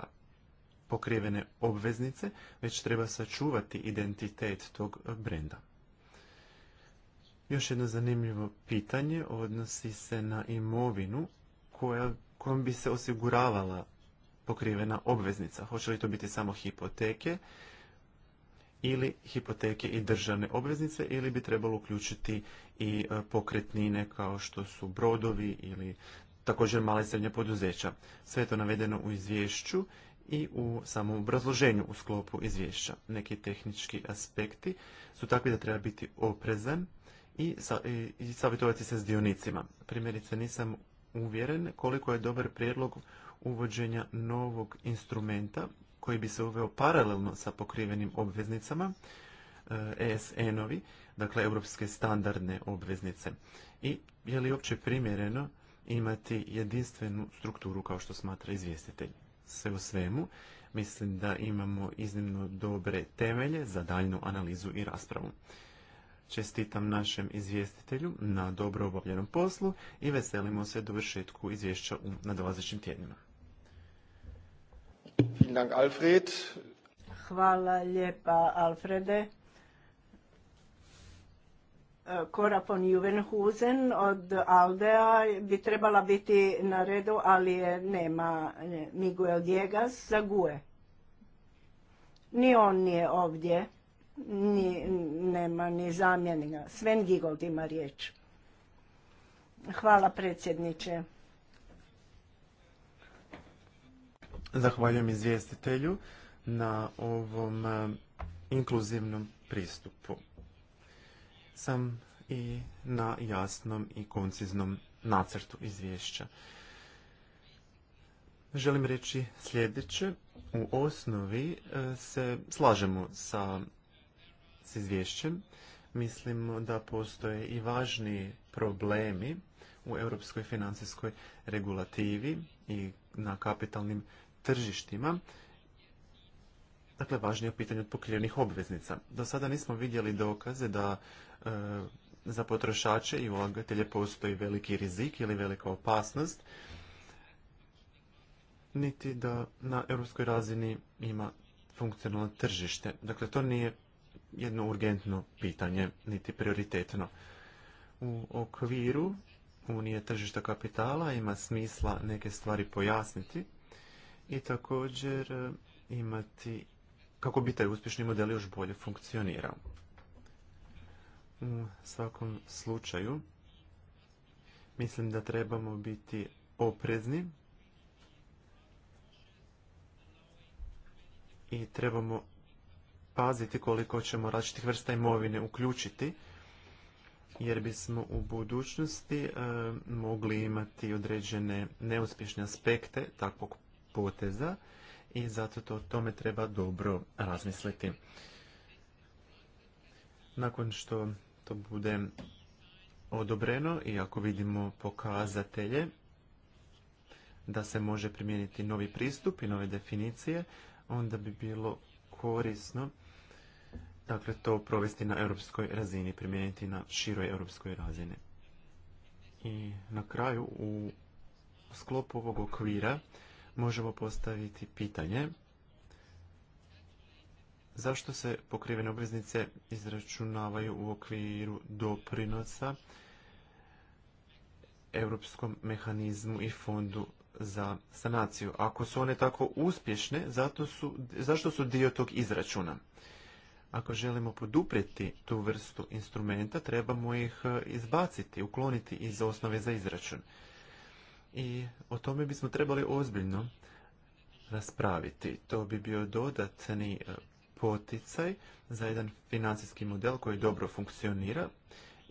Speaker 1: pokrivene obveznice, već treba sačuvati identitet tog brenda. Još jedno zanimljivo pitanje odnosi se na imovinu koja, kojom bi se osiguravala pokrivena obveznica. Hoće li to biti samo hipoteke ili hipoteke i državne obveznice ili bi trebalo uključiti i e, pokretnine kao što su brodovi ili također male srednje poduzeća. Sve je to navedeno u izvješću i u samom obrazloženju u sklopu izvješća. Neki tehnički aspekti su takvi da treba biti oprezan i, savjetovati se s dionicima. Primjerice, nisam uvjeren koliko je dobar prijedlog uvođenja novog instrumenta koji bi se uveo paralelno sa pokrivenim obveznicama, ESN-ovi, e dakle europske standardne obveznice. I je li uopće primjereno imati jedinstvenu strukturu kao što smatra izvjestitelj? sve u svemu, mislim da imamo iznimno dobre temelje za daljnu analizu i raspravu. Čestitam našem izvjestitelju na dobro obavljenom poslu i veselimo se dovršetku izvješća u nadolazećim tjednima.
Speaker 3: Hvala lijepa Alfrede. Kora von Juvenhusen od Aldea bi trebala biti na redu, ali je nema Miguel Diegas za Gue. Ni on nije ovdje, ni, nema ni zamjenika. Sven Gigold ima riječ. Hvala predsjedniče.
Speaker 1: Zahvaljujem izvjestitelju na ovom eh, inkluzivnom pristupu sam i na jasnom i konciznom nacrtu izvješća. Želim reći sljedeće. U osnovi e, se slažemo sa, s izvješćem. Mislimo da postoje i važni problemi u europskoj financijskoj regulativi i na kapitalnim tržištima Dakle, važnije pitanje od pokrivenih obveznica. Do sada nismo vidjeli dokaze da e, za potrošače i ulagatelje postoji veliki rizik ili velika opasnost, niti da na europskoj razini ima funkcionalno tržište. Dakle, to nije jedno urgentno pitanje, niti prioritetno. U okviru Unije tržišta kapitala ima smisla neke stvari pojasniti i također e, imati kako bi taj uspješni model još bolje funkcionirao. U svakom slučaju, mislim da trebamo biti oprezni i trebamo paziti koliko ćemo različitih vrsta imovine uključiti, jer bismo u budućnosti e, mogli imati određene neuspješne aspekte takvog poteza i zato to tome treba dobro razmisliti. Nakon što to bude odobreno i ako vidimo pokazatelje da se može primijeniti novi pristup i nove definicije, onda bi bilo korisno dakle, to provesti na europskoj razini, primijeniti na široj europskoj razini. I na kraju u sklopu ovog okvira možemo postaviti pitanje zašto se pokrivene obveznice izračunavaju u okviru doprinosa europskom mehanizmu i fondu za sanaciju. Ako su one tako uspješne, zato su, zašto su dio tog izračuna? Ako želimo poduprijeti tu vrstu instrumenta, trebamo ih izbaciti, ukloniti iz osnove za izračun i o tome bismo trebali ozbiljno raspraviti. To bi bio dodatni e, poticaj za jedan financijski model koji dobro funkcionira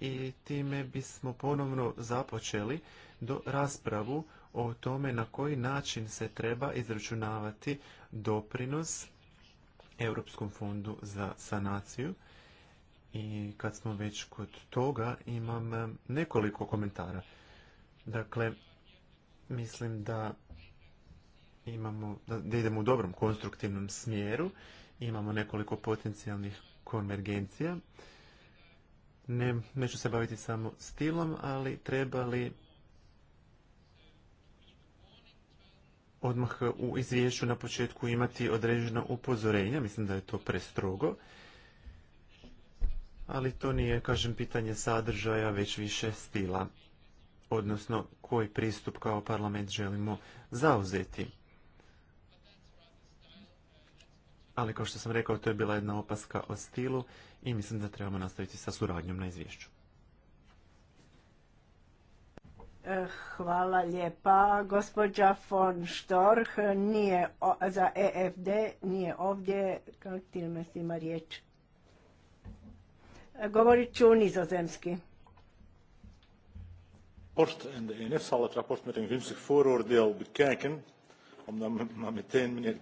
Speaker 1: i time bismo ponovno započeli do raspravu o tome na koji način se treba izračunavati doprinos Europskom fondu za sanaciju. I kad smo već kod toga, imam e, nekoliko komentara. Dakle, Mislim da imamo, da idemo u dobrom konstruktivnom smjeru. Imamo nekoliko potencijalnih konvergencija. Ne, neću se baviti samo stilom, ali treba li odmah u izvješću na početku imati određena upozorenja. Mislim da je to prestrogo. Ali to nije, kažem, pitanje sadržaja, već više stila odnosno koji pristup kao parlament želimo zauzeti. Ali kao što sam rekao, to je bila jedna opaska o stilu i mislim da trebamo nastaviti sa suradnjom na izvješću.
Speaker 3: Eh, hvala lijepa. Gospođa von Storch, nije za EFD, nije ovdje. Kako ti ima riječ? Eh, govorit ću nizozemski
Speaker 1: rapport en de ENF zal het rapport met een gunstig vooroordeel bekijken, om dan maar meteen meneer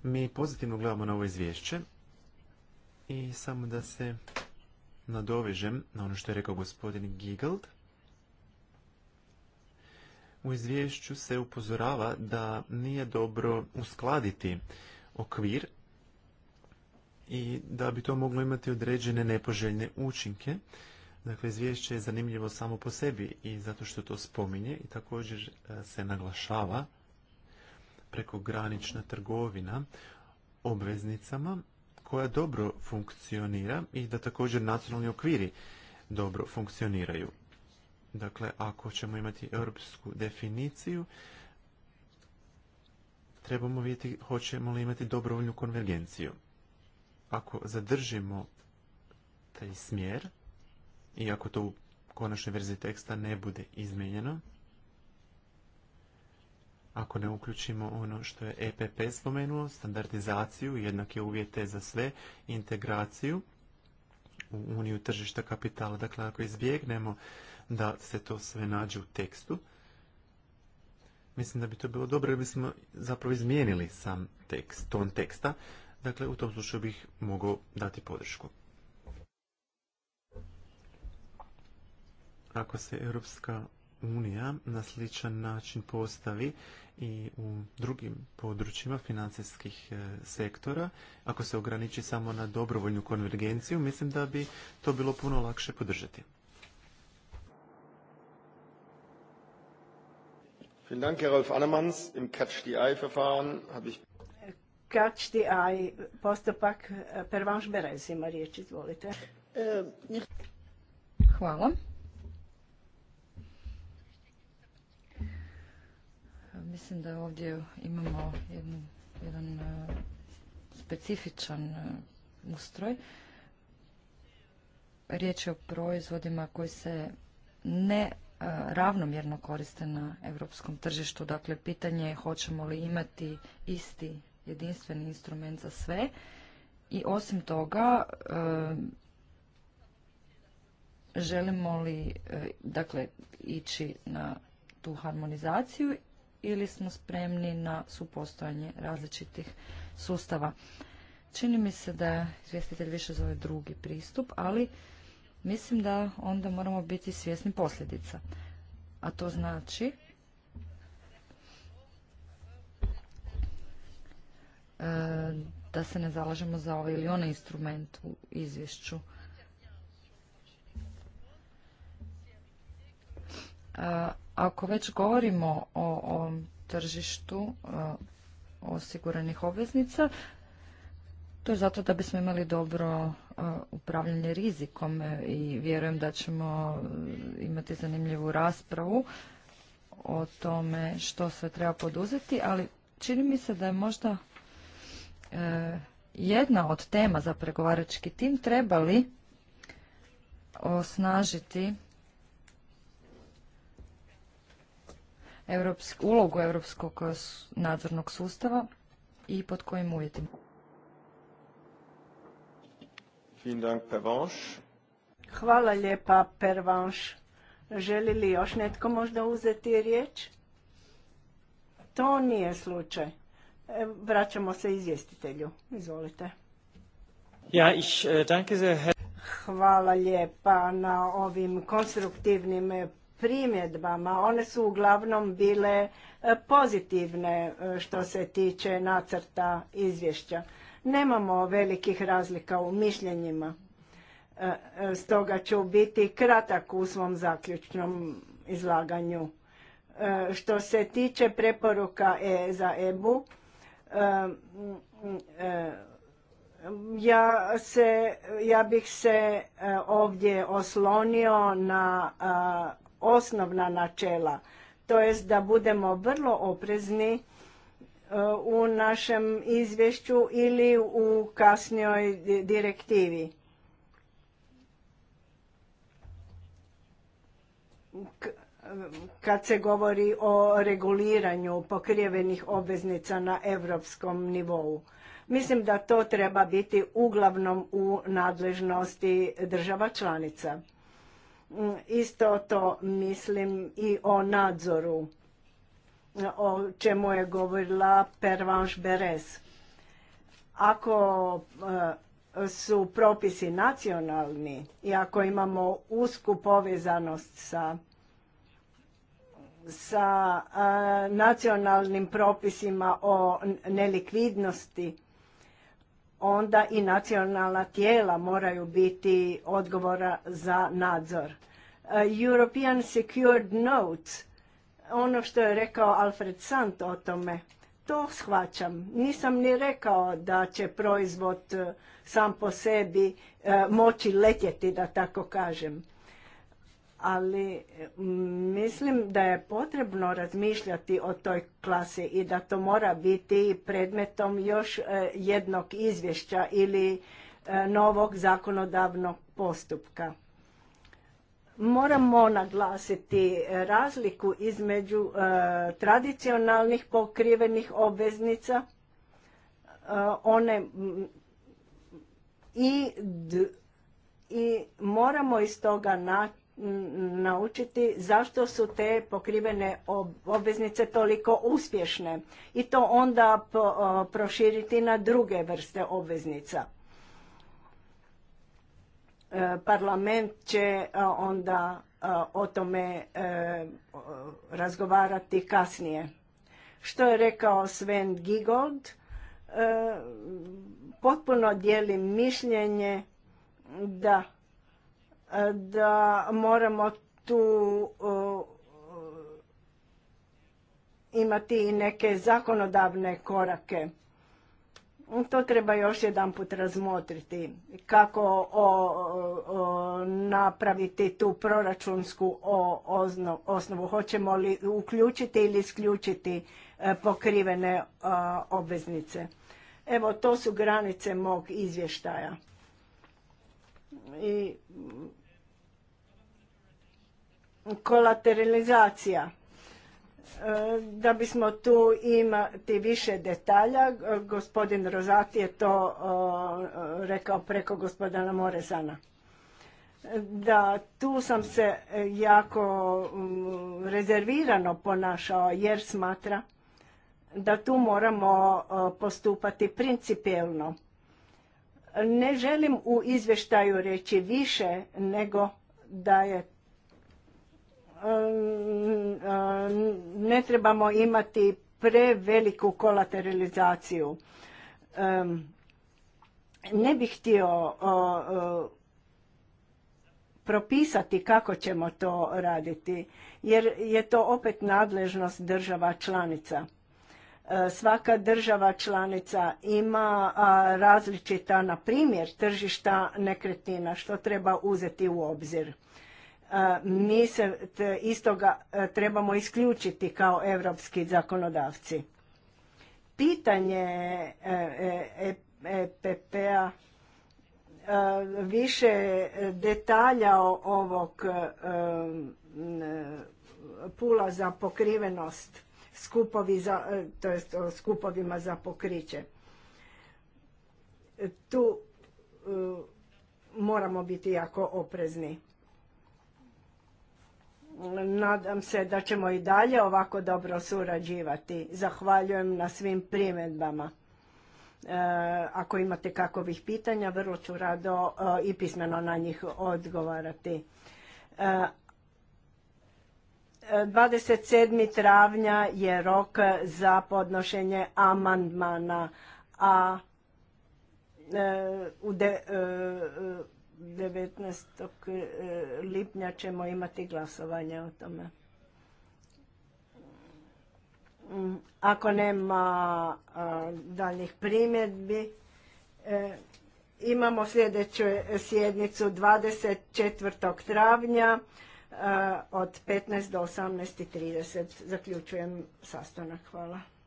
Speaker 1: Mi pozitivno gledamo na ovo izvješće i samo da se nadovežem na ono što je rekao gospodin Gigald. U izvješću se upozorava da nije dobro uskladiti okvir i da bi to moglo imati određene nepoželjne učinke Dakle, izvješće je zanimljivo samo po sebi i zato što to spominje i također e, se naglašava preko granična trgovina obveznicama koja dobro funkcionira i da također nacionalni okviri dobro funkcioniraju. Dakle, ako ćemo imati europsku definiciju, trebamo vidjeti hoćemo li imati dobrovoljnu konvergenciju. Ako zadržimo taj smjer, i ako to u konačnoj verziji teksta ne bude izmijenjeno, ako ne uključimo ono što je EPP spomenuo, standardizaciju, jednake uvjete za sve, integraciju u uniju tržišta kapitala. Dakle, ako izbjegnemo da se to sve nađe u tekstu, mislim da bi to bilo dobro jer bismo zapravo izmijenili sam tekst, ton teksta. Dakle, u tom slučaju bih mogao dati podršku. ako se Europska unija na sličan način postavi i u drugim područjima financijskih e, sektora, ako se ograniči samo na dobrovoljnu konvergenciju, mislim da bi to bilo puno lakše podržati.
Speaker 3: izvolite. E,
Speaker 2: Hvala. Mislim da ovdje imamo jednu, jedan e, specifičan e, ustroj. Riječ je o proizvodima koji se ne e, ravnomjerno koriste na europskom tržištu. Dakle, pitanje je hoćemo li imati isti jedinstveni instrument za sve. I osim toga, želimo li dakle, ići na tu harmonizaciju ili smo spremni na supostojanje različitih sustava. Čini mi se da izvjestitelj više zove drugi pristup, ali mislim da onda moramo biti svjesni posljedica. A to znači e, da se ne zalažemo za ovaj ili onaj instrument u izvješću. E, ako već govorimo o, o tržištu e, osiguranih obveznica, to je zato da bismo imali dobro e, upravljanje rizikom e, i vjerujem da ćemo imati zanimljivu raspravu o tome što sve treba poduzeti, ali čini mi se da je možda jedna od tema za pregovarački tim trebali osnažiti ulogu europskog eh, nadzornog sustava i pod kojim uvjetima?
Speaker 3: Hvala lijepa, Pervanš. Želi li još netko možda uzeti riječ? To nije slučaj. E, vraćamo se izvjestitelju. Izvolite.
Speaker 2: Ja, ich eh, danke
Speaker 3: Hvala lijepa na ovim konstruktivnim primjedbama. One su uglavnom bile e, pozitivne e, što se tiče nacrta izvješća. Nemamo velikih razlika u mišljenjima. E, stoga ću biti kratak u svom zaključnom izlaganju. Što se tiče preporuka za EBU, ja, se, ja bih se ovdje oslonio na osnovna načela. To jest da budemo vrlo oprezni e, u našem izvješću ili u kasnijoj direktivi. Kad se govori o reguliranju pokrivenih obveznica na europskom nivou. Mislim da to treba biti uglavnom u nadležnosti država članica. Isto to mislim i o nadzoru, o čemu je govorila Pervanš Beres. Ako e, su propisi nacionalni i ako imamo usku povezanost sa sa e, nacionalnim propisima o nelikvidnosti onda i nacionalna tijela moraju biti odgovora za nadzor. E, European Secured Notes, ono što je rekao Alfred Sant o tome, to shvaćam. Nisam ni rekao da će proizvod e, sam po sebi e, moći letjeti, da tako kažem ali mm, mislim da je potrebno razmišljati o toj klasi i da to mora biti predmetom još e, jednog izvješća ili e, novog zakonodavnog postupka. Moramo naglasiti e, razliku između tradicionalnih pokrivenih obveznica one i moramo iz toga naučiti zašto su te pokrivene obveznice toliko uspješne i to onda proširiti na druge vrste obveznica. E, parlament će e, onda e, o tome razgovarati kasnije. Što je rekao Sven Gigold, potpuno dijelim mišljenje da da moramo tu imati i neke zakonodavne korake. To treba još jedan put razmotriti kako napraviti tu proračunsku osnovu. Hoćemo li uključiti ili isključiti e, pokrivene e, obveznice. Evo, to su granice mog izvještaja. I kolateralizacija. E, da bismo tu imati više detalja, gospodin Rozati je to rekao preko gospodina Morezana. Da, tu sam se jako rezervirano ponašao jer smatra da tu moramo postupati principijelno. Ne želim u izvještaju reći više nego da je ne trebamo imati preveliku kolateralizaciju. Ne bih htio propisati kako ćemo to raditi, jer je to opet nadležnost država članica. Svaka država članica ima različita, na primjer, tržišta nekretnina, što treba uzeti u obzir. E, mi se istoga e, trebamo isključiti kao evropski zakonodavci. Pitanje EPP-a e, više detalja ovog pula za pokrivenost skupovi za, skupovima za pokriće. Tu moramo biti jako oprezni nadam se da ćemo i dalje ovako dobro surađivati. Zahvaljujem na svim primjedbama. E, ako imate kakovih pitanja, vrlo ću rado e, i pismeno na njih odgovarati. 27. E, travnja je rok za podnošenje amandmana, a u de, 19. E, lipnja ćemo imati glasovanje o tome. Mm, ako nema daljih primjedbi, e, imamo sljedeću e, sjednicu 24. travnja od 15 do 18.30. Zaključujem sastanak. Hvala.